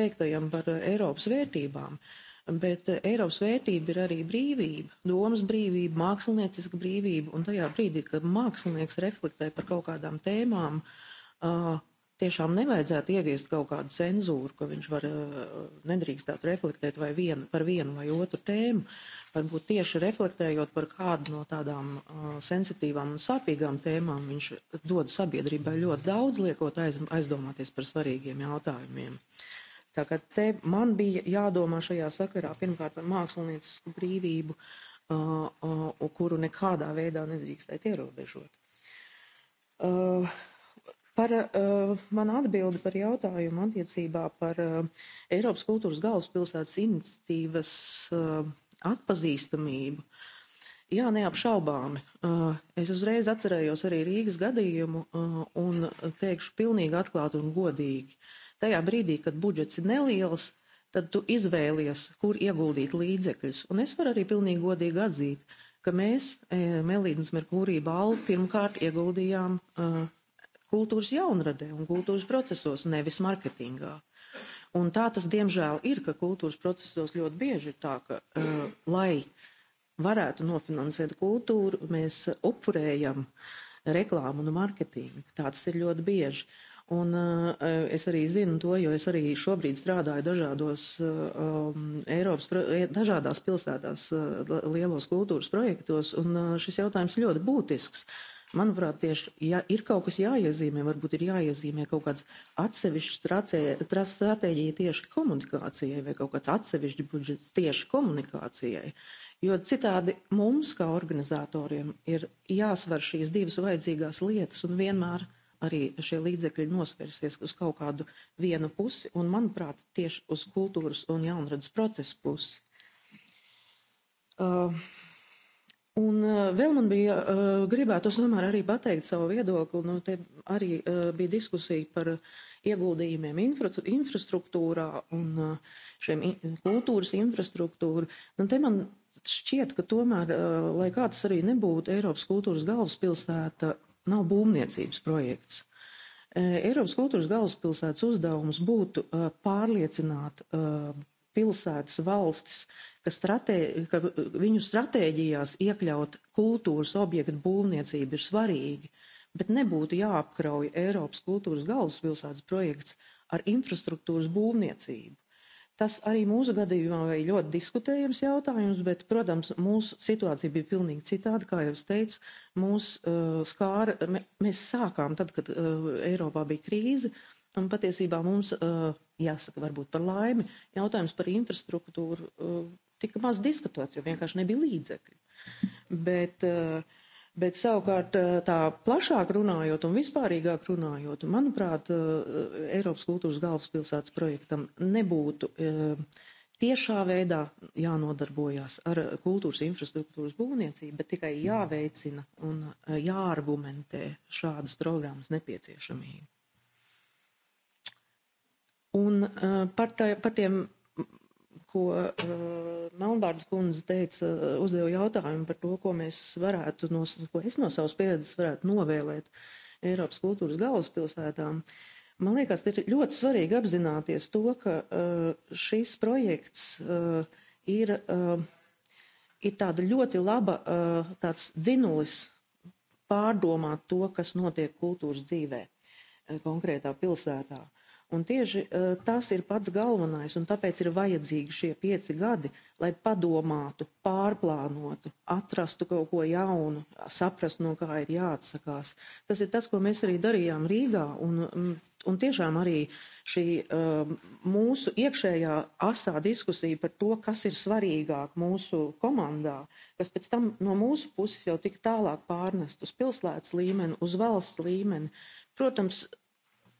teiktajam par Eiropas vērtībām. Uh, Bet eh, Eiropas vērtība ir arī brīvība, domas brīvība, mākslinieciska brīvība. Un tajā brīdī, kad mākslinieks reflektē par kaut kādām tēmām, tiešām nevajadzētu ieviest kaut kādu cenzūru, ka viņš var nedrīkstētu reflektēt vai vienu, par vienu vai otru tēmu. Varbūt tieši reflektējot par kādu no tādām sensitīvām un sāpīgām tēmām, viņš dod sabiedrībai ļoti daudz, liekot aiz, aizdomāties par svarīgiem jautājumiem. Uh, Tā kā te man bija jādomā šajā sakarā pirmkārt par māksliniecisku brīvību, uh, uh, kuru nekādā veidā nedrīkstēt ierobežot. Uh, par uh, manu atbildi par jautājumu attiecībā par uh, Eiropas kultūras galvaspilsētas iniciatīvas uh, atpazīstamību. Jā, neapšaubāmi. Uh, es uzreiz atcerējos arī Rīgas gadījumu uh, un teikšu pilnīgi atklāti un godīgi. Uh, tajā brīdī, kad budžets ir neliels, tad tu izvēlies, kur ieguldīt līdzekļus. Un es varu arī pilnīgi godīgi atzīt, ka mēs e, Melīnas Merkūrī balvu pirmkārt ieguldījām e, kultūras jaunradē un kultūras procesos, nevis marketingā. Un tā tas, diemžēl, ir, ka kultūras procesos ļoti bieži ir tā, ka, uh, lai varētu nofinansēt kultūru, mēs upurējam reklāmu un mārketingu. Tā tas ir ļoti bieži. Un uh, es arī zinu to, jo es arī šobrīd strādāju dažādos e, um, Eiropas, e, dažādās pilsētās uh, lielos kultūras projektos, un uh, šis jautājums ļoti būtisks. Manuprāt, tieši ja ir kaut kas jāiezīmē, varbūt ir jāiezīmē kaut kāds atsevišķs stratēģija tieši komunikācijai vai kaut kāds atsevišķs budžets tieši komunikācijai. Jo citādi mums, kā organizatoriem, ir jāsver šīs divas vajadzīgās lietas un vienmēr uh, arī šie līdzekļi nosvērsies uz kaut kādu vienu pusi un, manuprāt, tieši uz kultūras un jaunradas procesu pusi. Uh, Un uh, vēl man bija uh, gribētu, es tomēr arī pateikt savu viedokli, nu, te arī uh, bija diskusija par ieguldījumiem infra, infrastruktūrā un šiem kultūras infrastruktūru. Un nu, te man šķiet, ka tomēr, lai kāds arī nebūtu Eiropas kultūras galvaspilsēta, nav būvniecības projekts. E, Eiropas kultūras galvaspilsētas uzdevums būtu e, pārliecināt e, pilsētas valstis, ka, stratē, ka viņu stratēģijās iekļaut kultūras objektu būvniecību ir svarīgi, bet nebūtu jāapkrauj Eiropas kultūras galvaspilsētas projekts ar infrastruktūras būvniecību. Tas arī mūsu gadījumā bija ļoti diskutējams jautājums, bet, protams, mūsu situācija bija pilnīgi citāda, kā jau es teicu. Mūs uh, skāra, me, mēs sākām tad, kad uh, Eiropā bija krīze, un patiesībā mums, uh, jāsaka, varbūt par laimi, jautājums par infrastruktūru uh, tika maz diskutēts, jo vienkārši nebija līdzekļi. Bet, uh, Bet savukārt eh, tā plašāk runājot un vispārīgāk runājot, manuprāt, eh, Eiropas kultūras galvaspilsētas projektam nebūtu eh, tiešā veidā jānodarbojas ar kultūras infrastruktūras būvniecību, bet tikai jāveicina un jāargumentē šādas programmas nepieciešamību. Un par, tā, par tiem ko uh, eh, Melnbārdas kundze teica, uh, uzdeva jautājumu par to, ko mēs varētu, no, ko es no savas pieredzes varētu novēlēt Eiropas kultūras galvaspilsētām. Man liekas, ir ļoti svarīgi apzināties to, ka uh, šis projekts uh, ir, uh, ir tāda ļoti laba uh, tāds dzinulis pārdomāt to, kas notiek kultūras dzīvē konkrētā pilsētā. Uh, Un tieši uh, tas ir pats galvenais, un tāpēc ir vajadzīgi šie pieci gadi, lai padomātu, pārplānotu, atrastu kaut ko jaunu, saprastu, no kā ir jāatsakās. Tas ir tas, ko mēs arī darījām Rīgā, un, un tiešām arī šī uh, mūsu iekšējā asā diskusija par to, kas ir svarīgāk mūsu komandā, kas pēc tam no mūsu puses jau tika tālāk pārnest uz pilslētas līmeni, uz valsts līmeni. Protams,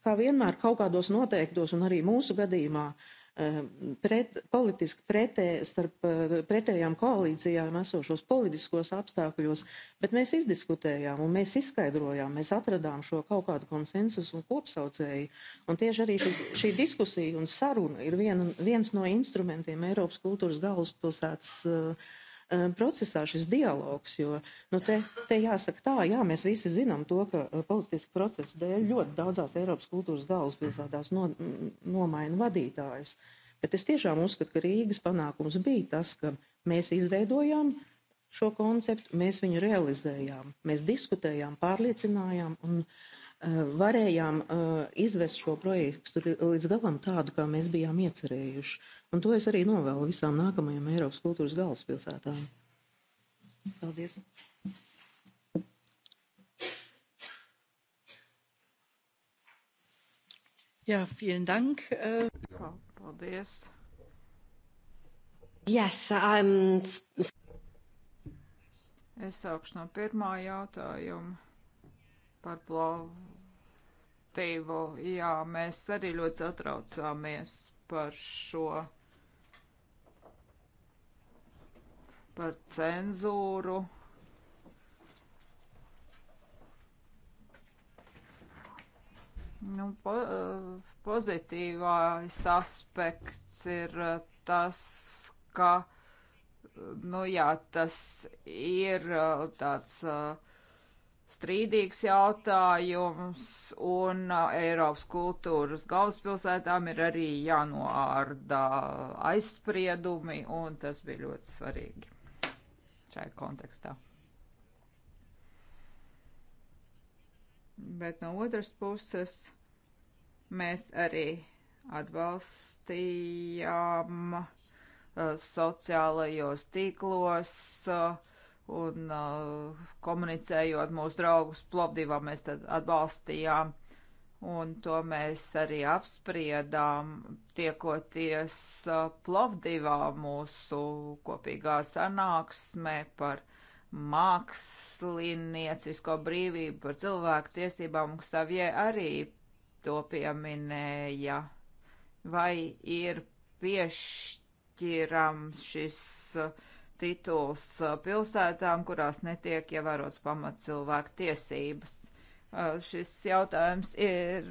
kā vienmēr kaut kādos noteiktos un arī mūsu gadījumā eh, pret, politiski pretē, starp eh, pretējām koalīcijām esošos politiskos apstākļos, bet mēs izdiskutējām un mēs izskaidrojām, mēs atradām šo kaut kādu konsensusu un kopsaucēju. Un tieši arī šis, šī diskusija un saruna ir viena, viens no instrumentiem Eiropas kultūras galvaspilsētas uh, Ehm, procesā šis dialogs, jo nu, te, te jāsaka tā, jā, mēs visi zinām to, ka eh, politiski procesa dēļ ļoti daudzās Eiropas kultūras galvaspilsētās no, nomaina vadītājus. Bet es tiešām uzskatu, ka Rīgas panākums bija tas, ka mēs izveidojām šo konceptu, mēs viņu realizējām, mēs diskutējām, pārliecinājām un uh, varējām uh, izvest šo projektu līdz galam tādu, kā mēs bijām iecerējuši. Uh, Un to es arī novēlu visām nākamajām Eiropas kultūras galvaspilsētām. Paldies! Jā, vielen dank. Uh... Paldies. Yes, I'm... Es sākušu no pirmā jautājuma par plautību. Jā, mēs arī ļoti satraucāmies par šo par cenzūru. Nu, po, eh, pozitīvais aspekts ir eh, tas, ka, eh, nu jā, tas ir tāds strīdīgs jautājums, un Eiropas kultūras galvaspilsētām ir arī jānoārda aizspriedumi, un tas bija ļoti svarīgi šajā kontekstā. Bet no otras puses mēs arī atbalstījām uh, sociālajos tīklos uh, un uh, komunicējot mūsu draugus Plovdivā, mēs tad atbalstījām un to mēs arī apspriedām, tiekoties uh, Plovdivā mūsu kopīgā sanāksmē par māksliniecisko brīvību, par cilvēku tiesībām, un Savie arī to pieminēja. Vai ir piešķirams šis uh, tituls uh, pilsētām, kurās netiek ievērots pamat cilvēku tiesības? šis jautājums ir,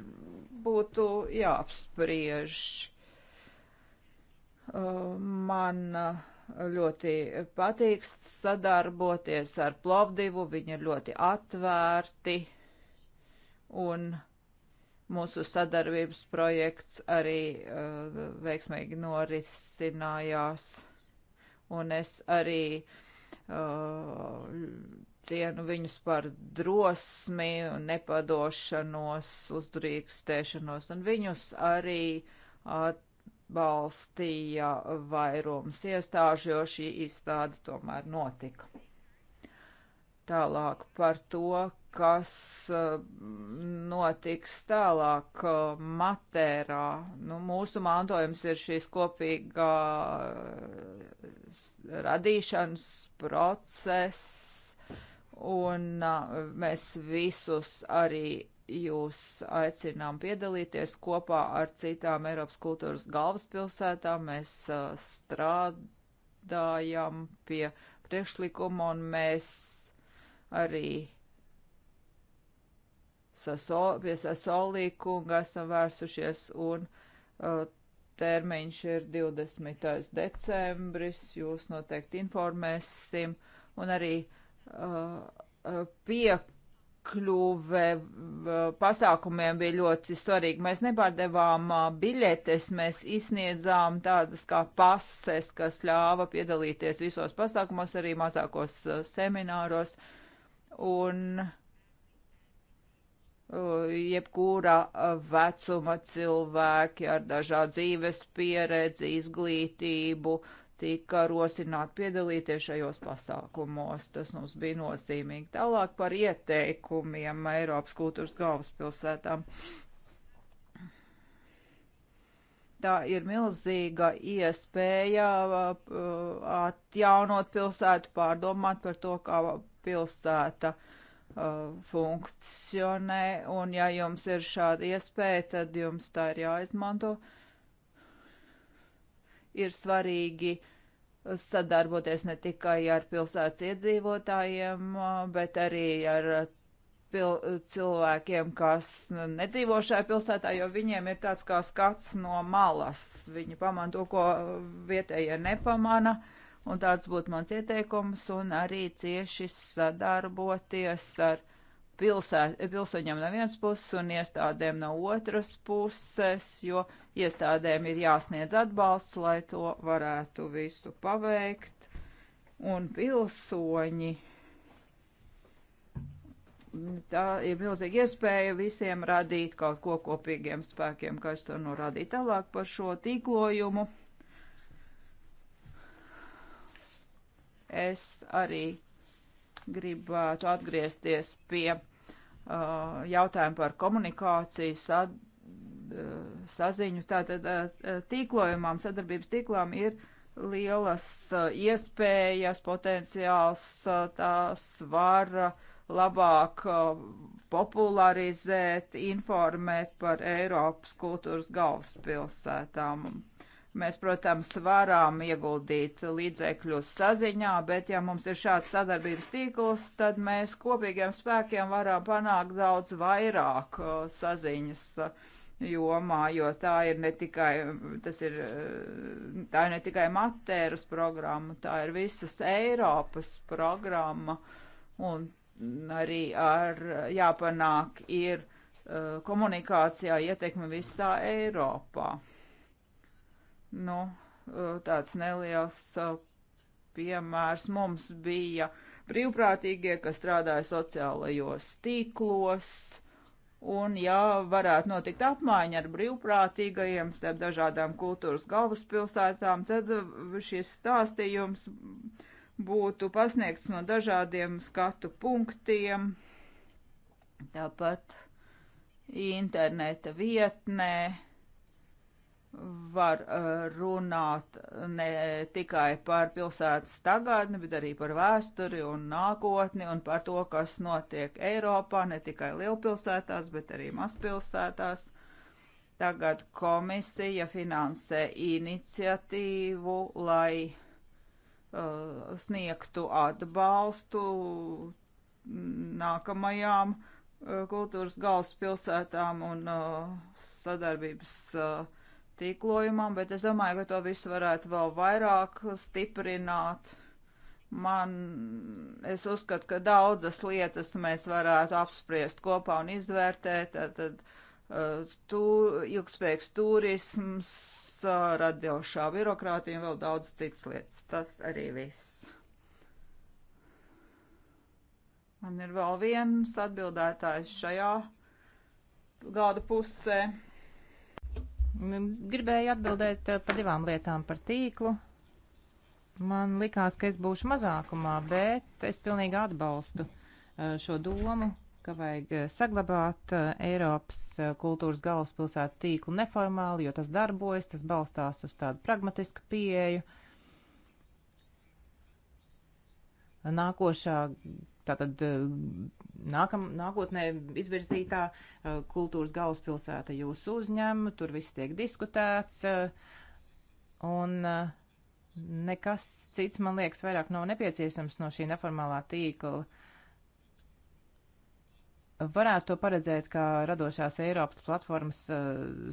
būtu jāapspriež. Man ļoti patīk sadarboties ar Plovdivu, viņi ir ļoti atvērti un mūsu sadarbības projekts arī uh, veiksmīgi norisinājās. Un es arī uh, Uh, cienu viņus par drosmi, nepadošanos, uzdrīkstēšanos, un viņus arī atbalstīja vairums iestāžu, jo šī izstāde tomēr notika. Tālāk par to, kas eh, notiks tālāk eh, matērā. Nu, mūsu mantojums ir šīs kopīgā eh, radīšanas process, un mēs visus arī jūs aicinām piedalīties kopā ar citām Eiropas kultūras galvaspilsētām. Mēs strādājam pie priekšlikuma, un mēs arī saso, pie Sasolī kunga esam vērsušies un uh, termiņš ir 20. decembris, jūs noteikti informēsim, un arī uh, piekļuve uh, pasākumiem bija ļoti svarīgi. Mēs nepārdevām uh, biļetes, mēs izsniedzām tādas kā pases, kas ļāva piedalīties visos pasākumos, arī mazākos uh, semināros, un uh, Eh, jebkura eh, vecuma cilvēki ar dažādu dzīves pieredzi, izglītību tika rosināti piedalīties šajos pasākumos. Tas mums bija nozīmīgi. Tālāk par ieteikumiem Eiropas kultūras galvaspilsētām. Tā ir milzīga iespēja eh, atjaunot pilsētu, pārdomāt par to, kā pilsēta uh, Uh, funkcionē, un ja jums ir šāda iespēja, tad jums tā ir jāizmanto. Ir svarīgi sadarboties ne tikai ar pilsētas iedzīvotājiem, uh, bet arī ar pil cilvēkiem, kas nedzīvo šajā pilsētā, jo viņiem ir tāds kā skats no malas. Viņi pamana to, ko vietējie nepamana. Uh, Un tāds būtu mans ieteikums, un arī cieši sadarboties ar pilsē, pilsoņiem no vienas puses un iestādēm no otras puses, jo iestādēm ir jāsniedz atbalsts, lai to varētu visu paveikt. Un pilsoņi. Tā ir milzīga iespēja visiem radīt kaut ko kopīgiem spēkiem, kas tur nu radīja tālāk par šo tīklojumu. Es arī gribētu atgriezties pie uh, jautājuma par komunikāciju, sad, uh, saziņu. Tātad uh, uh tīklojumam, sadarbības tīklām ir lielas uh, iespējas, potenciāls, uh, tās var labāk popularizēt, informēt par Eiropas kultūras galvaspilsētām Mēs, protams, varam ieguldīt līdzekļus saziņā, bet ja mums ir šāds sadarbības tīkls, tad mēs kopīgiem spēkiem varam panākt daudz vairāk uh, saziņas uh, jomā, jo tā ir ne tikai, tas ir, uh, tā ir ne tikai Matēras programma, tā ir visas Eiropas programma, un arī ar jāpanāk ir komunikācijā ietekme visā Eiropā nu, eh, tāds neliels eh, piemērs mums bija brīvprātīgie, kas strādāja sociālajos tīklos. Un, ja varētu notikt apmaiņa ar brīvprātīgajiem starp dažādām kultūras galvaspilsētām, tad eh, šis stāstījums būtu pasniegts no dažādiem skatu punktiem, tāpat interneta vietnē var eh, runāt ne tikai par pilsētas tagadni, bet arī par vēsturi un nākotni un par to, kas notiek Eiropā, ne tikai lielpilsētās, bet arī mazpilsētās. Tagad komisija finansē iniciatīvu, lai uh, sniegtu atbalstu nākamajām uh, kultūras galvaspilsētām un uh, sadarbības uh, tīklojumam, bet es domāju, ka to visu varētu vēl vairāk stiprināt. Man, es uzskatu, ka daudzas lietas mēs varētu apspriest kopā un izvērtēt, tad tū, uh, ilgspējīgs turisms, uh, radošā birokrātija un vēl daudz citas lietas. Tas arī viss. Man ir vēl viens atbildētājs šajā gada pusē. Mm, gribēju atbildēt eh, par divām lietām par tīklu. Man likās, ka es būšu mazākumā, bet es pilnīgi atbalstu eh, šo domu, ka vajag eh, saglabāt Eiropas kultūras galvaspilsētu tīklu neformāli, jo tas darbojas, tas balstās uz tādu pragmatisku pieeju. Nākošā tātad eh, nākam, nākotnē izvirzītā eh, kultūras galvaspilsēta jūs uzņem, tur viss tiek diskutēts, eh, un nekas cits, man liekas, vairāk nav nepieciešams no šī neformālā tīkla. Varētu to paredzēt kā radošās Eiropas platformas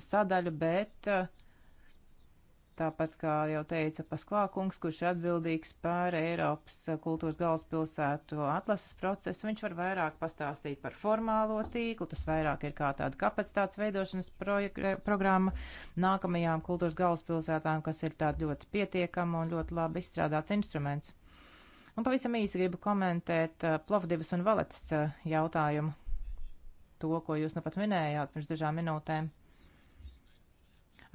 sadaļu, bet uh, tāpat kā jau teica Paskvākungs, kurš ir atbildīgs par Eiropas kultūras galvaspilsētu atlases procesu, viņš var vairāk pastāstīt par formālo tīklu, tas vairāk ir kā tāda kapacitātes veidošanas programma nākamajām kultūras galvaspilsētām, kas ir tāda ļoti pietiekama un ļoti labi izstrādāts instruments. Un pavisam īsi gribu komentēt uh, Plovdivas un Valetas uh, jautājumu. To, ko jūs nu pat minējāt pirms dažām minūtēm.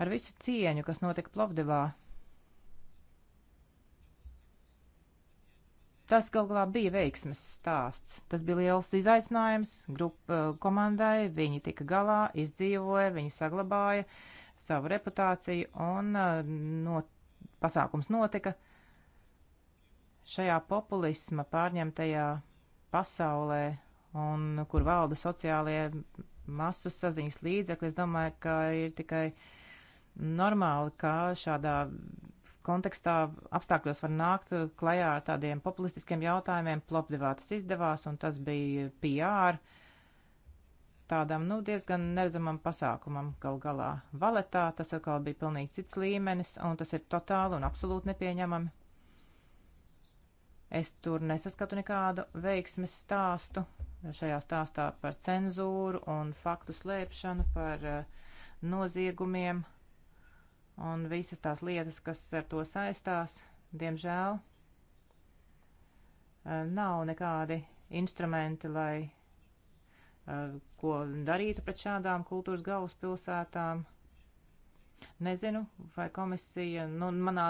Ar visu cieņu, kas notika Plovdivā, tas gal galā bija veiksmes stāsts. Tas bija liels izaicinājums grupa, eh, komandai, viņi tika galā, izdzīvoja, viņi saglabāja savu reputāciju un eh, no, pasākums notika šajā populisma pārņemtajā pasaulē un kur valda sociālie masu saziņas līdzekļi. Es domāju, ka ir tikai uh, normāli, ka šādā kontekstā apstākļos var nākt klajā ar tādiem populistiskiem jautājumiem. Plopdivā tas izdevās, un tas bija PR tādam, nu, diezgan neredzamam pasākumam gal galā. Valetā tas atkal bija pilnīgi cits līmenis, un tas ir totāli un absolūti nepieņemami. Es tur nesaskatu nekādu veiksmes stāstu šajā stāstā par cenzūru un faktu slēpšanu, par eh, noziegumiem un visas tās lietas, kas ar to saistās, diemžēl eh, nav nekādi instrumenti, lai eh, ko darītu pret šādām kultūras galvaspilsētām. Nezinu, vai komisija, nu, manā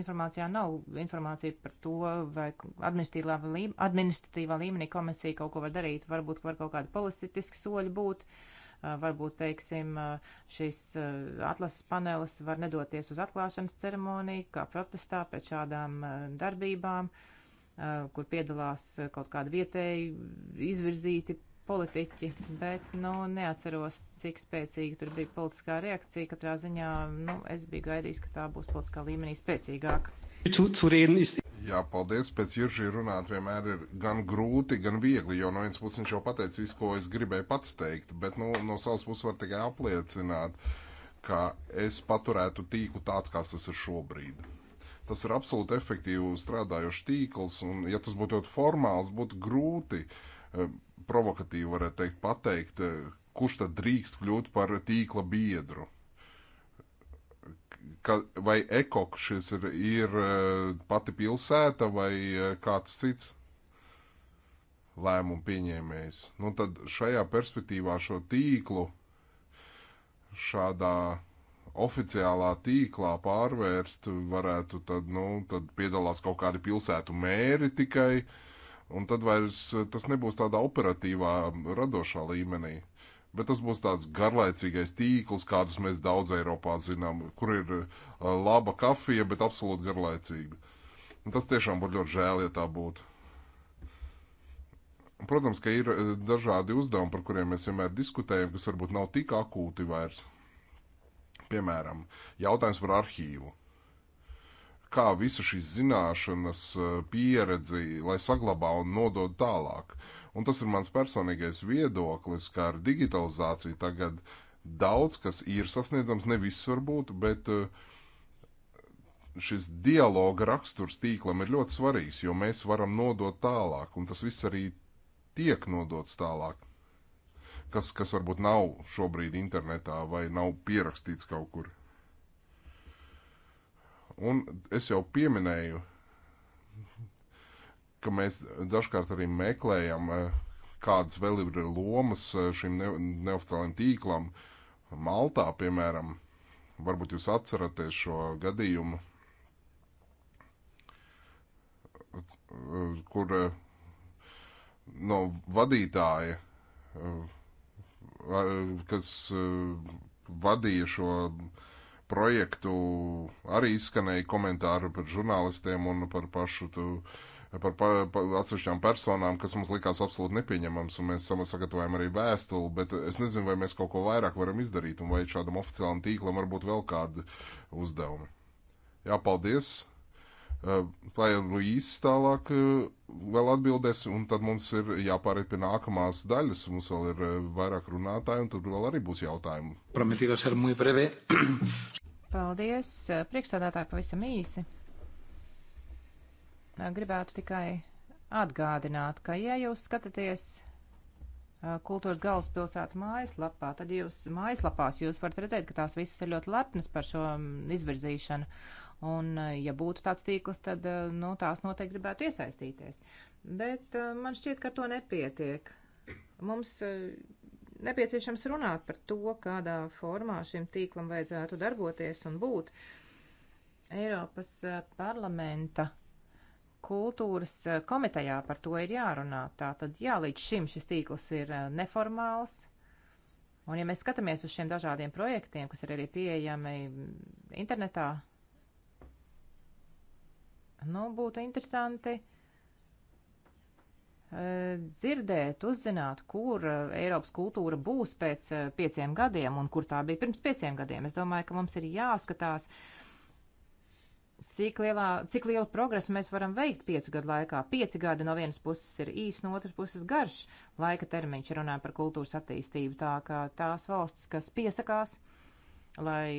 informācijā nav informācija par to, vai administratīvā, līmenī, administratīvā līmenī komisija kaut ko var darīt, varbūt var kaut kādi politiski soļi būt. Uh, Eh, varbūt, teiksim, eh, šis eh, atlases panelis var nedoties uz atklāšanas ceremoniju, kā protestā pret šādām darbībām, kur piedalās kaut kādi vietēji izvirzīti politiķi, bet, nu, neatceros, cik spēcīga tur bija politiskā reakcija. Katrā ziņā, nu, es biju gaidījis, ka tā būs politiskā līmenī spēcīgāka. Zureden ist Jā, paldies. Pēc Jurģija runāt vienmēr ir gan grūti, gan viegli, jo no vienas puses viņš jau pateica visu, ko es gribēju pats teikt, bet nu, no savas puses var tikai apliecināt, ka es paturētu tīklu tāds, kāds tas ir šobrīd. Tas ir absolūti efektīvi strādājošs tīkls, un ja tas būtu ļoti formāls, būtu grūti, eh, provokatīvi varētu teikt, pateikt, eh, kurš tad drīkst kļūt par tīkla biedru ka, vai ekok šis ir, ir e, pati pilsēta vai e, kāds cits lēmumu pieņēmējs. Nu, tad šajā perspektīvā šo tīklu šādā oficiālā tīklā pārvērst varētu tad, nu, tad piedalās kaut kādi pilsētu mēri tikai, un tad vairs tas nebūs tādā operatīvā, radošā līmenī bet tas būs tāds garlaicīgais tīkls, kādus mēs daudz Eiropā zinām, kur ir laba kafija, bet absolūti garlaicīga. Un tas tiešām būtu ļoti žēl, ja tā būtu. Protams, ka ir dažādi uzdevumi, par kuriem mēs vienmēr diskutējam, kas varbūt nav tik akūti vairs. Piemēram, jautājums par arhīvu. Kā visa šīs zināšanas, pieredzi, lai saglabā un nodod tālāk. Uh, un tas ir mans personīgais viedoklis, ka ar digitalizāciju tagad daudz kas ir sasniedzams, ne viss varbūt, bet eh, šis dialoga raksturs tīklam ir ļoti svarīgs, jo mēs varam nodot tālāk, un tas viss arī tiek nodots tālāk, kas, kas varbūt nav šobrīd internetā vai nav pierakstīts kaut kur. Un es jau pieminēju ka mēs dažkārt arī meklējam, eh, kādas vēl ir lomas eh, šim neoficiālajam tīklam. Maltā, piemēram, varbūt jūs atceraties šo gadījumu, kur eh, no vadītāja, kas vadīja šo projektu, arī izskanēja komentāri par žurnālistiem un par pašu tu, uh, par pa, pa, atsevišķām personām, kas mums likās absolūti nepieņemams, un mēs sagatavojam arī vēstuli, bet es nezinu, vai mēs kaut ko vairāk varam izdarīt, un vai šādam oficiālam tīklam varbūt vēl kādi uzdevumi. Jā, paldies! Eh, lai Luīs tālāk eh, vēl atbildēs, un tad mums ir jāpāriet pie nākamās daļas. Mums vēl ir eh, vairāk runātāju, un tad vēl arī būs jautājumi. Prometīdos ar muy breve. Paldies. Priekšsādātāji pavisam īsi gribētu tikai atgādināt, ka, ja jūs skatāties kultūras galvaspilsētu mājaslapā, tad jūs mājaslapās jūs varat redzēt, ka tās visas ir ļoti lepnas par šo izvirzīšanu. Un, ja būtu tāds tīkls, tad nu, tās noteikti gribētu iesaistīties. Bet man šķiet, ka ar to nepietiek. Mums nepieciešams runāt par to, kādā formā šim tīklam vajadzētu darboties un būt. Eiropas parlamenta kultūras eh, komitejā par to ir jārunā. Tātad, jā, līdz šim šis tīkls ir eh, neformāls. Un ja mēs skatāmies uz šiem dažādiem projektiem, kas ir arī pieejami mm, internetā, nu, būtu interesanti eh, dzirdēt, uzzināt, kur Eiropas kultūra būs pēc pieciem gadiem un kur tā bija pirms pieciem gadiem. Es domāju, ka mums ir jāskatās uh, cik, lielā, cik lielu progresu mēs varam veikt piecu gadu laikā. Pieci gadi no vienas puses ir īs, no otras puses garš laika termiņš, runājot par kultūras attīstību. Tā kā tās valstis, kas piesakās, lai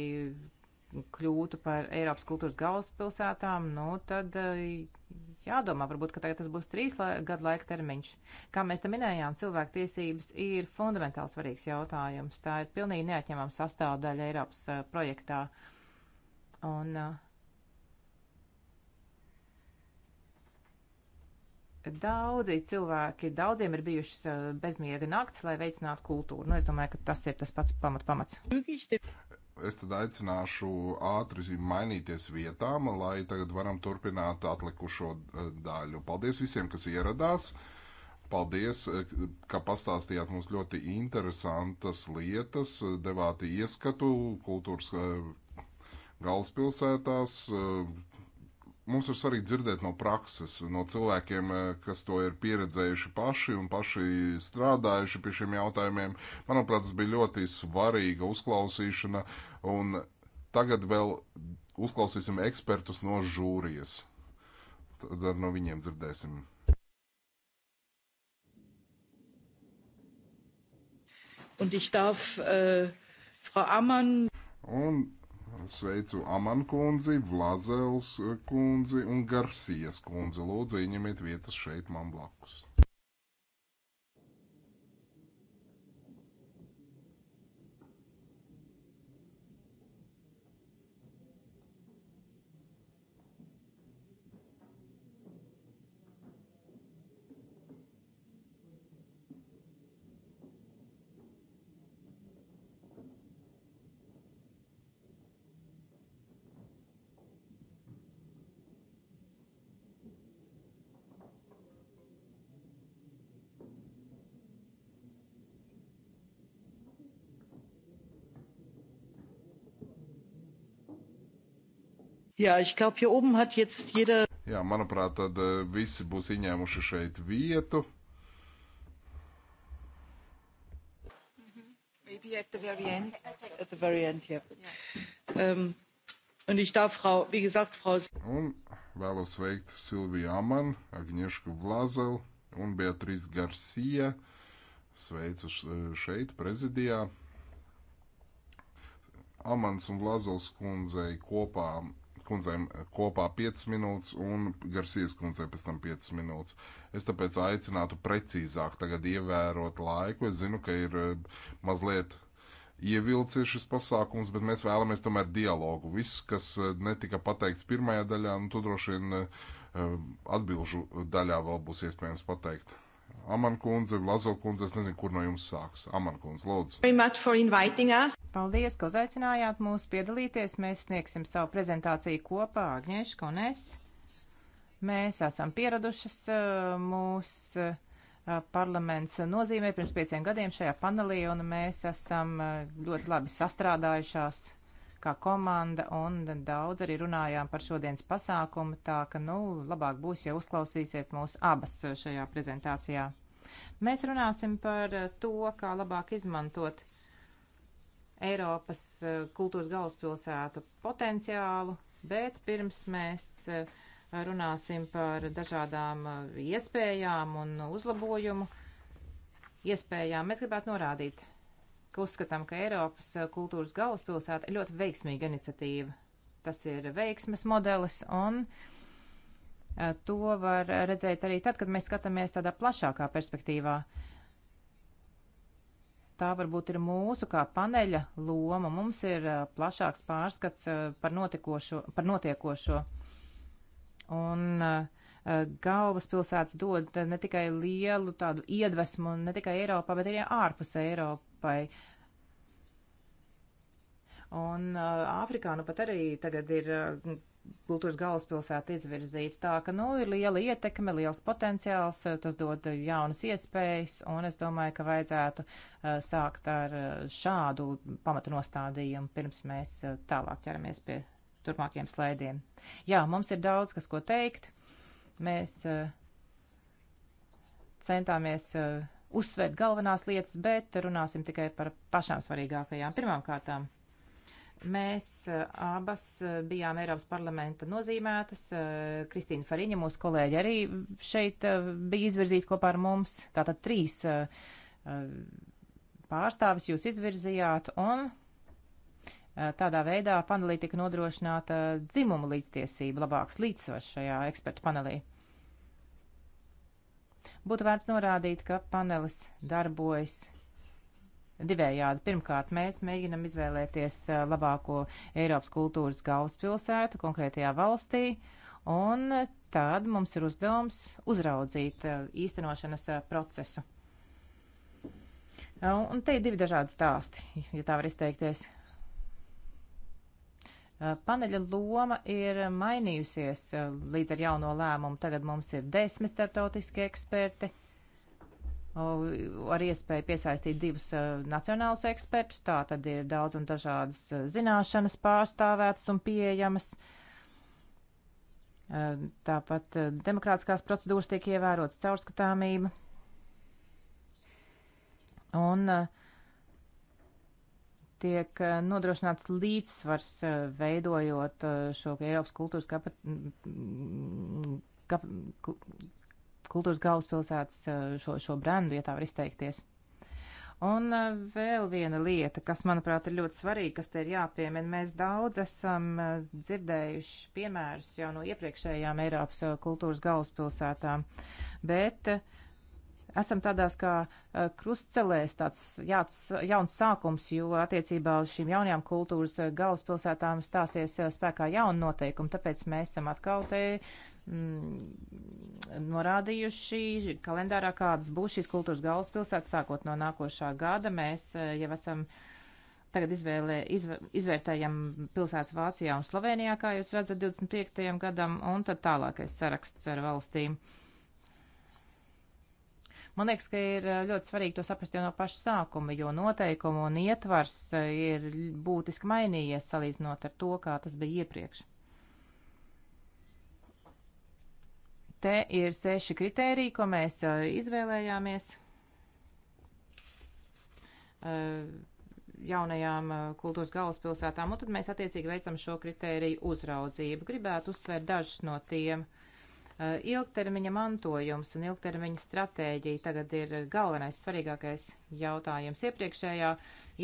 kļūtu par Eiropas kultūras galvaspilsētām, nu tad eh, jādomā, varbūt, ka tagad tas būs trīs lai, gadu laika termiņš. Kā mēs te minējām, cilvēktiesības ir fundamentāli svarīgs jautājums. Tā ir pilnīgi neatņemama sastāvdaļa Eiropas eh, projektā. Un uh, Daudzi cilvēki, daudziem ir bijušas eh, bezmiega naktis, lai veicinātu kultūru. Nu, es domāju, ka tas ir tas pats pamat, pamats. Es tad aicināšu ātri mainīties vietām, lai tagad varam turpināt atlikušo eh, daļu. Paldies visiem, kas ieradās. Paldies, eh, ka pastāstījāt mums ļoti interesantas lietas, devāt ieskatu kultūras galvaspilsētās, mums ir svarīgi dzirdēt no prakses, no cilvēkiem, eh, kas to ir pieredzējuši paši un paši strādājuši pie šiem jautājumiem. Manuprāt, tas bija ļoti svarīga uzklausīšana, un tagad vēl uzklausīsim ekspertus no žūrijas. Tad ar no viņiem dzirdēsim. Un ich darf äh, Frau Ammann. Un Sveicu Aman kundzi, Vlazels kundzi un Garsijas kundzi. Lūdzu, ieņemiet vietas šeit man blakus. Jā, ich glaube, hier oben hat jetzt jeder. Jā, manuprāt, tad eh, visi būs ieņēmuši šeit vietu. Maybe at the very end. At the very end, yeah. yeah. Um, un ich darf Frau, wie gesagt, Frau. Un vēlos sveikt Silviju Aman, Agniešku Vlazelu un Beatriz Garcia. Sveicu šeit, prezidijā. Amans un Vlazels kundzei kopā kundzēm kopā 5 minūtes un Garcijas kundzei pēc tam 5 minūtes. Es tāpēc aicinātu precīzāk tagad ievērot laiku. Es zinu, ka ir eh, mazliet ievilcies šis pasākums, bet mēs vēlamies tomēr dialogu. Viss, kas eh, netika pateikts pirmajā daļā, nu, to droši vien eh, atbilžu daļā vēl būs iespējams pateikt. Aman kundze, Lazo kundze, es nezinu, kur no jums sāks. Aman kundze, lūdzu. Paldies, ka uzaicinājāt mūs piedalīties. Mēs sniegsim savu prezentāciju kopā, Agnieška un es. Mēs esam pieradušas eh, mūs. Eh, parlaments nozīmē pirms pieciem gadiem šajā panelī, un mēs esam eh, ļoti labi sastrādājušās kā komanda, un daudz arī runājām par šodienas pasākumu, tā ka, nu, labāk būs, ja uzklausīsiet mūs abas šajā prezentācijā. Mēs runāsim par to, kā labāk izmantot Eiropas eh, kultūras galvaspilsētu potenciālu, bet pirms mēs eh, runāsim par dažādām eh, iespējām un uzlabojumu iespējām, mēs gribētu norādīt, ka uzskatām, ka Eiropas kultūras galvaspilsēta ir ļoti veiksmīga iniciatīva. Tas ir veiksmes modelis un to var redzēt arī tad, kad mēs skatāmies tādā plašākā perspektīvā. Uh, tā varbūt ir mūsu kā paneļa loma. Mums ir plašāks pārskats par, notikošo, par notiekošo. Un galvaspilsētas dod ne tikai lielu tādu iedvesmu, ne tikai Eiropā, bet arī ārpus Eiropai. Un Āfrikā nu pat arī tagad ir kultūras galvaspilsētu izvirzīta. Tā ka, nu, ir liela ietekme, liels potenciāls, tas dod jaunas iespējas, un es domāju, ka vajadzētu uh, sākt ar eh, šādu pamatu nostādījumu, pirms mēs uh, tālāk ķeramies pie turpmākiem slēdiem. Jā, mums ir daudz, kas ko teikt. Mēs uh, centāmies uzsvērt galvenās lietas, bet runāsim tikai par pašām svarīgākajām. Pirmām kārtām Mēs eh, abas eh, bijām Eiropas parlamenta nozīmētas. Eh, Kristīna Fariņa, mūsu kolēģi, arī šeit bija izvirzīta kopā ar mums. Tātad trīs pārstāvis jūs izvirzījāt un tādā veidā panelī tika nodrošināta dzimuma līdztiesība, labāks līdzsvars šajā ekspertu panelī. Būtu vērts norādīt, ka panelis darbojas divējādi. Pirmkārt, mēs mēģinam izvēlēties eh, labāko Eiropas kultūras galvaspilsētu konkrētajā valstī, un tad mums ir uzdevums uzraudzīt eh, īstenošanas eh, procesu. Un te ir divi dažādi stāsti, ja tā var izteikties. Paneļa loma ir mainījusies līdz ar jauno lēmumu. Tagad mums ir desmit startautiskie eksperti, ar iespēju piesaistīt divus eh, nacionālus ekspertus. Tā tad ir daudz un dažādas eh, zināšanas pārstāvētas un pieejamas. Eh, tāpat demokrātiskās procedūras tiek ievērotas caurskatāmība. Un tiek nodrošināts līdzsvars, veidojot šo Eiropas kultūras kapa, kap, kultūras galvaspilsētas eh, šo, šo brendu, ja tā var izteikties. Un eh, vēl viena lieta, kas, manuprāt, ir ļoti svarīga, kas te ir jāpiemina. Mēs daudz esam eh, dzirdējuši piemērus jau no iepriekšējām Eiropas kultūras galvaspilsētām, bet uh, esam tādās kā eh, krustcelēs, tāds jāts, jauns sākums, jo attiecībā uz šīm jaunajām kultūras eh, galvaspilsētām stāsies eh, spēkā jauna noteikuma, tāpēc mēs esam atkal te mm, norādījuši kalendārā, kādas būs šīs kultūras galvaspilsētas sākot no nākošā gada. Mēs jau esam tagad izvēlē, izv, izvērtējam pilsētas Vācijā un Slovenijā, kā jūs redzat, 25. gadam, un tad tālākais saraksts ar valstīm. Uh, Man liekas, ka ir eh, ļoti svarīgi to saprast jau no paša sākuma, jo noteikumu un ietvars eh, ir būtiski mainījies salīdzinot ar to, kā tas bija iepriekš. Te ir seši kritēriji, ko mēs eh, izvēlējāmies jaunajām kultūras galvaspilsētām, un tad mēs attiecīgi veicam šo kritēriju uzraudzību. Gribētu uzsvērt dažus no tiem. Eh, ilgtermiņa mantojums un ilgtermiņa stratēģija tagad ir galvenais svarīgākais jautājums. Iepriekšējā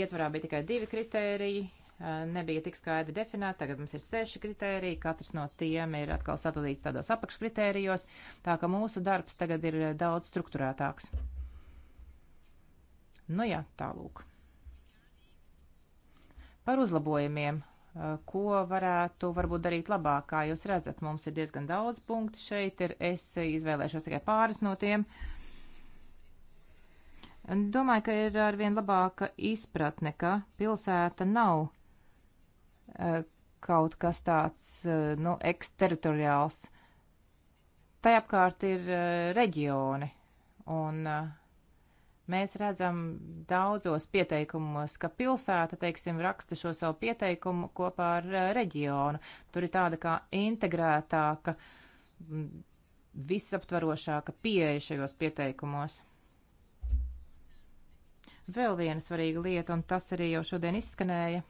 ietvarā bija tikai divi kritēriji, eh, nebija tik skaidri definēti, tagad mums ir seši kritēriji, katrs no tiem ir atkal sadalīts tādos apakškritērijos, tā ka mūsu darbs tagad ir eh, daudz strukturētāks. Nu jā, tālūk. Par uzlabojumiem Eh, ko varētu varbūt darīt labāk. Kā jūs redzat, mums ir diezgan daudz punktu šeit, ir, es izvēlēšos tikai pāris no tiem. Domāju, ka ir arvien labāka izpratne, ka pilsēta nav eh, kaut kas tāds, eh, nu, eksteritoriāls. Tajapkārt ir reģioni, un uh, Mēs redzam daudzos pieteikumos, ka pilsēta, teiksim, raksta šo savu pieteikumu kopā ar eh, reģionu. Tur ir tāda kā integrētāka, visaptvarošāka pieeja šajos pieteikumos. Vēl viena svarīga lieta, un tas arī jau šodien izskanēja,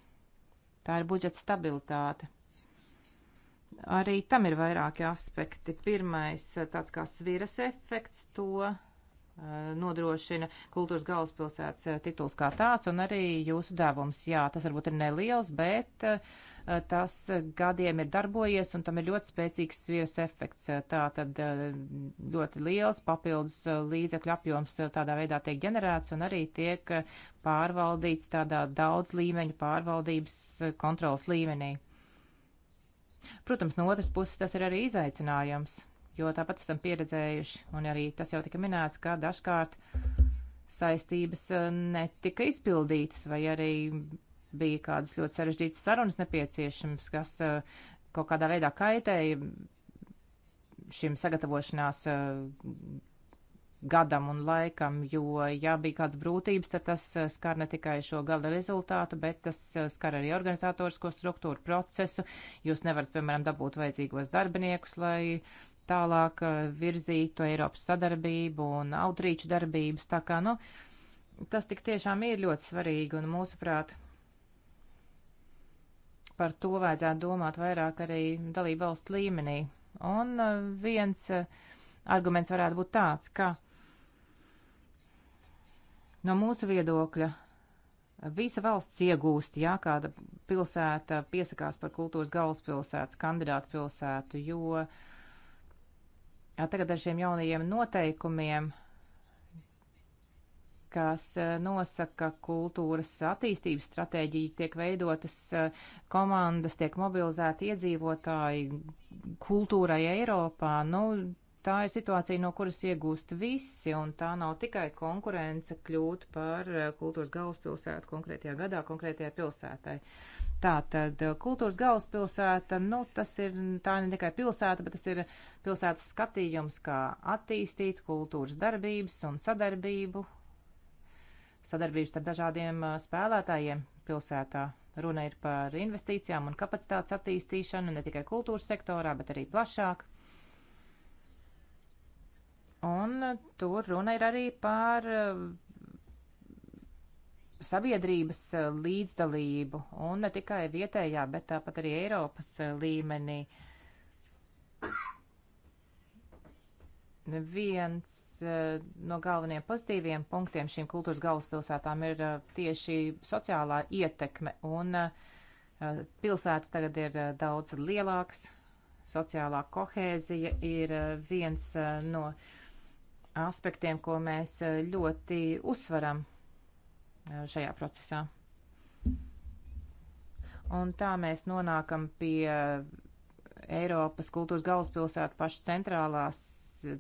tā ir budžeta stabilitāte. Arī tam ir vairāki aspekti. Pirmais, eh, tāds kā sviras efekts, to Eh, nodrošina kultūras galvaspilsētas eh, tituls kā tāds un arī jūsu devums. Jā, tas varbūt ir neliels, bet eh, tas gadiem ir darbojies un tam ir ļoti spēcīgs svieras efekts. Tā tad ļoti liels papildus līdzekļu apjoms tādā veidā tiek ģenerēts un arī tiek pārvaldīts tādā daudz līmeņu pārvaldības kontrolas līmenī. Protams, no otras puses tas ir arī izaicinājums jo tāpat esam pieredzējuši, un arī tas jau tika minēts, ka dažkārt saistības eh, netika izpildītas, vai arī bija kādas ļoti sarežģītas sarunas nepieciešams, kas eh, kaut kādā veidā kaitēja šim sagatavošanās eh, gadam un laikam, jo, ja bija kādas brūtības, tad tas skar ne tikai šo gala rezultātu, bet tas skar arī organizatorisko struktūru procesu. Jūs nevarat, piemēram, dabūt vajadzīgos darbiniekus, lai uh, tālāk eh, virzītu Eiropas sadarbību un autrīču darbības. Tā kā, nu, tas tik tiešām ir ļoti svarīgi un mūsuprāt par to vajadzētu domāt vairāk arī dalību valstu līmenī. Un eh, viens eh, arguments varētu būt tāds, ka no mūsu viedokļa Visa valsts iegūst, ja kāda pilsēta piesakās par kultūras galvaspilsētas kandidātu pilsētu, jo Jā, tagad ar šiem jaunajiem noteikumiem, kas eh, nosaka kultūras attīstības stratēģiju, tiek veidotas eh, komandas, tiek mobilizēti iedzīvotāji kultūrai Eiropā. Nu, Tā ir situācija, no kuras iegūst visi, un tā nav tikai konkurence kļūt par eh, kultūras galvaspilsētu konkrētajā gadā, konkrētajā pilsētai. Tātad eh, kultūras galvaspilsēta, nu, tas ir, tā ne tikai pilsēta, bet tas ir pilsētas skatījums, kā attīstīt kultūras darbības un sadarbību, sadarbības starp dažādiem eh, spēlētājiem pilsētā. Runa ir par investīcijām un kapacitātes attīstīšanu ne tikai kultūras sektorā, bet arī plašāk. Un e, tur runa ir arī par e, sabiedrības e, līdzdalību, un ne tikai vietējā, bet tāpat arī Eiropas līmenī. Viens no galvenajiem pozitīviem punktiem šīm kultūras galvaspilsētām ir tieši sociālā ietekme, un pilsētas tagad ir daudz lielākas, sociālā kohēzija ir viens no. Uh, aspektiem, ko mēs eh, ļoti uzsveram eh, šajā procesā. Un tā mēs nonākam pie eh, Eiropas kultūras galvaspilsētu paša centrālās,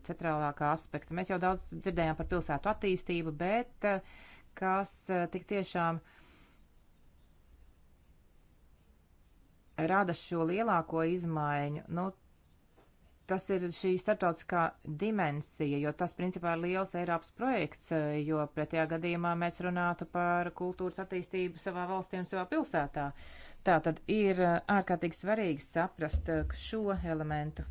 centrālākā aspekta. Mēs jau daudz dzirdējām par pilsētu attīstību, bet kas tik tiešām rada šo lielāko izmaiņu, nu, tas ir šī starptautiskā dimensija, jo tas principā ir liels Eiropas projekts, jo pretējā gadījumā mēs runātu par kultūras attīstību savā valstī un savā pilsētā. Tā tad ir uh, ārkārtīgi svarīgi saprast uh, šo elementu.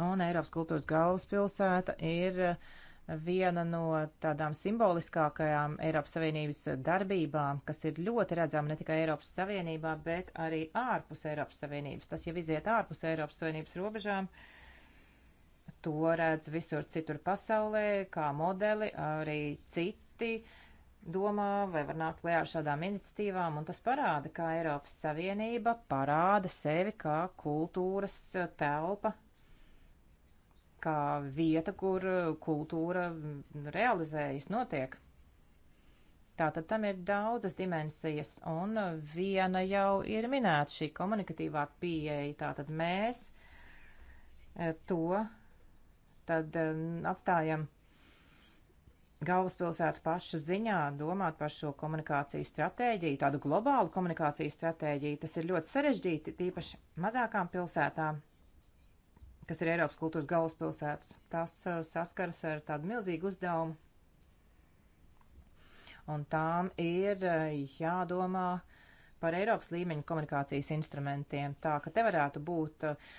Un Eiropas kultūras galvaspilsēta ir uh, viena no tādām simboliskākajām Eiropas Savienības darbībām, kas ir ļoti redzama ne tikai Eiropas Savienībā, bet arī ārpus Eiropas Savienības. Tas jau iziet ārpus Eiropas Savienības robežām. To redz visur citur pasaulē, kā modeli, arī citi domā vai var nākt klajā ar šādām iniciatīvām, un tas parāda, kā Eiropas Savienība parāda sevi kā kultūras telpa kā vieta, kur uh, kultūra mm, realizējas, notiek. Tātad tam ir daudzas dimensijas, un uh, viena jau ir minēta šī komunikatīvā pieeja. Tātad mēs eh, to tad mm, atstājam galvaspilsētu pašu ziņā domāt par šo komunikāciju stratēģiju, tādu globālu komunikāciju stratēģiju. Tas ir ļoti sarežģīti, tīpaši mazākām pilsētām, kas ir Eiropas kultūras galvaspilsētas. Tas uh, saskaras ar tādu milzīgu uzdevumu. Un tām ir uh, jādomā par Eiropas līmeņa komunikācijas instrumentiem. Tā ka te varētu būt uh,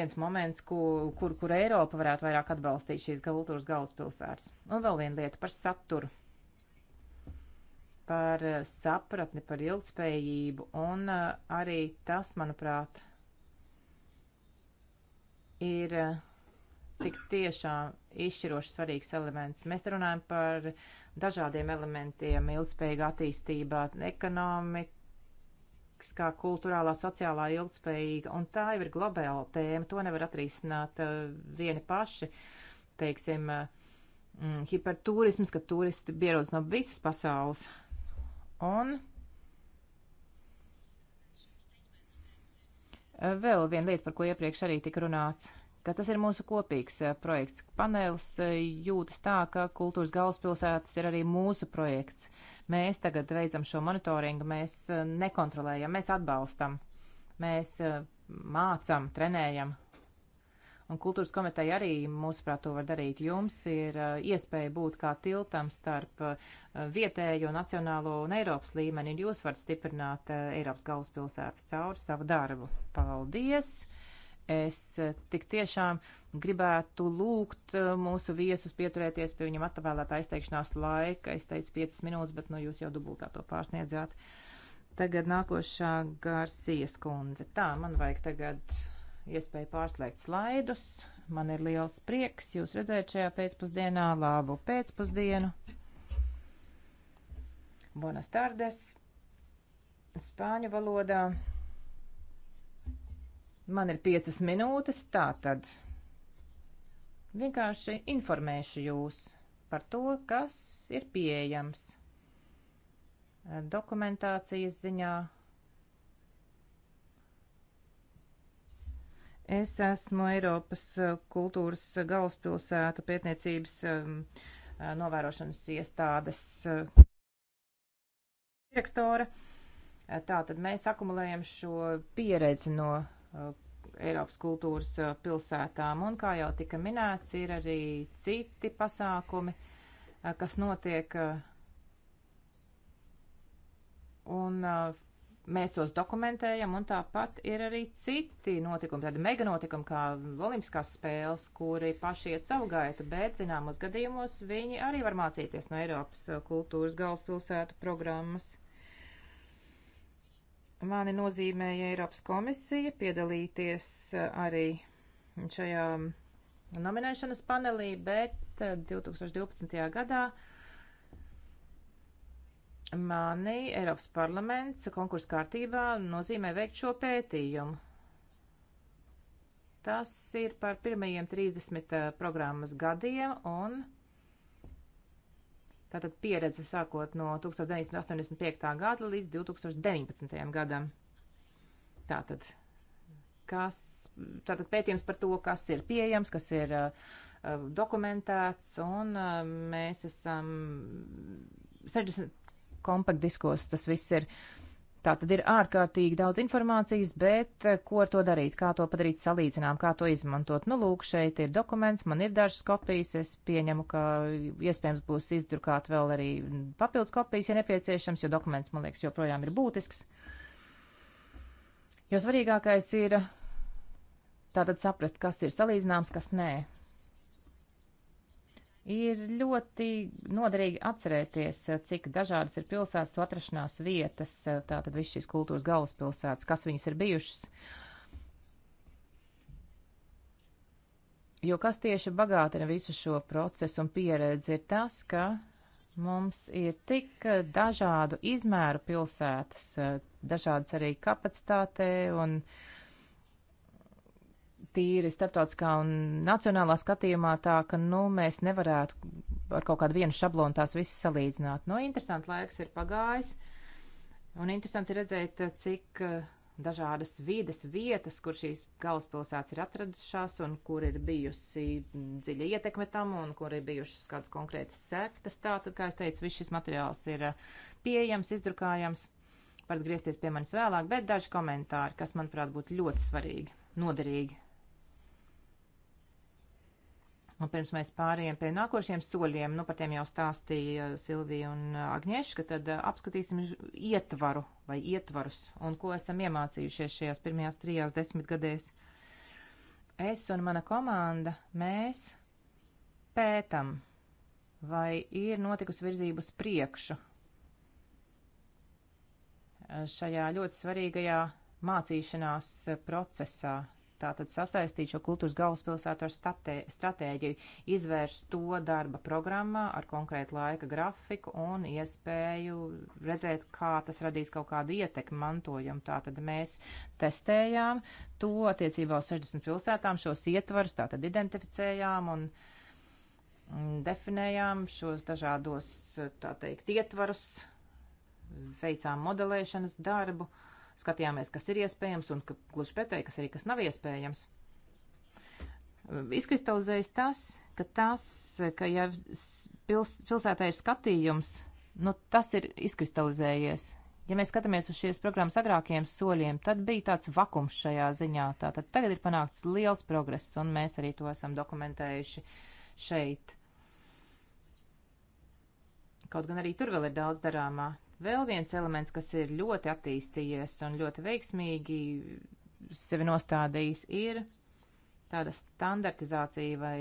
viens moments, kur, kur, kur Eiropa varētu vairāk atbalstīt šīs kultūras galvaspilsētas. Un vēl viena lieta par saturu par sapratni, par ilgspējību, un arī tas, manuprāt, ir eh, tik tiešām izšķiroši svarīgs elements. Mēs runājam par dažādiem elementiem - ilgspējīga attīstība, ekonomiskā, kultūrālā, sociālā ilgspējīga, un tā jau ir globāla tēma. To nevar atrisināt uh, vieni paši, teiksim, uh, hiperturisms, kad turisti ierodas no visas pasaules. Un Vēl viena lieta, par ko iepriekš arī tika runāts, ka tas ir mūsu kopīgs eh, projekts. Panēls eh, jūtas tā, ka kultūras galvaspilsētas ir arī mūsu projekts. Mēs tagad veicam šo monitoringu, mēs eh, nekontrolējam, mēs atbalstam, mēs mācam, trenējam Un kultūras komiteja arī, mūsuprāt, to var darīt. Jums ir uh, iespēja būt kā tiltam starp uh, vietējo, nacionālo un Eiropas līmeni, un jūs varat stiprināt uh, Eiropas galvaspilsētas cauri savu darbu. Paldies! Es uh, tik tiešām gribētu lūgt uh, mūsu viesus pieturēties pie viņam atvēlētā aizteikšanās laika. Es teicu 5 minūtes, bet nu, jūs jau dubultā to pārsniedzāt. Tagad nākošā Garcijas kundze. Tā, man vajag tagad iespēju pārslēgt slaidus. Man ir liels prieks jūs redzēt šajā pēcpusdienā. Labu pēcpusdienu! Buenas tardes! Spāņu valodā. Man ir piecas minūtes, tā tad vienkārši informēšu jūs par to, kas ir pieejams dokumentācijas ziņā Es esmu Eiropas eh, kultūras eh, galvaspilsētu pētniecības ehm, eh, novērošanas iestādes direktora. Tātad mēs akumulējam šo pieredzi no Eiropas kultūras pilsētām, un, kā jau tika minēts, ir arī citi pasākumi, kas notiek. Un mēs tos dokumentējam, un tāpat ir arī citi notikumi, tādi mega notikumi kā Olimpiskās spēles, kuri paši iet savu gaitu, bet zināmos gadījumos viņi arī var mācīties no Eiropas kultūras galvaspilsētu programmas. Mani nozīmēja Eiropas komisija piedalīties eh, arī šajā nominēšanas panelī, bet eh, 2012. gadā Mani Eiropas parlaments konkursu kārtībā nozīmē veikt šo pētījumu. Tas ir par pirmajiem 30 programmas gadiem un tātad pieredze sākot no 1985. gada līdz 2019. gadam. Tātad, kas, tātad pētījums par to, kas ir pieejams, kas ir uh, dokumentēts, un uh, mēs esam 60 kompaktdiskos tas viss ir. Tā tad ir ārkārtīgi daudz informācijas, bet eh, ko ar to darīt, kā to padarīt salīdzinām, kā to izmantot. Nu, lūk, šeit ir dokuments, man ir dažas kopijas, es pieņemu, ka iespējams būs izdrukāt vēl arī papildus kopijas, ja nepieciešams, jo dokuments, man liekas, joprojām ir būtisks. Jo svarīgākais ir tātad saprast, kas ir salīdzināms, kas nē. Ir ļoti noderīgi atcerēties, cik dažādas ir pilsētas, to atrašanās vietas, tātad viss šīs kultūras galvaspilsētas, kas viņas ir bijušas. Jo kas tieši bagātina visu šo procesu un pieredzi ir tas, ka mums ir tik dažādu izmēru pilsētas, dažādas arī kapacitātē un uh, tīri starptautiskā un nacionālā skatījumā tā, ka, nu, mēs nevarētu ar kaut kādu vienu šablonu tās visas salīdzināt. Nu, interesanti laiks ir pagājis, un interesanti redzēt, cik eh, dažādas vides vietas, kur šīs galvaspilsētas ir atradušās, un kur ir bijusi dziļa ietekme tam, un kur ir bijušas kādas konkrētas sektas. Tātad, kā es teicu, viss šis materiāls ir eh, pieejams, izdrukājams varat griezties pie manis vēlāk, bet daži komentāri, kas, manuprāt, būtu ļoti svarīgi, noderīgi. Un pirms mēs pārējām pie nākošiem soļiem, nu par tiem jau stāstīja Silvija un Agnieška, tad eh, apskatīsim ietvaru vai ietvarus un ko esam iemācījušies šajās pirmajās trijās desmitgadēs. Es un mana komanda, mēs pētam, vai ir notikusi virzību uz priekšu šajā ļoti svarīgajā mācīšanās procesā, tātad sasaistīt šo kultūras galvaspilsētu ar statē, stratēģiju, izvērst to darba programmā ar konkrētu laika grafiku un iespēju redzēt, kā tas radīs kaut kādu ietekmi mantojumu. Tātad mēs testējām to attiecībā uz 60 pilsētām, šos ietvarus tātad identificējām un mm, definējām šos dažādos, tā teikt, ietvarus, veicām modelēšanas darbu. Uh, skatījāmies, kas ir iespējams un ka, gluži pretēji, kas arī kas nav iespējams. Izkristalizējas tas, ka tas, ka ja pils, pilsētā ir skatījums, nu, tas ir izkristalizējies. Ja mēs skatāmies uz šīs programmas agrākajiem soļiem, tad bija tāds vakums šajā ziņā. Tātad tagad ir panākts liels progress, un mēs arī to esam dokumentējuši šeit. Kaut gan arī tur vēl ir daudz darāmā. Vēl viens elements, kas ir ļoti attīstījies un ļoti veiksmīgi sevi nostādījis, ir tāda standartizācija vai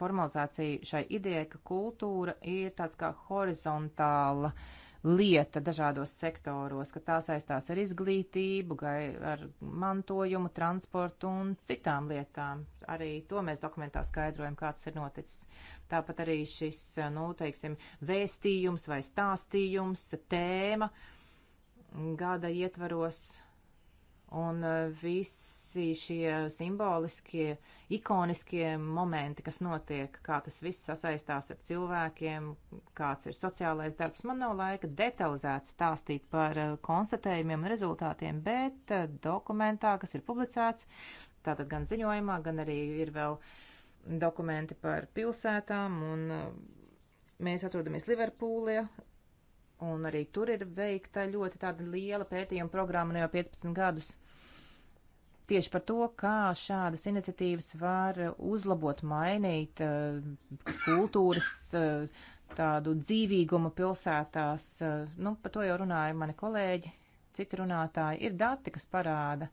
formalizācija šai idejai, ka kultūra ir tāds kā horizontāla uh, lieta dažādos sektoros, ka tā saistās ar izglītību, ar mantojumu, transportu un citām lietām. Arī to mēs dokumentā skaidrojam, kāds ir noticis. Tāpat arī šis, nu, teiksim, vēstījums vai stāstījums, tēma gada ietvaros Un eh, visi šie simboliskie, ikoniskie momenti, kas notiek, kā tas viss sasaistās ar cilvēkiem, kāds ir sociālais darbs, man nav laika detalizēt stāstīt par eh, konstatējumiem un rezultātiem, bet eh, dokumentā, kas ir publicēts, tātad gan ziņojumā, gan arī ir vēl dokumenti par pilsētām, un mēs atrodamies Liverpūlē, Un arī tur ir veikta ļoti tāda liela pētījuma programma no jau 15 gadus. Tieši par to, kā šādas iniciatīvas var uzlabot, mainīt uh, kultūras uh, tādu dzīvīgumu pilsētās. Uh, nu, par to jau runāja mani kolēģi, citi runātāji. Ir dati, kas parāda,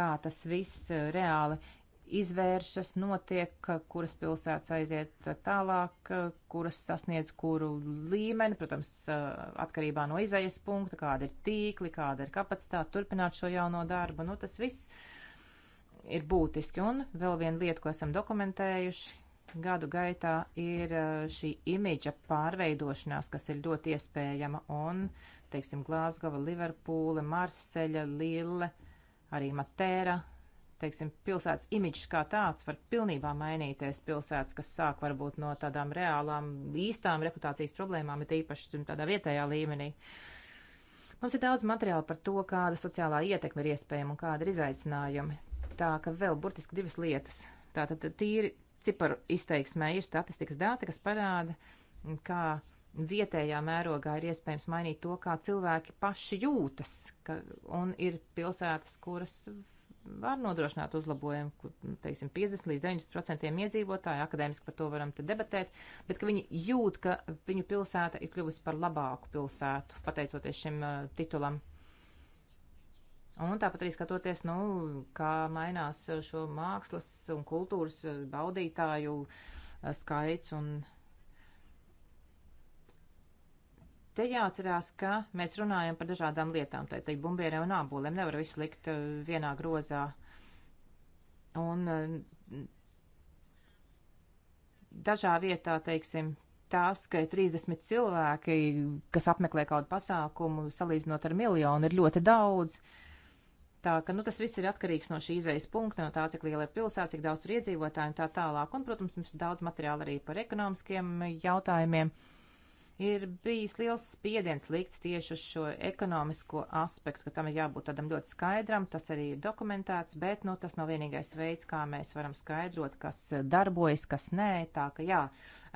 kā tas viss reāli izvēršas, notiek, kuras pilsētas aiziet tālāk, kuras sasniedz kuru līmeni, protams, atkarībā no izējas punkta, kāda ir tīkli, kāda ir kapacitāte turpināt šo jauno darbu. Nu, tas viss ir būtiski. Un vēl viena lieta, ko esam dokumentējuši gadu gaitā, ir uh, šī imidža pārveidošanās, kas ir ļoti iespējama. Un, teiksim, Glāzgova, Liverpūle, Marseļa, Lille, arī Matēra, teiksim, pilsētas imidžs kā tāds var pilnībā mainīties. Pilsētas, kas sāk varbūt no tādām reālām, īstām reputācijas problēmām, ir īpaši tādā vietējā līmenī. Mums ir daudz materiāla par to, kāda sociālā ietekme ir iespējama un kāda ir izaicinājumi. Tā ka vēl burtiski divas lietas. Tātad tīri ciparu izteiksmē ir statistikas dati, kas parāda, kā vietējā mērogā ir iespējams mainīt to, kā cilvēki paši jūtas, ka, un ir pilsētas, kuras var nodrošināt uzlabojumu, kur, teiksim, 50 līdz 90% iedzīvotāji, akadēmiski par to varam te debatēt, bet ka viņi jūt, ka viņu pilsēta ir kļuvusi par labāku pilsētu, pateicoties šim uh, titulam. Un tāpat arī skatoties, nu, kā mainās uh, šo mākslas un kultūras uh, baudītāju uh, skaits un Te jāatcerās, ka mēs runājam par dažādām lietām, tā teikt, bumbieriem un āboliem nevar visu likt uh, vienā grozā. Un uh, dažā vietā, teiksim, tas, ka 30 cilvēki, kas apmeklē kādu pasākumu, salīdzinot ar miljonu, ir ļoti daudz. Tā ka nu, tas viss ir atkarīgs no šī izējas punkta, no tā, cik liela ir pilsēta, cik daudz ir iedzīvotāji un tā tālāk. Un, protams, mums ir daudz materiāla arī par ekonomiskiem jautājumiem. Uh, ir bijis liels spiediens likts tieši uz šo ekonomisko aspektu, ka tam ir jābūt tādam ļoti skaidram, tas arī ir dokumentēts, bet nu, tas nav vienīgais veids, kā mēs varam skaidrot, kas darbojas, kas nē. Tā ka jā,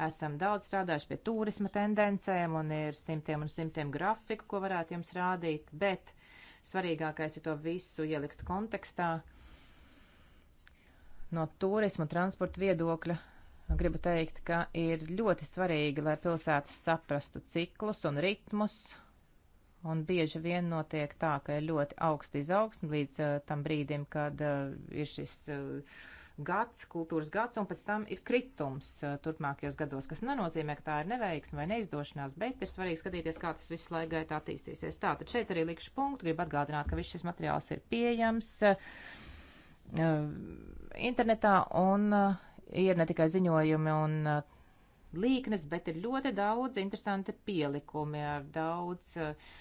esam daudz strādājuši pie turisma tendencēm un ir simtiem un simtiem grafiku, ko varētu jums rādīt, bet svarīgākais ir to visu ielikt kontekstā no turismu transporta viedokļa gribu teikt, ka ir ļoti svarīgi, lai pilsētas saprastu ciklus un ritmus, un bieži vien notiek tā, ka ir ļoti augsta izaugsme līdz uh, tam brīdim, kad uh, ir šis uh, gads, kultūras gads, un pēc tam ir kritums uh, turpmākajos gados, kas nenozīmē, ka tā ir neveiksme vai neizdošanās, bet ir svarīgi skatīties, kā tas viss laika gaitā attīstīsies. Tā, tad šeit arī likšu punktu, gribu atgādināt, ka viss šis materiāls ir pieejams. Uh, internetā un uh, ir ne tikai ziņojumi un uh, līknes, bet ir ļoti daudz interesanti pielikumi ar daudz uh,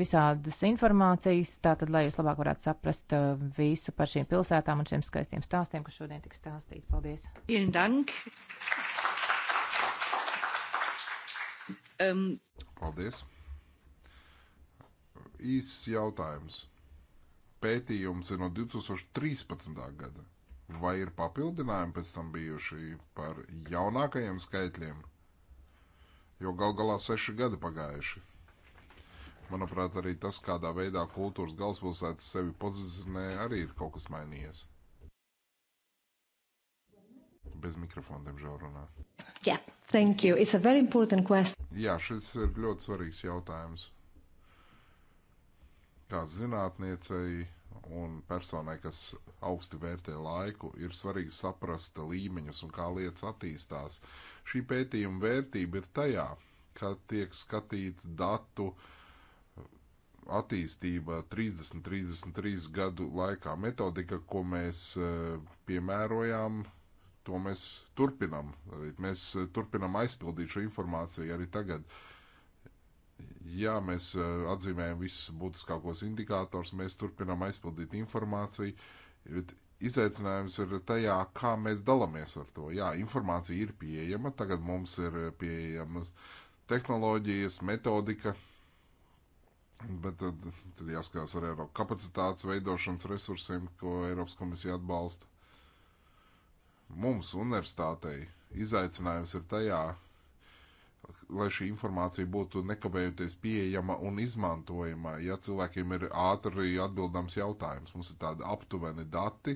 visādas informācijas, tātad, lai jūs labāk varētu saprast uh, visu par šīm pilsētām un šiem skaistiem stāstiem, kas šodien tiks stāstīti. Paldies! Dank. Um. Paldies! Īsts jautājums. Pētījums ir no 2013. gada. Vai ir papildinājumi pēc tam bijuši par jaunākajiem skaitļiem? Jo gal galā seši gadi pagājuši. Manuprāt, arī tas, kādā veidā kultūras galvaspilsēta sevi pozicionē, arī ir kaut kas mainījies. Bez mikrofona, diemžēl, runā. Yeah, thank you. It's a very important question. Jā, šis ir ļoti svarīgs jautājums. Kā zinātniecei un personai, kas augsti vērtē laiku, ir svarīgi saprast līmeņus un kā lietas attīstās. Šī pētījuma vērtība ir tajā, ka tiek skatīta datu attīstība 30, 33 gadu laikā. Metodika, ko mēs e, piemērojām, to mēs turpinam. Mēs turpinam aizpildīt šo informāciju arī tagad. Uh, Jā, mēs eh, atzīmējam visus būtiskākos indikātors, mēs turpinām aizpildīt informāciju, bet izaicinājums ir tajā, kā mēs dalāmies ar to. Jā, informācija ir pieejama, tagad mums ir pieejamas tehnoloģijas, metodika, bet tad, tad jāskatās ar Eiropas kapacitātes veidošanas resursiem, ko Eiropas komisija atbalsta. Mums, universitātei, izaicinājums ir tajā, lai šī informācija būtu nekavējoties pieejama un izmantojama, ja cilvēkiem ir ātri atbildams jautājums. Mums ir tādi aptuveni dati,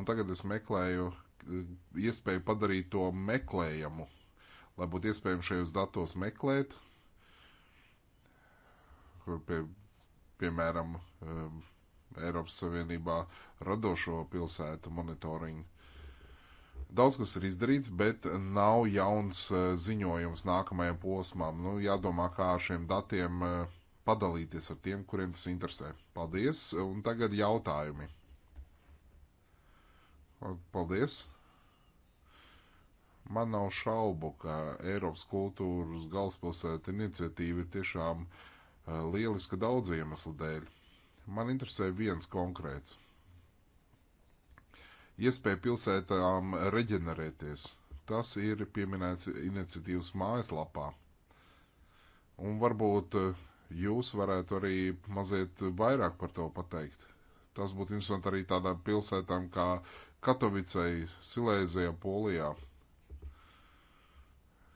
un tagad es meklēju eh, iespēju padarīt to meklējamu, lai būtu iespējams šajos datos meklēt, kur pie, piemēram um, Eiropas Savienībā radošo pilsētu monitoringu Daudz kas ir izdarīts, bet nav jauns eh, ziņojums nākamajam posmam. Nu, jādomā, kā ar šiem datiem eh, padalīties ar tiem, kuriem tas interesē. Paldies, un tagad jautājumi. Paldies! man nav šaubu, ka Eiropas kultūras galvaspilsēta iniciatīva ir tiešām eh, lieliska daudzu iemeslu dēļ. Man interesē viens konkrēts iespēja pilsētām reģenerēties. Tas ir pieminēts iniciatīvas mājaslapā. Un varbūt eh, jūs varētu arī mazliet vairāk par to pateikt. Tas būtu interesanti arī tādām pilsētām kā Katovicei, Silēzijā, Polijā,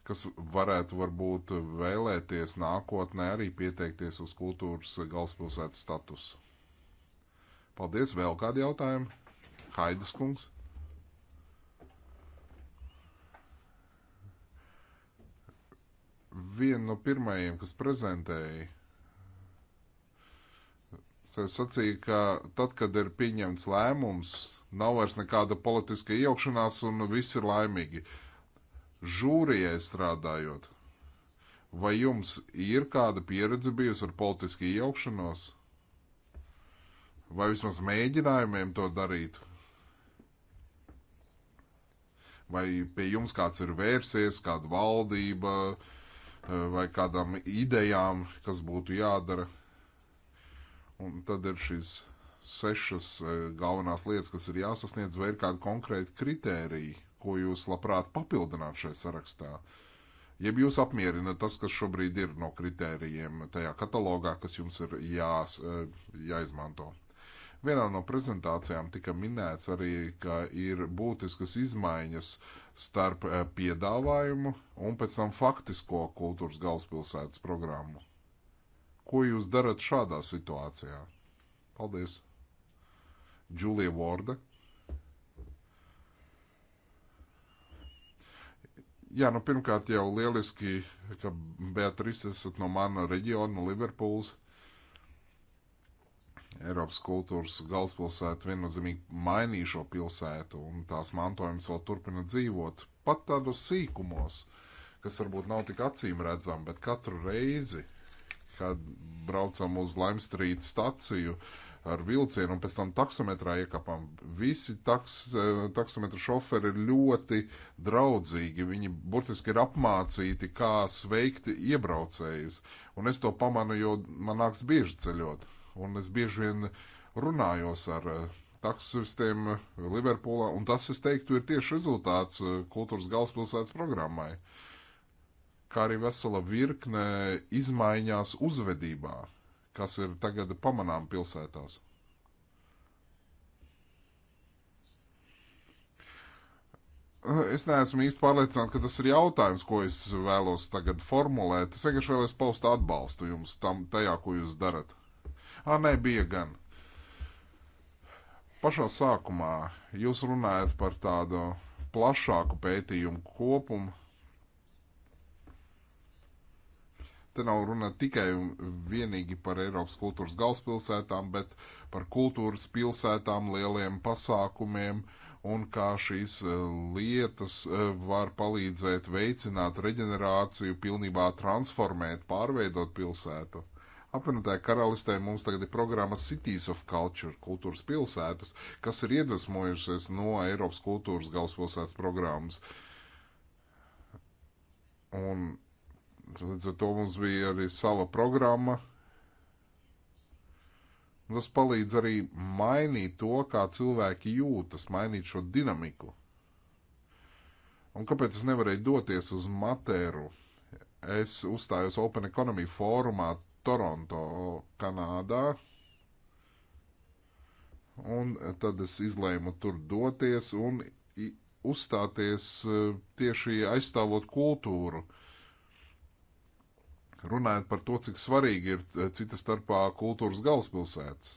kas varētu varbūt vēlēties nākotnē arī pieteikties uz kultūras galvaspilsētas statusu. Paldies, vēl kādi jautājumi? Kaidas kungs. Viena no pirmajiem, kas prezentēja, sacīja, ka tad, kad ir pieņemts lēmums, nav vairs nekāda politiska iejaukšanās un viss ir laimīgi. Žūrijai strādājot, vai jums ir kāda pieredze bijusi ar politisku iejaukšanos? vai vismaz mēģinājumiem to darīt. Vai pie jums kāds ir vērsies, kāda valdība eh, vai kādām idejām, kas būtu jādara? Un tad ir šīs sešas eh, galvenās lietas, kas ir jāsasniedz, vai ir kādi konkrēti kritēriji, ko jūs labprāt papildināt šajā sarakstā. Jeb jūs apmierināt tas, kas šobrīd ir no kritērijiem tajā katalogā, kas jums ir jās, eh, jāizmanto. Vienā no prezentācijām tika minēts arī, ka ir būtiskas izmaiņas starp eh, piedāvājumu un pēc tam faktisko kultūras galvaspilsētas programmu. Ko jūs darat šādā situācijā? Paldies! Džulija Vorda. Jā, nu pirmkārt jau lieliski, ka Beatrice esat no mana reģiona, no Liverpūles. Eiropas kultūras galvaspilsētu viennozīmīgi mainīšo pilsētu, un tās mantojums vēl turpina dzīvot pat tādos sīkumos, kas varbūt nav tik acīm redzami, bet katru reizi, kad braucam uz Limstrīt staciju ar vilcienu un pēc tam taksometrā iekāpam, visi taks, e, taksometra šoferi ir ļoti draudzīgi. Viņi burtiski ir apmācīti, kā sveikti iebraucējus, un es to pamanu, jo man nāks bieži ceļot un es bieži vien runājos ar eh, taksistiem Liverpoolā, un tas, es teiktu, ir tieši rezultāts eh, kultūras galvaspilsētas programmai, kā arī vesela virkne izmaiņās uzvedībā, kas ir tagad pamanām pilsētās. Eh, es neesmu īsti pārliecināts, ka tas ir jautājums, ko es vēlos tagad formulēt. Es vienkārši vēlos paust atbalstu jums tam, tajā, ko jūs darat. Ā, nē, bija gan. Pašā sākumā jūs runājat par tādu plašāku pētījumu kopumu. Te nav runa tikai un vienīgi par Eiropas kultūras galvaspilsētām, bet par kultūras pilsētām, lieliem pasākumiem un kā šīs e, lietas e, var palīdzēt veicināt reģenerāciju, pilnībā transformēt, pārveidot pilsētu. Apvienotāja karalistē mums tagad ir programma Cities of Culture, kultūras pilsētas, kas ir iedvesmojušies no Eiropas kultūras galvaspilsētas programmas. Un līdz ar to mums bija arī sava programma. Tas palīdz arī mainīt to, kā cilvēki jūtas, mainīt šo dinamiku. Un kāpēc es nevarēju doties uz Materu? es uzstājos Open Economy fórumā Toronto, Kanādā. Un tad es izlēmu tur doties un uzstāties e, tieši aizstāvot kultūru. Runājot par to, cik svarīgi ir e, cita starpā kultūras galvaspilsētas.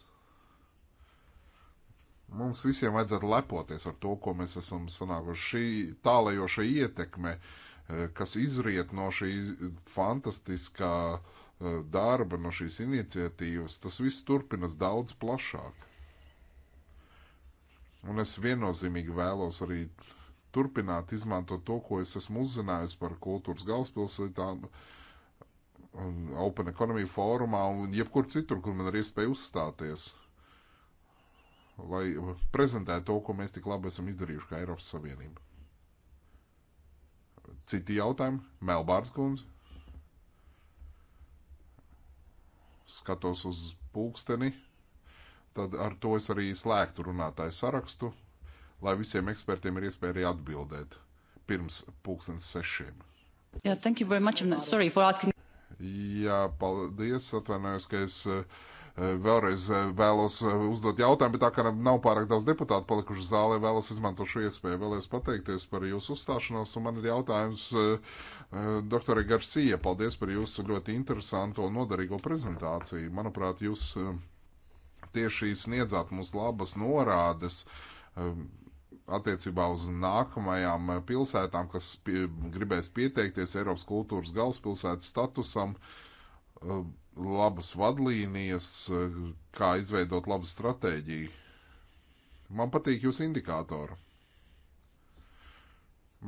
Mums visiem vajadzētu lepoties ar to, ko mēs esam sanākuši. Šī tālajoša ietekme, e, kas izriet no šī fantastiskā uh, Eh, darba, no šīs iniciatīvas, tas viss turpinas daudz plašāk. Un es viennozīmīgi vēlos arī turpināt izmantot to, ko es esmu uzzinājusi par kultūras galvaspilsētām, Open Economy fórumā un jebkur citur, kur man ir iespēja uzstāties, lai prezentētu to, ko mēs tik labi esam izdarījuši kā Eiropas Savienība. Citi jautājumi? Melbārds kundze? skatos uz pulksteni, tad ar to es arī slēgtu runātāju sarakstu, lai visiem ekspertiem ir iespēja arī atbildēt pirms pulkstens sešiem. Yeah, thank you very much. I'm sorry for asking. Jā, paldies. Atvainojos, ka es uh, Eh, vēlreiz eh, vēlos eh, uzdot jautājumu, bet tā kā nav pārāk daudz deputātu palikuši zālē, vēlos izmantot šo iespēju. Vēlos pateikties par jūsu uzstāšanos, un man ir jautājums doktorai Garcija. Paldies par jūsu ļoti interesanto un noderīgo prezentāciju. Manuprāt, jūs tieši sniedzāt mums labas norādes attiecībā uz nākamajām pilsētām, kas pie, gribēs pieteikties Eiropas kultūras galvaspilsētas statusam. Uh, Eh, labas vadlīnijas, eh, kā izveidot labu stratēģiju. Man patīk jūsu indikātori.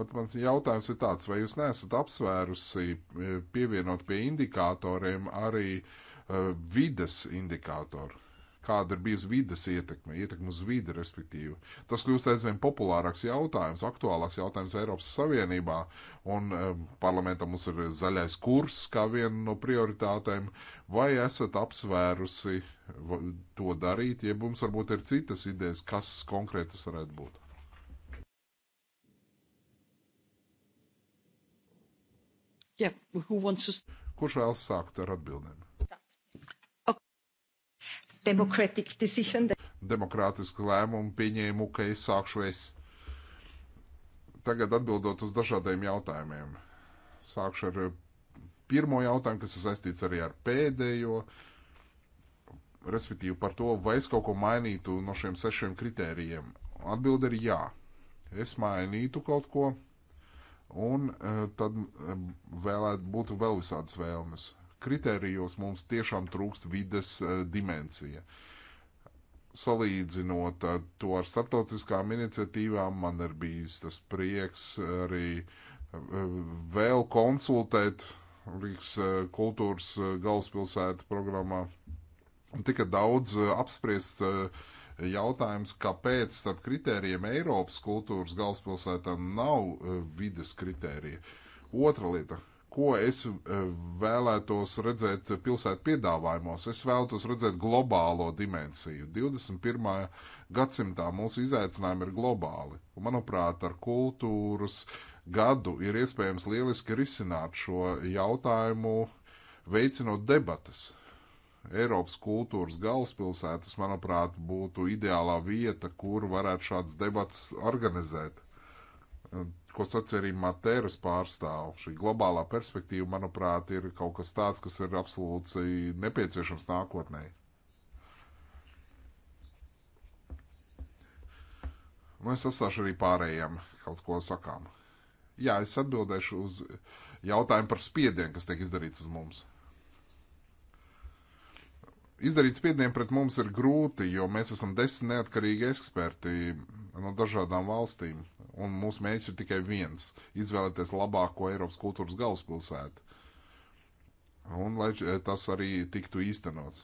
Bet mans jautājums ir tāds, vai jūs neesat apsvērusi eh, pievienot pie indikatoriem arī uh, vides indikātoru? kāda ir bijusi vidas ietekme, ietekme uz vidi, respektīvi. Tas kļūst aizvien populārāks jautājums, aktuālāks jautājums Eiropas Savienībā, un um, eh, parlamentā mums ir zaļais kurs kā viena no prioritātēm. Vai esat apsvērusi to darīt, ja mums varbūt ir citas idejas, kas konkrētas varētu būt? Yeah, to... Kurš vēlas sākt ar atbildēm? democratic decision. That... Demokrātisku lēmumu pieņēmu, ka es sākšu es. Tagad atbildot uz dažādiem jautājumiem. Sākšu ar eh, pirmo jautājumu, kas ir saistīts arī ar pēdējo, respektīvi par to, vai es kaut ko mainītu no šiem sešiem kritērijiem. Atbilde ir jā. Es mainītu kaut ko, un eh, tad eh, vēlētu būt vēl visādas vēlmes kritērijos mums tiešām trūkst vides eh, dimensija. Salīdzinot to ar starptautiskām iniciatīvām, man ir bijis tas prieks arī eh, vēl konsultēt Rīgas eh, kultūras galvaspilsēta programmā. Tika daudz apspriests jautājums, kāpēc starp kritērijiem Eiropas kultūras galvaspilsētām nav vides kritērija. Otra lieta ko es eh, vēlētos redzēt pilsētu piedāvājumos. Es vēlētos redzēt globālo dimensiju. 21. gadsimtā mūsu izaicinājumi ir globāli. Un, manuprāt, ar kultūras gadu ir iespējams lieliski risināt šo jautājumu, veicinot debatas. Eiropas kultūras galvaspilsētas, manuprāt, būtu ideālā vieta, kur varētu šādas debatas organizēt ko sacīja arī Matēras pārstāv. Šī globālā perspektīva, manuprāt, ir kaut kas tāds, kas ir absolūti nepieciešams nākotnē. Nu, es atstāšu arī pārējiem kaut ko sakām. Jā, es atbildēšu uz jautājumu par spiedienu, kas tiek izdarīts uz mums. Izdarīt spiedienu pret mums ir grūti, jo mēs esam desmit neatkarīgi eksperti no dažādām valstīm, un mūsu mērķis ir tikai viens - izvēlēties labāko Eiropas kultūras galvaspilsētu. Un lai eh, tas arī tiktu īstenots.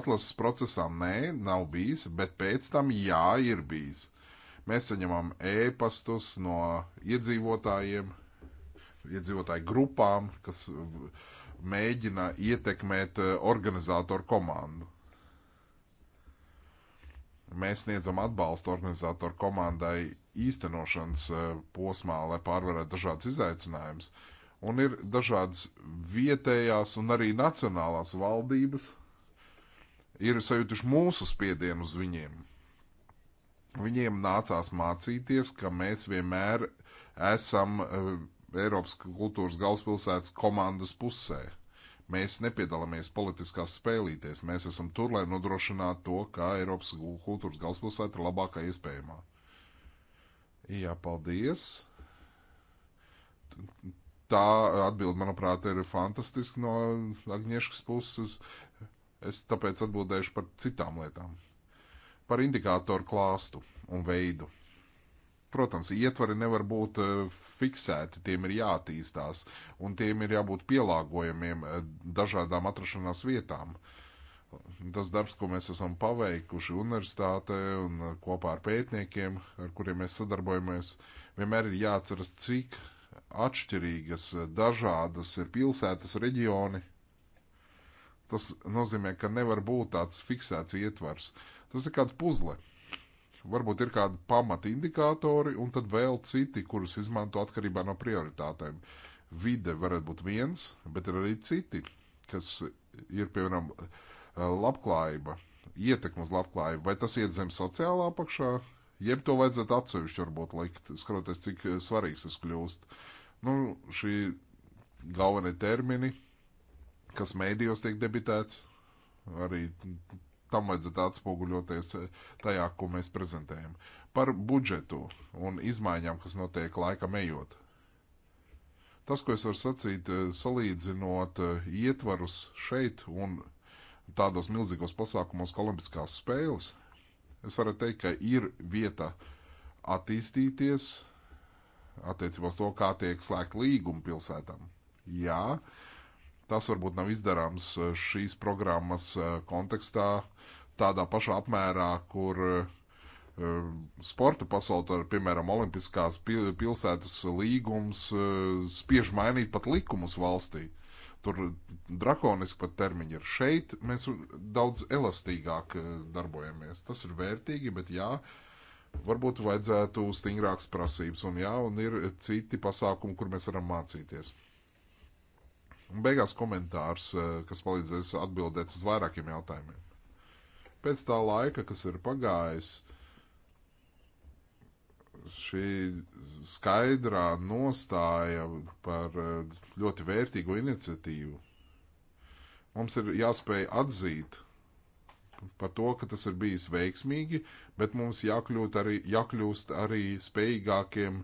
Atlases procesā nē, nav bijis, bet pēc tam jā, ir bijis. Mēs saņemam ēpastus no iedzīvotājiem, iedzīvotāju grupām, kas mēģina ietekmēt eh, organizatoru komandu. Mēs sniedzam atbalstu organizatoru komandai īstenošanas e, posmā, lai pārvarētu dažādas izaicinājumus. Un ir dažādas vietējās un arī nacionālās valdības, ir sajutuši mūsu spiedienu uz viņiem. Viņiem nācās mācīties, ka mēs vienmēr esam e, Eiropas kultūras galvaspilsētas komandas pusē. Mēs nepiedalāmies politiskās spēlīties, mēs esam tur, lai nodrošinātu to, kā Eiropas kultūras galvaspilsēta ir labākā iespējamā. Jā, paldies! Tā atbilde, manuprāt, ir fantastiska no Agnieszkas puses. Es tāpēc atbildēšu par citām lietām. Par indikātoru klāstu un veidu. Protams, ietveri nevar būt eh, fiksēti, tiem ir jātīstās un tiem ir jābūt pielāgojamiem eh, dažādām atrašanās vietām. Tas darbs, ko mēs esam paveikuši universitātē un eh, kopā ar pētniekiem, ar kuriem mēs sadarbojamies, vienmēr ir jāatceras, cik atšķirīgas, dažādas ir pilsētas, reģioni. Tas nozīmē, ka nevar būt tāds fiksēts ietvars. Tas ir kāds puzle. Varbūt ir kādi pamata indikātori un tad vēl citi, kurus izmanto atkarībā no prioritātēm. Vide varētu būt viens, bet ir arī citi, kas ir, piemēram, labklājība, ietekme uz labklājību. Vai tas iet zem sociālā apakšā, jeb to vajadzētu atsevišķi varbūt likt, skatoties, cik svarīgs tas kļūst. Nu, šī galvenie termini, kas mēdījos tiek debitēts, arī tam vajadzētu atspoguļoties eh, tajā, ko mēs prezentējam. Par budžetu un izmaiņām, kas notiek laikam ejot. Tas, ko es varu sacīt, eh, salīdzinot eh, ietvarus šeit un tādos milzīgos pasākumos, kā Olimpiskās spēles, es varu teikt, ka ir vieta attīstīties attiecībā uz to, kā tiek slēgt līguma pilsētām. Jā, uh, Tas varbūt nav izdarāms eh, šīs programmas eh, kontekstā tādā pašā apmērā, kur eh, sporta pasaulē, piemēram, Olimpiskās pilsētas līgums spiež mainīt pat likumus valstī. Tur drakoniski pat termiņi ir. Šeit mēs daudz elastīgāk darbojamies. Tas ir vērtīgi, bet jā, varbūt vajadzētu stingrākas prasības. Un jā, un ir citi pasākumi, kur mēs varam mācīties. Un beigās komentārs, eh, kas palīdzēs atbildēt uz vairākiem jautājumiem. Pēc tā laika, kas ir pagājis, šī skaidrā nostāja par eh, ļoti vērtīgu iniciatīvu mums ir jāspēj atzīt par to, ka tas ir bijis veiksmīgi, bet mums jākļūt arī, jākļūst arī spējīgākiem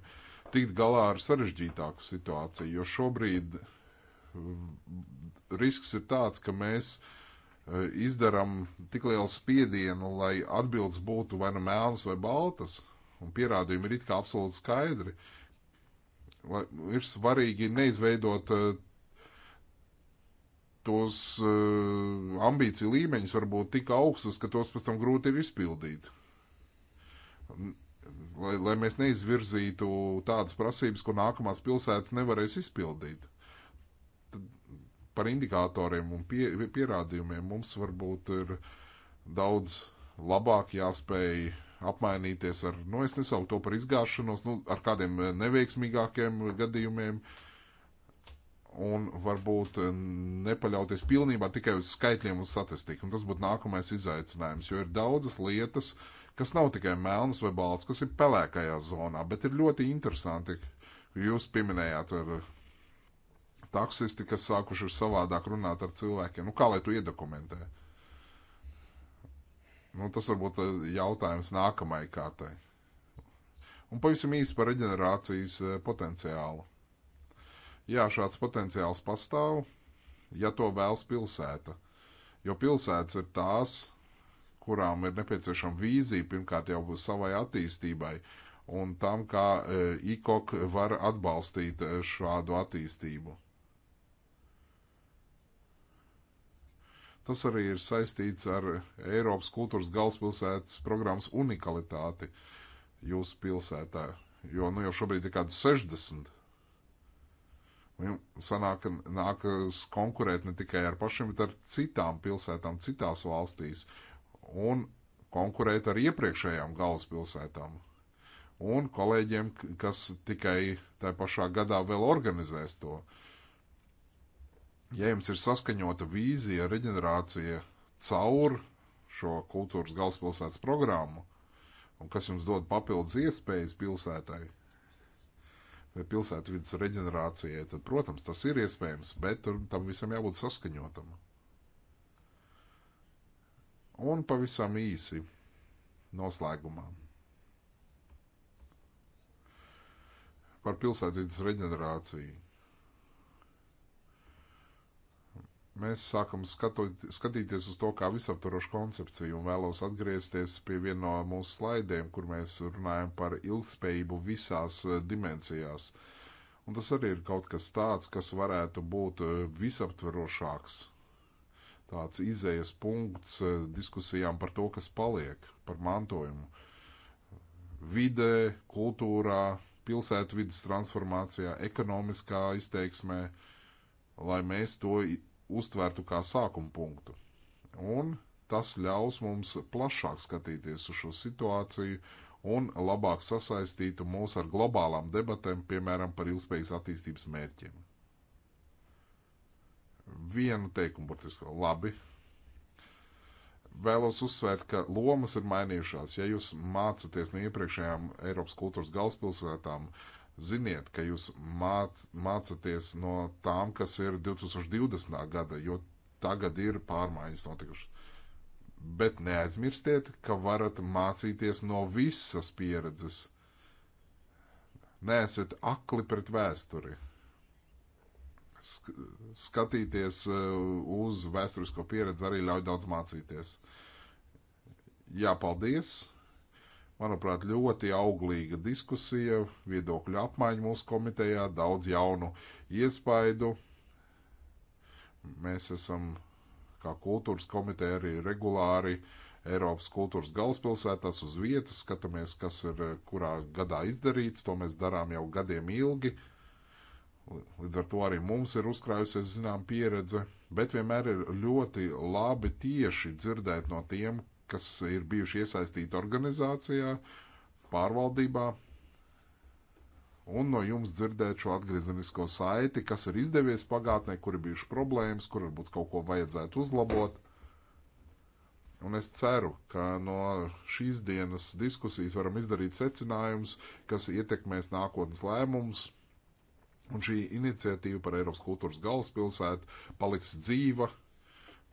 tikt galā ar sarežģītāku situāciju, jo šobrīd Mm, risks ir tāds, ka mēs e, izdarām tik lielu spiedienu, lai atbildes būtu vai nu melnas vai baltas, un pierādījumi ir it kā absolūti skaidri. Lai, ir svarīgi neizveidot e, tos uh, ambīciju līmeņus varbūt tik augstus, ka tos pēc tam grūti ir izpildīt. Lai, lai mēs neizvirzītu tādas prasības, ko nākamās pilsētas nevarēs izpildīt par indikatoriem un pie, pierādījumiem mums varbūt ir daudz labāk jāspēj apmainīties ar, nu, es nesaucu to par izgāšanos, nu, ar kādiem neveiksmīgākiem gadījumiem, un varbūt nepaļauties pilnībā tikai uz skaitļiem un statistiku. Un tas būtu nākamais izaicinājums, jo ir daudzas lietas, kas nav tikai melnas vai balts, kas ir pelēkajā zonā, bet ir ļoti interesanti, jūs pieminējāt ar taksisti, kas sākuši ir savādāk runāt ar cilvēkiem. Nu, kā lai to iedokumentē? Nu, tas varbūt eh, jautājums nākamajai kārtai. Un pavisam īsi par reģenerācijas eh, potenciālu. Jā, šāds potenciāls pastāv, ja to vēlas pilsēta. Jo pilsētas ir tās, kurām ir nepieciešama vīzija pirmkārt jau savai attīstībai un tam, kā eh, IKOK var atbalstīt šādu attīstību. Tas arī ir saistīts ar Eiropas kultūras galvaspilsētas programmas unikalitāti jūsu pilsētā, jo nu jau šobrīd ir kāds 60. Un sanāk, nākas konkurēt ne tikai ar pašiem, bet ar citām pilsētām, citās valstīs un konkurēt ar iepriekšējām galvaspilsētām un kolēģiem, kas tikai tajā pašā gadā vēl organizēs to. Uh, ja jums ir saskaņota vīzija, reģenerācija caur šo kultūras galvaspilsētas programmu, un kas jums dod papildus iespējas pilsētai vai pilsētu vidas reģenerācijai, tad, protams, tas ir iespējams, bet tur, tam visam jābūt saskaņotam. Un pavisam īsi noslēgumā. Par pilsētvidas reģenerāciju mēs sākam skatot, skatīties uz to kā visaptvarošu koncepciju un vēlos atgriezties pie viena no mūsu slaidiem, kur mēs runājam par ilgspējību visās eh, dimensijās. Un tas arī ir kaut kas tāds, kas varētu būt eh, visaptverošāks, tāds izējas punkts eh, diskusijām par to, kas paliek, par mantojumu. Vidē, kultūrā, pilsētvidas transformācijā, ekonomiskā izteiksmē, lai mēs to uztvērtu kā sākuma punktu. Un tas ļaus mums plašāk skatīties uz šo situāciju un labāk sasaistītu mūs ar globālām debatēm, piemēram, par ilgspējas attīstības mērķiem. Vienu teikumu burtiski labi. Vēlos uzsvērt, ka lomas ir mainījušās. Ja jūs mācāties no iepriekšējām Eiropas kultūras galvaspilsētām, uh, Ziniet, ka jūs māc, mācaties no tām, kas ir 2020. gada, jo tagad ir pārmaiņas notikušas. Bet neaizmirstiet, ka varat mācīties no visas pieredzes. Nēsiet akli pret vēsturi. Sk skatīties uh, uz vēsturisko pieredzi arī ļauj daudz mācīties. Jā, paldies! manuprāt, ļoti auglīga diskusija, viedokļu apmaiņa mūsu komitejā, daudz jaunu iespaidu. Mēs esam, kā kultūras komiteja, arī regulāri Eiropas kultūras galvaspilsētās uz vietas, skatāmies, kas ir kurā gadā izdarīts, to mēs darām jau gadiem ilgi. Līdz ar to arī mums ir uzkrājusies zinām pieredze, bet vienmēr ir ļoti labi tieši dzirdēt no tiem, kas ir bijuši iesaistīti organizācijā, pārvaldībā, un no jums dzirdēt šo atgriezenisko saiti, kas ir izdevies pagātnē, kur ir bijušas problēmas, kur varbūt kaut ko vajadzētu uzlabot. Un es ceru, ka no šīs dienas diskusijas varam izdarīt secinājumus, kas ietekmēs nākotnes lēmumus. Un šī iniciatīva par Eiropas kultūras galvaspilsētu paliks dzīva,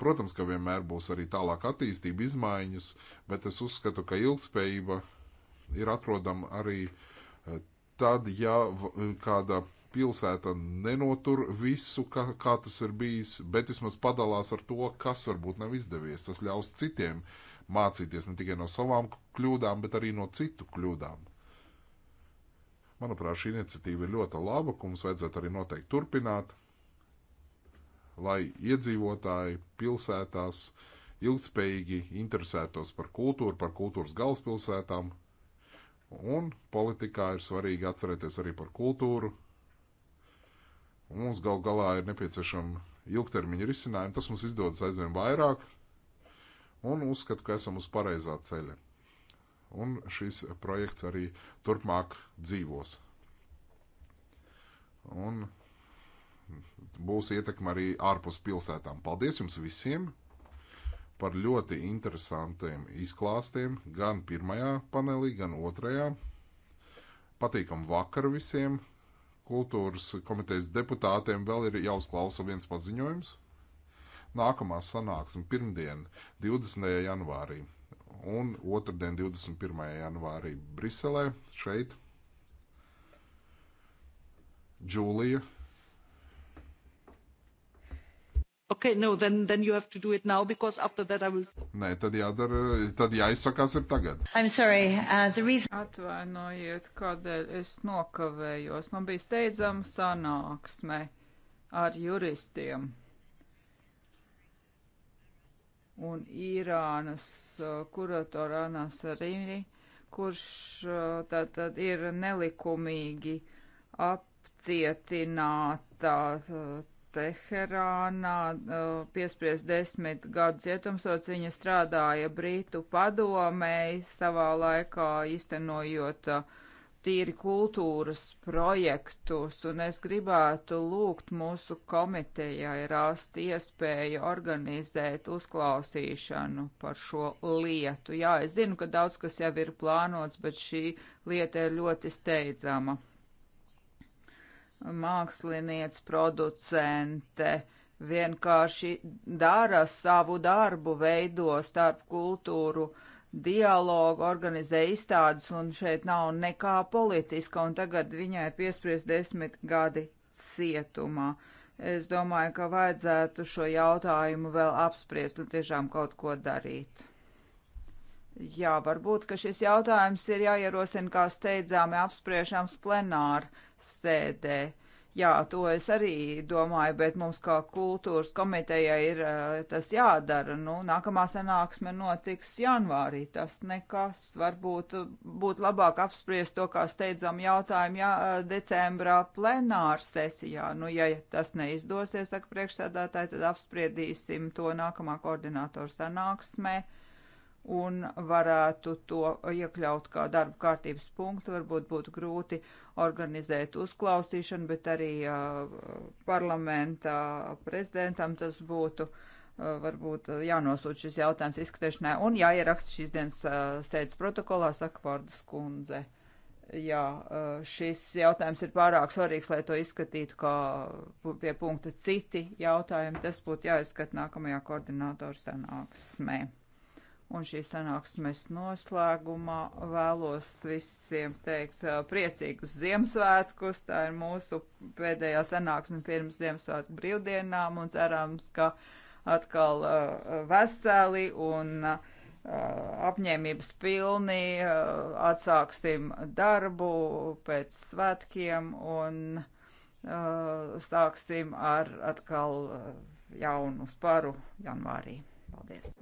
Protams, ka vienmēr būs arī tālāk attīstība, izmaiņas, bet es uzskatu, ka ilgspējība ir atrodama arī eh, tad, ja eh, kāda pilsēta nenotur visu, kā, kā tas ir bijis, bet vismaz padalās ar to, kas varbūt nav izdevies. Tas ļaus citiem mācīties ne tikai no savām kļūdām, bet arī no citu kļūdām. Manuprāt, šī iniciatīva ir ļoti laba, ko mums vajadzētu arī noteikti turpināt lai iedzīvotāji pilsētās ilgspējīgi interesētos par kultūru, par kultūras galvaspilsētām. Un politikā ir svarīgi atcerēties arī par kultūru. Mums gal galā ir nepieciešama ilgtermiņa risinājuma, tas mums izdodas aizvien vairāk, un uzskatu, ka esam uz pareizā ceļa. Un šis projekts arī turpmāk dzīvos. Un būs ietekme arī ārpus pilsētām. Paldies jums visiem par ļoti interesantiem izklāstiem gan pirmajā panelī, gan otrajā. Patīkam vakaru visiem. Kultūras komitejas deputātiem vēl ir jāuzklausa viens paziņojums. Nākamā sanāksme pirmdien, 20. janvārī un otrdien, 21. janvārī Briselē šeit. Džūlija Okay, no, then, then you have to do it now, because after that I will... Nē, tad jādara, tad jāizsakās ir tagad. I'm sorry, uh, the reason... Atvainojiet, kādēļ es nokavējos. Man bija steidzama sanāksme ar juristiem. Un Irānas uh, kuratora Anas Rīni, kurš uh, tātad ir nelikumīgi apcietināta uh, Teherānā uh, piespriezt desmit gadu cietumsots. Viņa strādāja Brītu padomēji savā laikā īstenojot uh, tīri kultūras projektus, un es gribētu lūgt mūsu komitejai rast iespēju organizēt uzklausīšanu par šo lietu. Jā, es zinu, ka daudz kas jau ir plānots, bet šī lieta ir ļoti steidzama mākslinieci, producente vienkārši dara savu darbu, veido starp kultūru dialogu, organizē izstādes, un šeit nav nekā politiska, un tagad viņai piespries desmit gadi cietumā. Es domāju, ka vajadzētu šo jautājumu vēl apspriest un tiešām kaut ko darīt. Jā, varbūt, ka šis jautājums ir jāierosina kā steidzāmi apspriešams plenāru sēdē. Jā, to es arī domāju, bet mums kā kultūras komiteja ir eh, tas jādara. Nu, nākamā sanāksme notiks janvārī. Tas nekas. Varbūt eh, būtu labāk apspriest to kā steidzam jautājumu jā, eh, decembrā plenāru sesijā. Nu, ja tas neizdosies, saka priekšsēdētāji, tad apspriedīsim to nākamā koordinātoru sanāksmē. Uh, un varētu to iekļaut kā darba kārtības punktu. Varbūt būtu grūti organizēt uzklausīšanu, bet arī uh, parlamentā prezidentam tas būtu uh, varbūt uh, jānosūta šis jautājums izskatīšanai un jāieraksta šīs dienas uh, sēdes protokolā Sakvārdas kundze. Jā, uh, šis jautājums ir pārāk svarīgs, lai to izskatītu kā uh, pie punkta citi jautājumi. Tas būtu jāizskat nākamajā koordinātoru sanāksmē. Un šīs sanāksmes noslēgumā vēlos visiem teikt priecīgus Ziemassvētkus. Tā ir mūsu pēdējā sanāksme pirms Ziemassvētku brīvdienām un cerams, ka atkal veseli un apņēmības pilni atsāksim darbu pēc svētkiem un sāksim ar atkal jaunu sparu janvārī. Paldies!